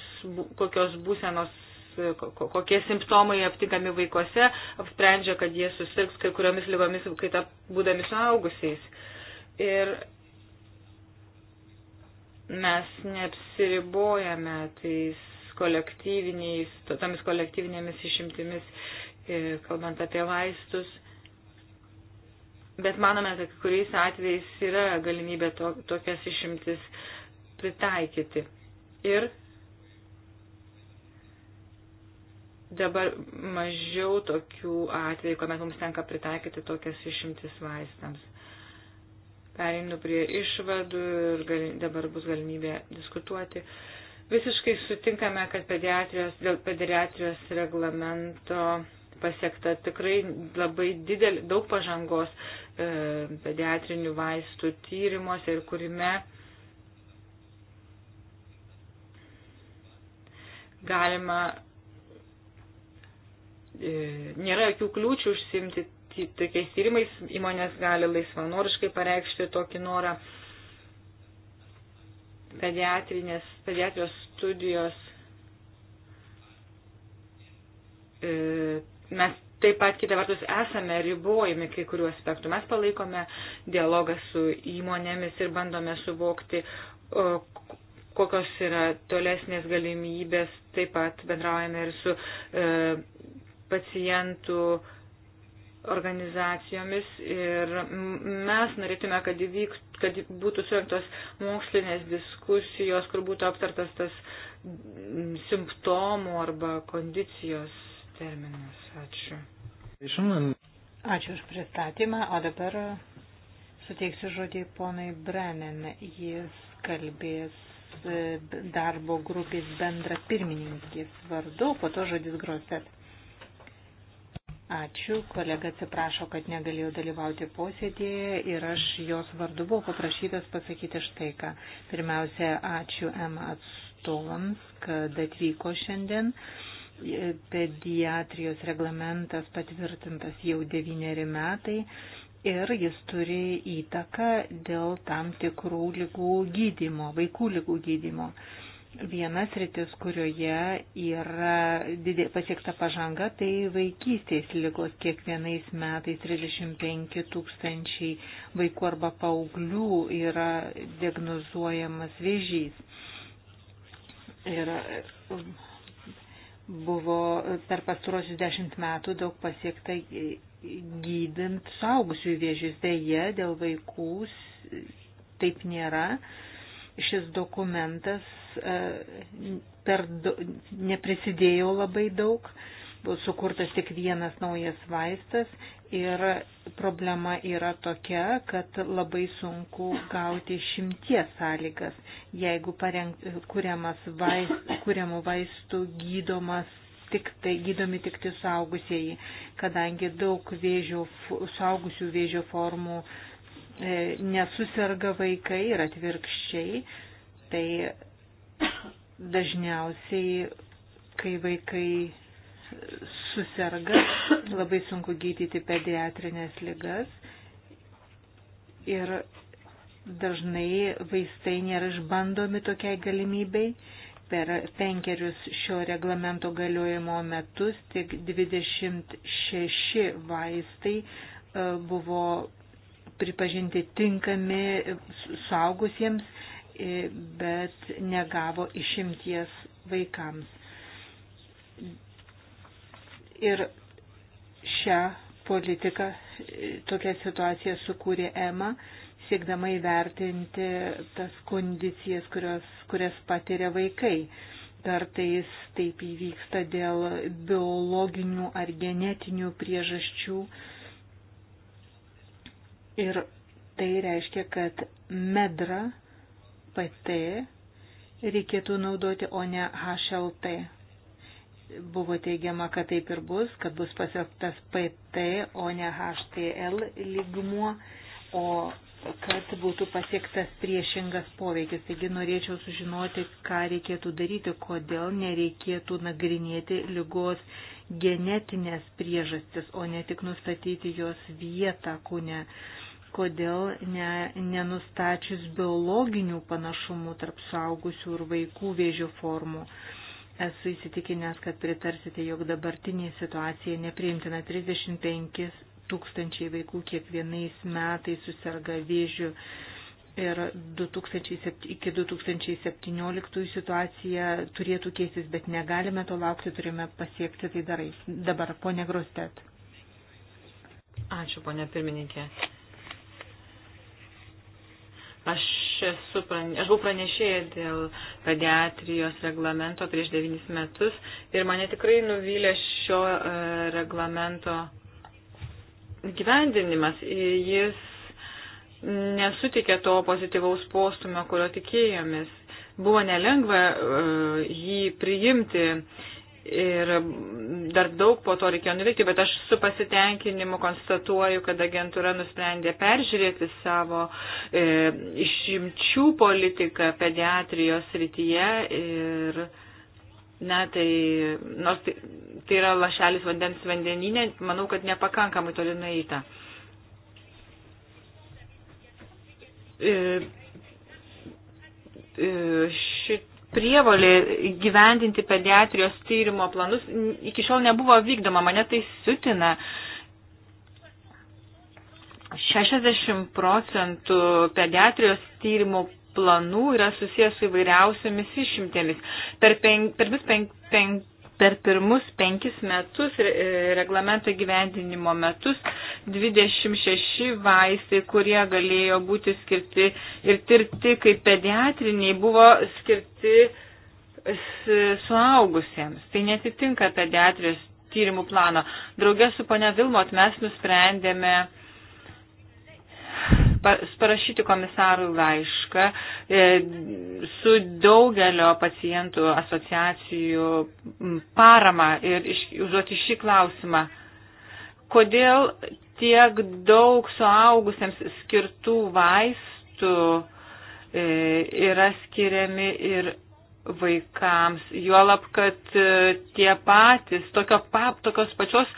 kokios būsenos e, kokie simptomai aptikami vaikuose, apsprendžia, kad jie susirgs kai kuriomis lygomis, kai ta būdami suaugusiais. Ir mes neapsiribojame tais kolektyviniais, tomis kolektyvinėmis išimtimis E, kalbant apie vaistus. Bet manome, kad kuriais atvejais yra galimybė to, tokias išimtis pritaikyti. Ir dabar mažiau tokių atvejų, kuomet mums tenka pritaikyti tokias išimtis vaistams. Pereinu prie išvadų ir gal, dabar bus galimybė diskutuoti. Visiškai sutinkame, kad pediatrijos, dėl pediatrijos reglamento pasiekta tikrai labai didelį, daug pažangos e, pediatrinių vaistų tyrimuose ir kurime galima, e, nėra jokių kliūčių užsimti tokiais tyrimais, įmonės gali laisvanoriškai pareikšti tokį norą. Pediatrinės, pediatrijos studijos e, mes taip pat kitą vertus esame ribojami kai kuriuo aspektu. Mes palaikome dialogą su įmonėmis ir bandome suvokti, kokios yra tolesnės galimybės. Taip pat bendraujame ir su e, pacientų organizacijomis ir mes norėtume, kad, įvyk, kad būtų surinktos mokslinės diskusijos, kur būtų aptartas tas simptomų arba kondicijos terminas. Ačiū. Ačiū už pristatymą, o dabar suteiksiu žodį ponai Brennan. Jis kalbės e, darbo grupės bendra pirmininkės vardu, po to žodis Groset. Ačiū, kolega atsiprašo, kad negalėjau dalyvauti posėdėje ir aš jos vardu buvau paprašytas pasakyti štai ką. Pirmiausia, ačiū M atstovams, kad atvyko šiandien. Uh, pediatrijos reglamentas patvirtintas jau devyneri metai ir jis turi įtaką dėl tam tikrų lygų gydymo, vaikų lygų gydymo. Vienas rytis, kurioje yra didė, pasiekta pažanga, tai vaikystės lygos kiekvienais metais 35 tūkstančiai vaikų arba paauglių yra diagnozuojamas vėžys. Ir buvo per pastarosius dešimt metų daug pasiekta gydint saugusiųjų vėžius. Deja, dėl vaikų taip nėra. Šis dokumentas e, per, neprisidėjo labai daug bus sukurtas tik vienas naujas vaistas ir problema yra tokia, kad labai sunku gauti šimties sąlygas, jeigu parengt, kuriamas vaist, kuriamų vaistų gydomas tik tai gydomi tik tai suaugusieji, kadangi daug vėžio, suaugusių vėžio formų e, nesusirga vaikai ir atvirkščiai, tai dažniausiai, kai vaikai susirga, labai sunku gydyti pediatrinės ligas ir dažnai vaistai nėra išbandomi tokiai galimybei. Per penkerius šio reglamento galiojimo metus tik 26 vaistai e, buvo pripažinti tinkami suaugusiems, e, bet negavo išimties vaikams. Ir šią politiką tokia situacija sukūrė EMA, siekdama įvertinti tas kondicijas, kurios, kurias patiria vaikai. Kartais taip įvyksta dėl biologinių ar genetinių priežasčių. Ir tai reiškia, kad medra PT reikėtų naudoti, o ne HLT buvo teigiama, kad taip ir bus, kad bus pasiektas PT, o ne HTL lygmuo, o kad būtų pasiektas priešingas poveikis. Taigi norėčiau sužinoti, ką reikėtų daryti, kodėl nereikėtų nagrinėti lygos genetinės priežastis, o ne tik nustatyti jos vietą kūne. Kodėl ne, nenustačius biologinių panašumų tarp saugusių ir vaikų vėžio formų. Uh, Esu įsitikinęs, kad pritarsite, jog dabartinė situacija nepriimtina 35 tūkstančiai vaikų kiekvienais metais susirga vėžių ir 2007, iki 2017 situacija turėtų keistis, bet negalime to laukti, turime pasiekti tai darai. Dabar, ponė Grostet. Ačiū, ponė pirmininkė. Aš esu, aš buvau pranešėję dėl pediatrijos reglamento prieš devynis metus ir mane tikrai nuvylė šio e, reglamento gyvendinimas. Jis nesutikė to pozityvaus postumio, kurio tikėjomės. Buvo nelengva e, jį priimti Ir dar daug po to reikėjo nuveikti, bet aš su pasitenkinimu konstatuoju, kad agentūra nusprendė peržiūrėti savo e, išimčių politiką pediatrijos rytyje. Ir, na, tai, nors tai, tai yra lašelis vandens vandeninė, manau, kad nepakankamai toli nueita. E, e, prievolė gyvendinti pediatrijos tyrimo planus iki šiol nebuvo vykdoma. Mane tai sutina. 60 procentų pediatrijos tyrimų planų yra susijęs su įvairiausiamis išimtėmis. Per, pen, per vis pen, pen, per pirmus penkis metus, e, reglamento gyvendinimo metus, 26 vaistai, kurie galėjo būti skirti ir tirti kaip pediatriniai, buvo skirti suaugusiems. Tai netitinka pediatrijos tyrimų plano. Draugė su ponia Vilmot mes nusprendėme parašyti komisarui laišką e, su daugelio pacientų asociacijų parama ir užduoti šį klausimą. Kodėl tiek daug suaugusiems skirtų vaistų e, yra skiriami ir vaikams. Juolab, kad e, tie patys, tokio, pap, tokios pačios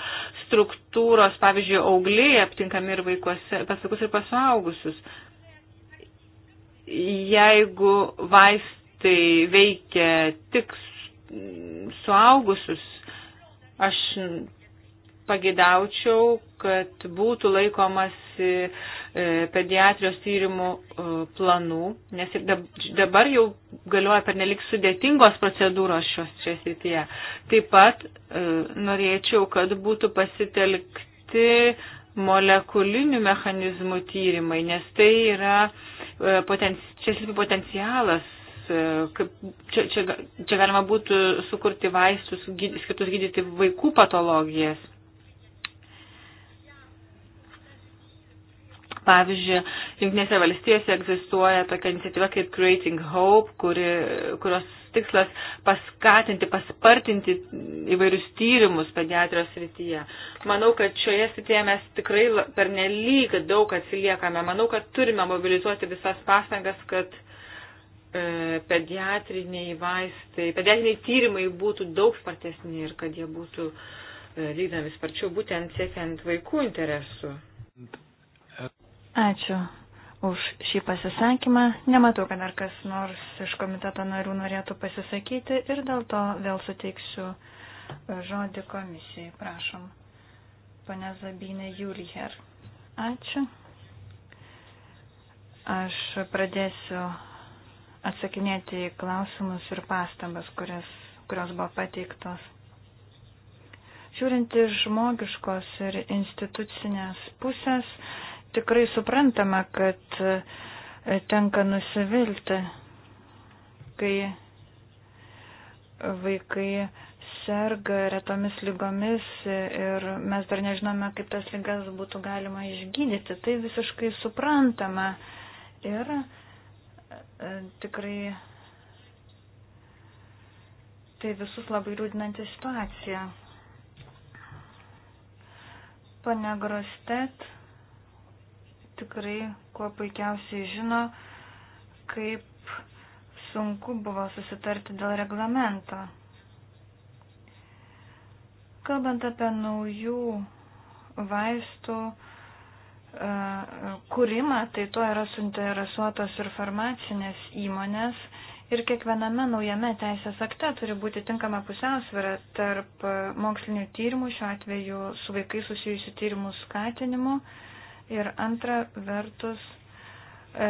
struktūros, pavyzdžiui, augliai aptinkami ir vaikuose, pas vaikus ir pasaugusius. Jeigu vaistai veikia tik suaugusius, aš pagidaučiau, kad būtų laikomas e, pediatrijos tyrimų e, planų, nes ir dabar jau galioja per nelik sudėtingos procedūros šios čia srityje. Taip pat e, norėčiau, kad būtų pasitelkti molekulinių mechanizmų tyrimai, nes tai yra poten, čia slypi potencialas kaip, čia, čia, čia galima būtų sukurti vaistus, skirtus gydyti vaikų patologijas. Pavyzdžiui, Junktinėse valstijose egzistuoja tokia iniciatyva kaip Creating Hope, kuri, kurios tikslas paskatinti, paspartinti įvairius tyrimus pediatrijos srityje. Manau, kad šioje srityje mes tikrai per nelyg daug atsiliekame. Manau, kad turime mobilizuoti visas pastangas, kad e, pediatriniai vaistai, pediatriniai tyrimai būtų daug spartesni ir kad jie būtų e, vykdami sparčiau, būtent siekiant vaikų interesų. Ačiū už šį pasisakymą. Nematau, kad dar kas nors iš komiteto narių norėtų pasisakyti ir dėl to vėl suteiksiu žodį komisijai. Prašom. Pane Zabinė Juliher. Ačiū. Aš pradėsiu atsakinėti į klausimus ir pastabas, kurias, kurios buvo pateiktos. Žiūrint iš žmogiškos ir institucinės pusės, tikrai suprantama, kad e, tenka nusivilti, kai vaikai serga retomis lygomis ir mes dar nežinome, kaip tas lygas būtų galima išgydyti. Tai visiškai suprantama ir e, tikrai tai visus labai liūdinanti situacija. Pane Grostet tikrai kuo puikiausiai žino, kaip sunku buvo susitarti dėl reglamento. Kalbant apie naujų vaistų e, kūrimą, tai tuo yra suinteresuotos ir farmacinės įmonės ir kiekviename naujame teisės akte turi būti tinkama pusiausvėra tarp e, mokslinių tyrimų, šiuo atveju su vaikais susijusių tyrimų skatinimu Ir antra vertus, e,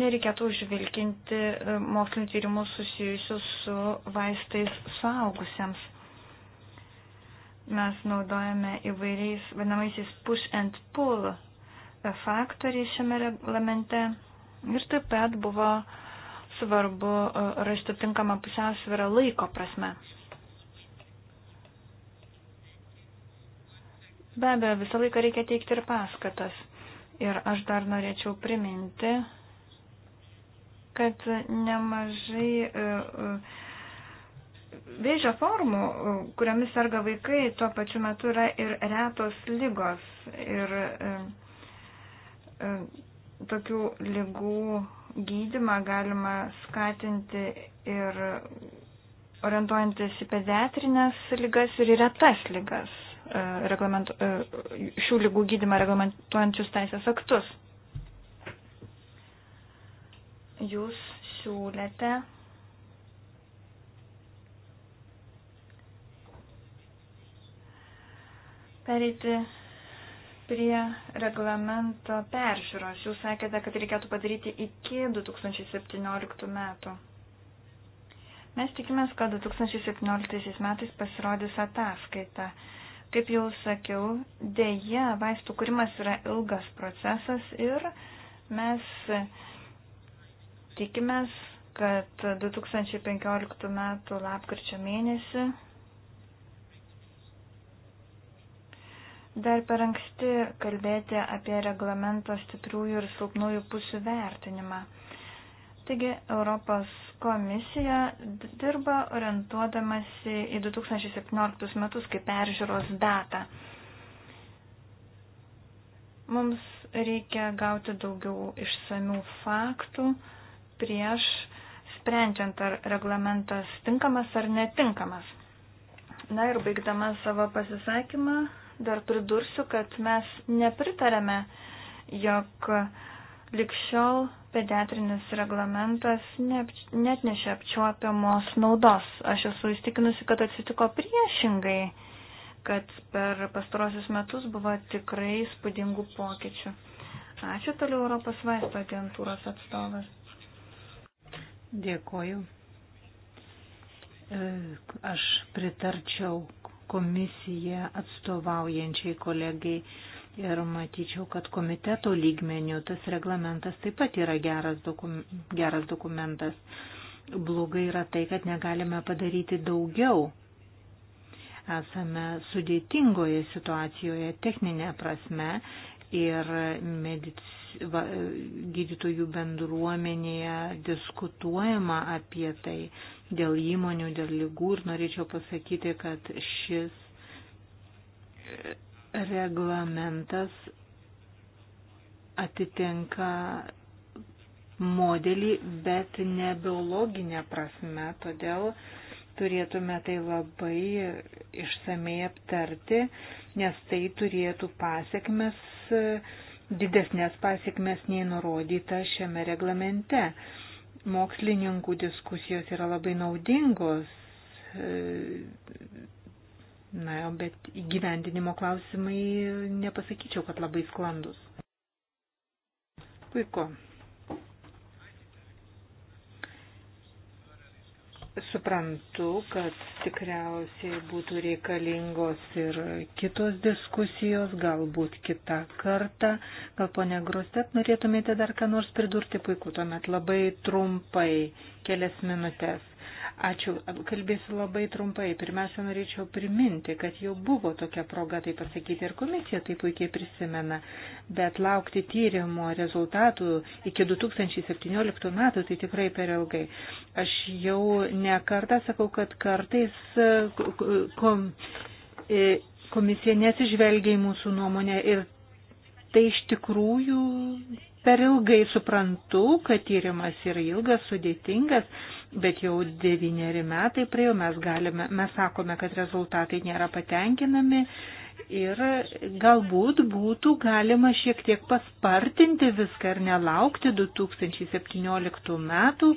nereikėtų užvilkinti e, mokslinio tyrimų susijusių su vaistais suaugusiems. Mes naudojame įvairiais vadinamaisiais push and pull e, faktoriais šiame reglamente ir taip pat buvo svarbu rasti tinkamą pusiausvyrą laiko prasme. Be abejo, visą laiką reikia teikti ir paskatas. Ir aš dar norėčiau priminti, kad nemažai e, e, vėžio formų, e, kuriamis serga vaikai, tuo pačiu metu yra ir retos lygos. Ir tokių lygų gydimą galima skatinti ir orientuojantis į pediatrinės lygas ir į retas lygas. E, e, šių lygų gydimą reglamentuojančius teisės aktus. Jūs siūlėte pereiti prie reglamento peržiūros. Jūs sakėte, kad reikėtų padaryti iki 2017 metų. Mes tikimės, kad 2017 metais pasirodys ataskaita. Kaip jau sakiau, dėje vaistų kūrimas yra ilgas procesas ir mes tikimės, kad 2015 m. lapkričio mėnesį dar per anksti kalbėti apie reglamento stipriųjų ir silpnųjų pusių vertinimą. Taigi Europos komisija dirba orientuodamasi į 2017 metus kaip peržiūros datą. Mums reikia gauti daugiau išsamių faktų prieš sprendžiant, ar reglamentas tinkamas ar netinkamas. Na ir baigdama savo pasisakymą, dar pridursiu, kad mes nepritarėme, jog uh, likščiol pediatrinis reglamentas net nešia apčiuopiamos naudos. Aš esu įstikinusi, kad atsitiko priešingai, kad per pastarosius metus buvo tikrai spūdingų pokyčių. Ačiū toliau Europos vaisto agentūros atstovas. Dėkoju. E, aš pritarčiau komisiją atstovaujančiai kolegai Ir matyčiau, kad komiteto lygmenių tas reglamentas taip pat yra geras, dokum, geras dokumentas. Blogai yra tai, kad negalime padaryti daugiau. Esame sudėtingoje situacijoje techninė prasme ir medic, va, gydytojų bendruomenėje diskutuojama apie tai dėl įmonių, dėl lygų ir norėčiau pasakyti, kad šis reglamentas atitinka modelį, bet ne biologinė prasme, todėl turėtume tai labai išsamei aptarti, nes tai turėtų pasiekmes, didesnės pasiekmes nei nurodyta šiame reglamente. Mokslininkų diskusijos yra labai naudingos Na, bet įgyvendinimo klausimai nepasakyčiau, kad labai sklandus. Puiku. Suprantu, kad tikriausiai būtų reikalingos ir kitos diskusijos, galbūt kitą kartą. Gal ponė Grostet, norėtumėte dar ką nors pridurti? Puiku, tuomet labai trumpai, kelias minutės. Ačiū. Kalbėsiu labai trumpai. Pirmiausia, norėčiau priminti, kad jau buvo tokia proga tai pasakyti ir komisija tai puikiai prisimena, bet laukti tyrimo rezultatų iki 2017 metų tai tikrai per ilgai. Aš jau ne kartą sakau, kad kartais e, kom, e, komisija nesižvelgia į mūsų nuomonę ir tai iš tikrųjų per ilgai suprantu, kad tyrimas yra ilgas, sudėtingas bet jau devyneri metai praėjo, mes, galime, mes sakome, kad rezultatai nėra patenkinami ir galbūt būtų galima šiek tiek paspartinti viską ir nelaukti 2017 metų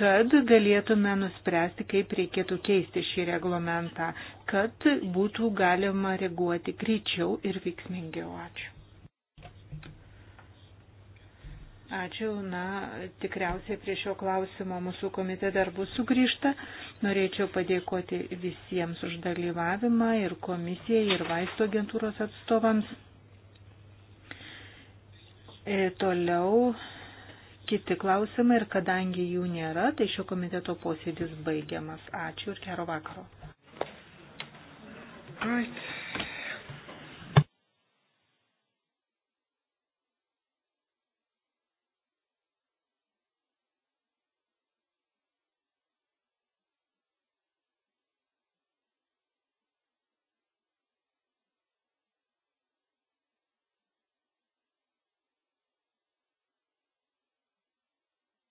kad galėtume nuspręsti, kaip reikėtų keisti šį reglamentą, kad būtų galima reaguoti greičiau ir veiksmingiau. Ačiū. Ačiū. Na, tikriausiai prie šio klausimo mūsų komitete dar bus sugrįžta. Norėčiau padėkoti visiems už dalyvavimą ir komisijai, ir vaisto agentūros atstovams. E, toliau kiti klausimai ir kadangi jų nėra, tai šio komiteto posėdis baigiamas. Ačiū ir gero vakaro. Right.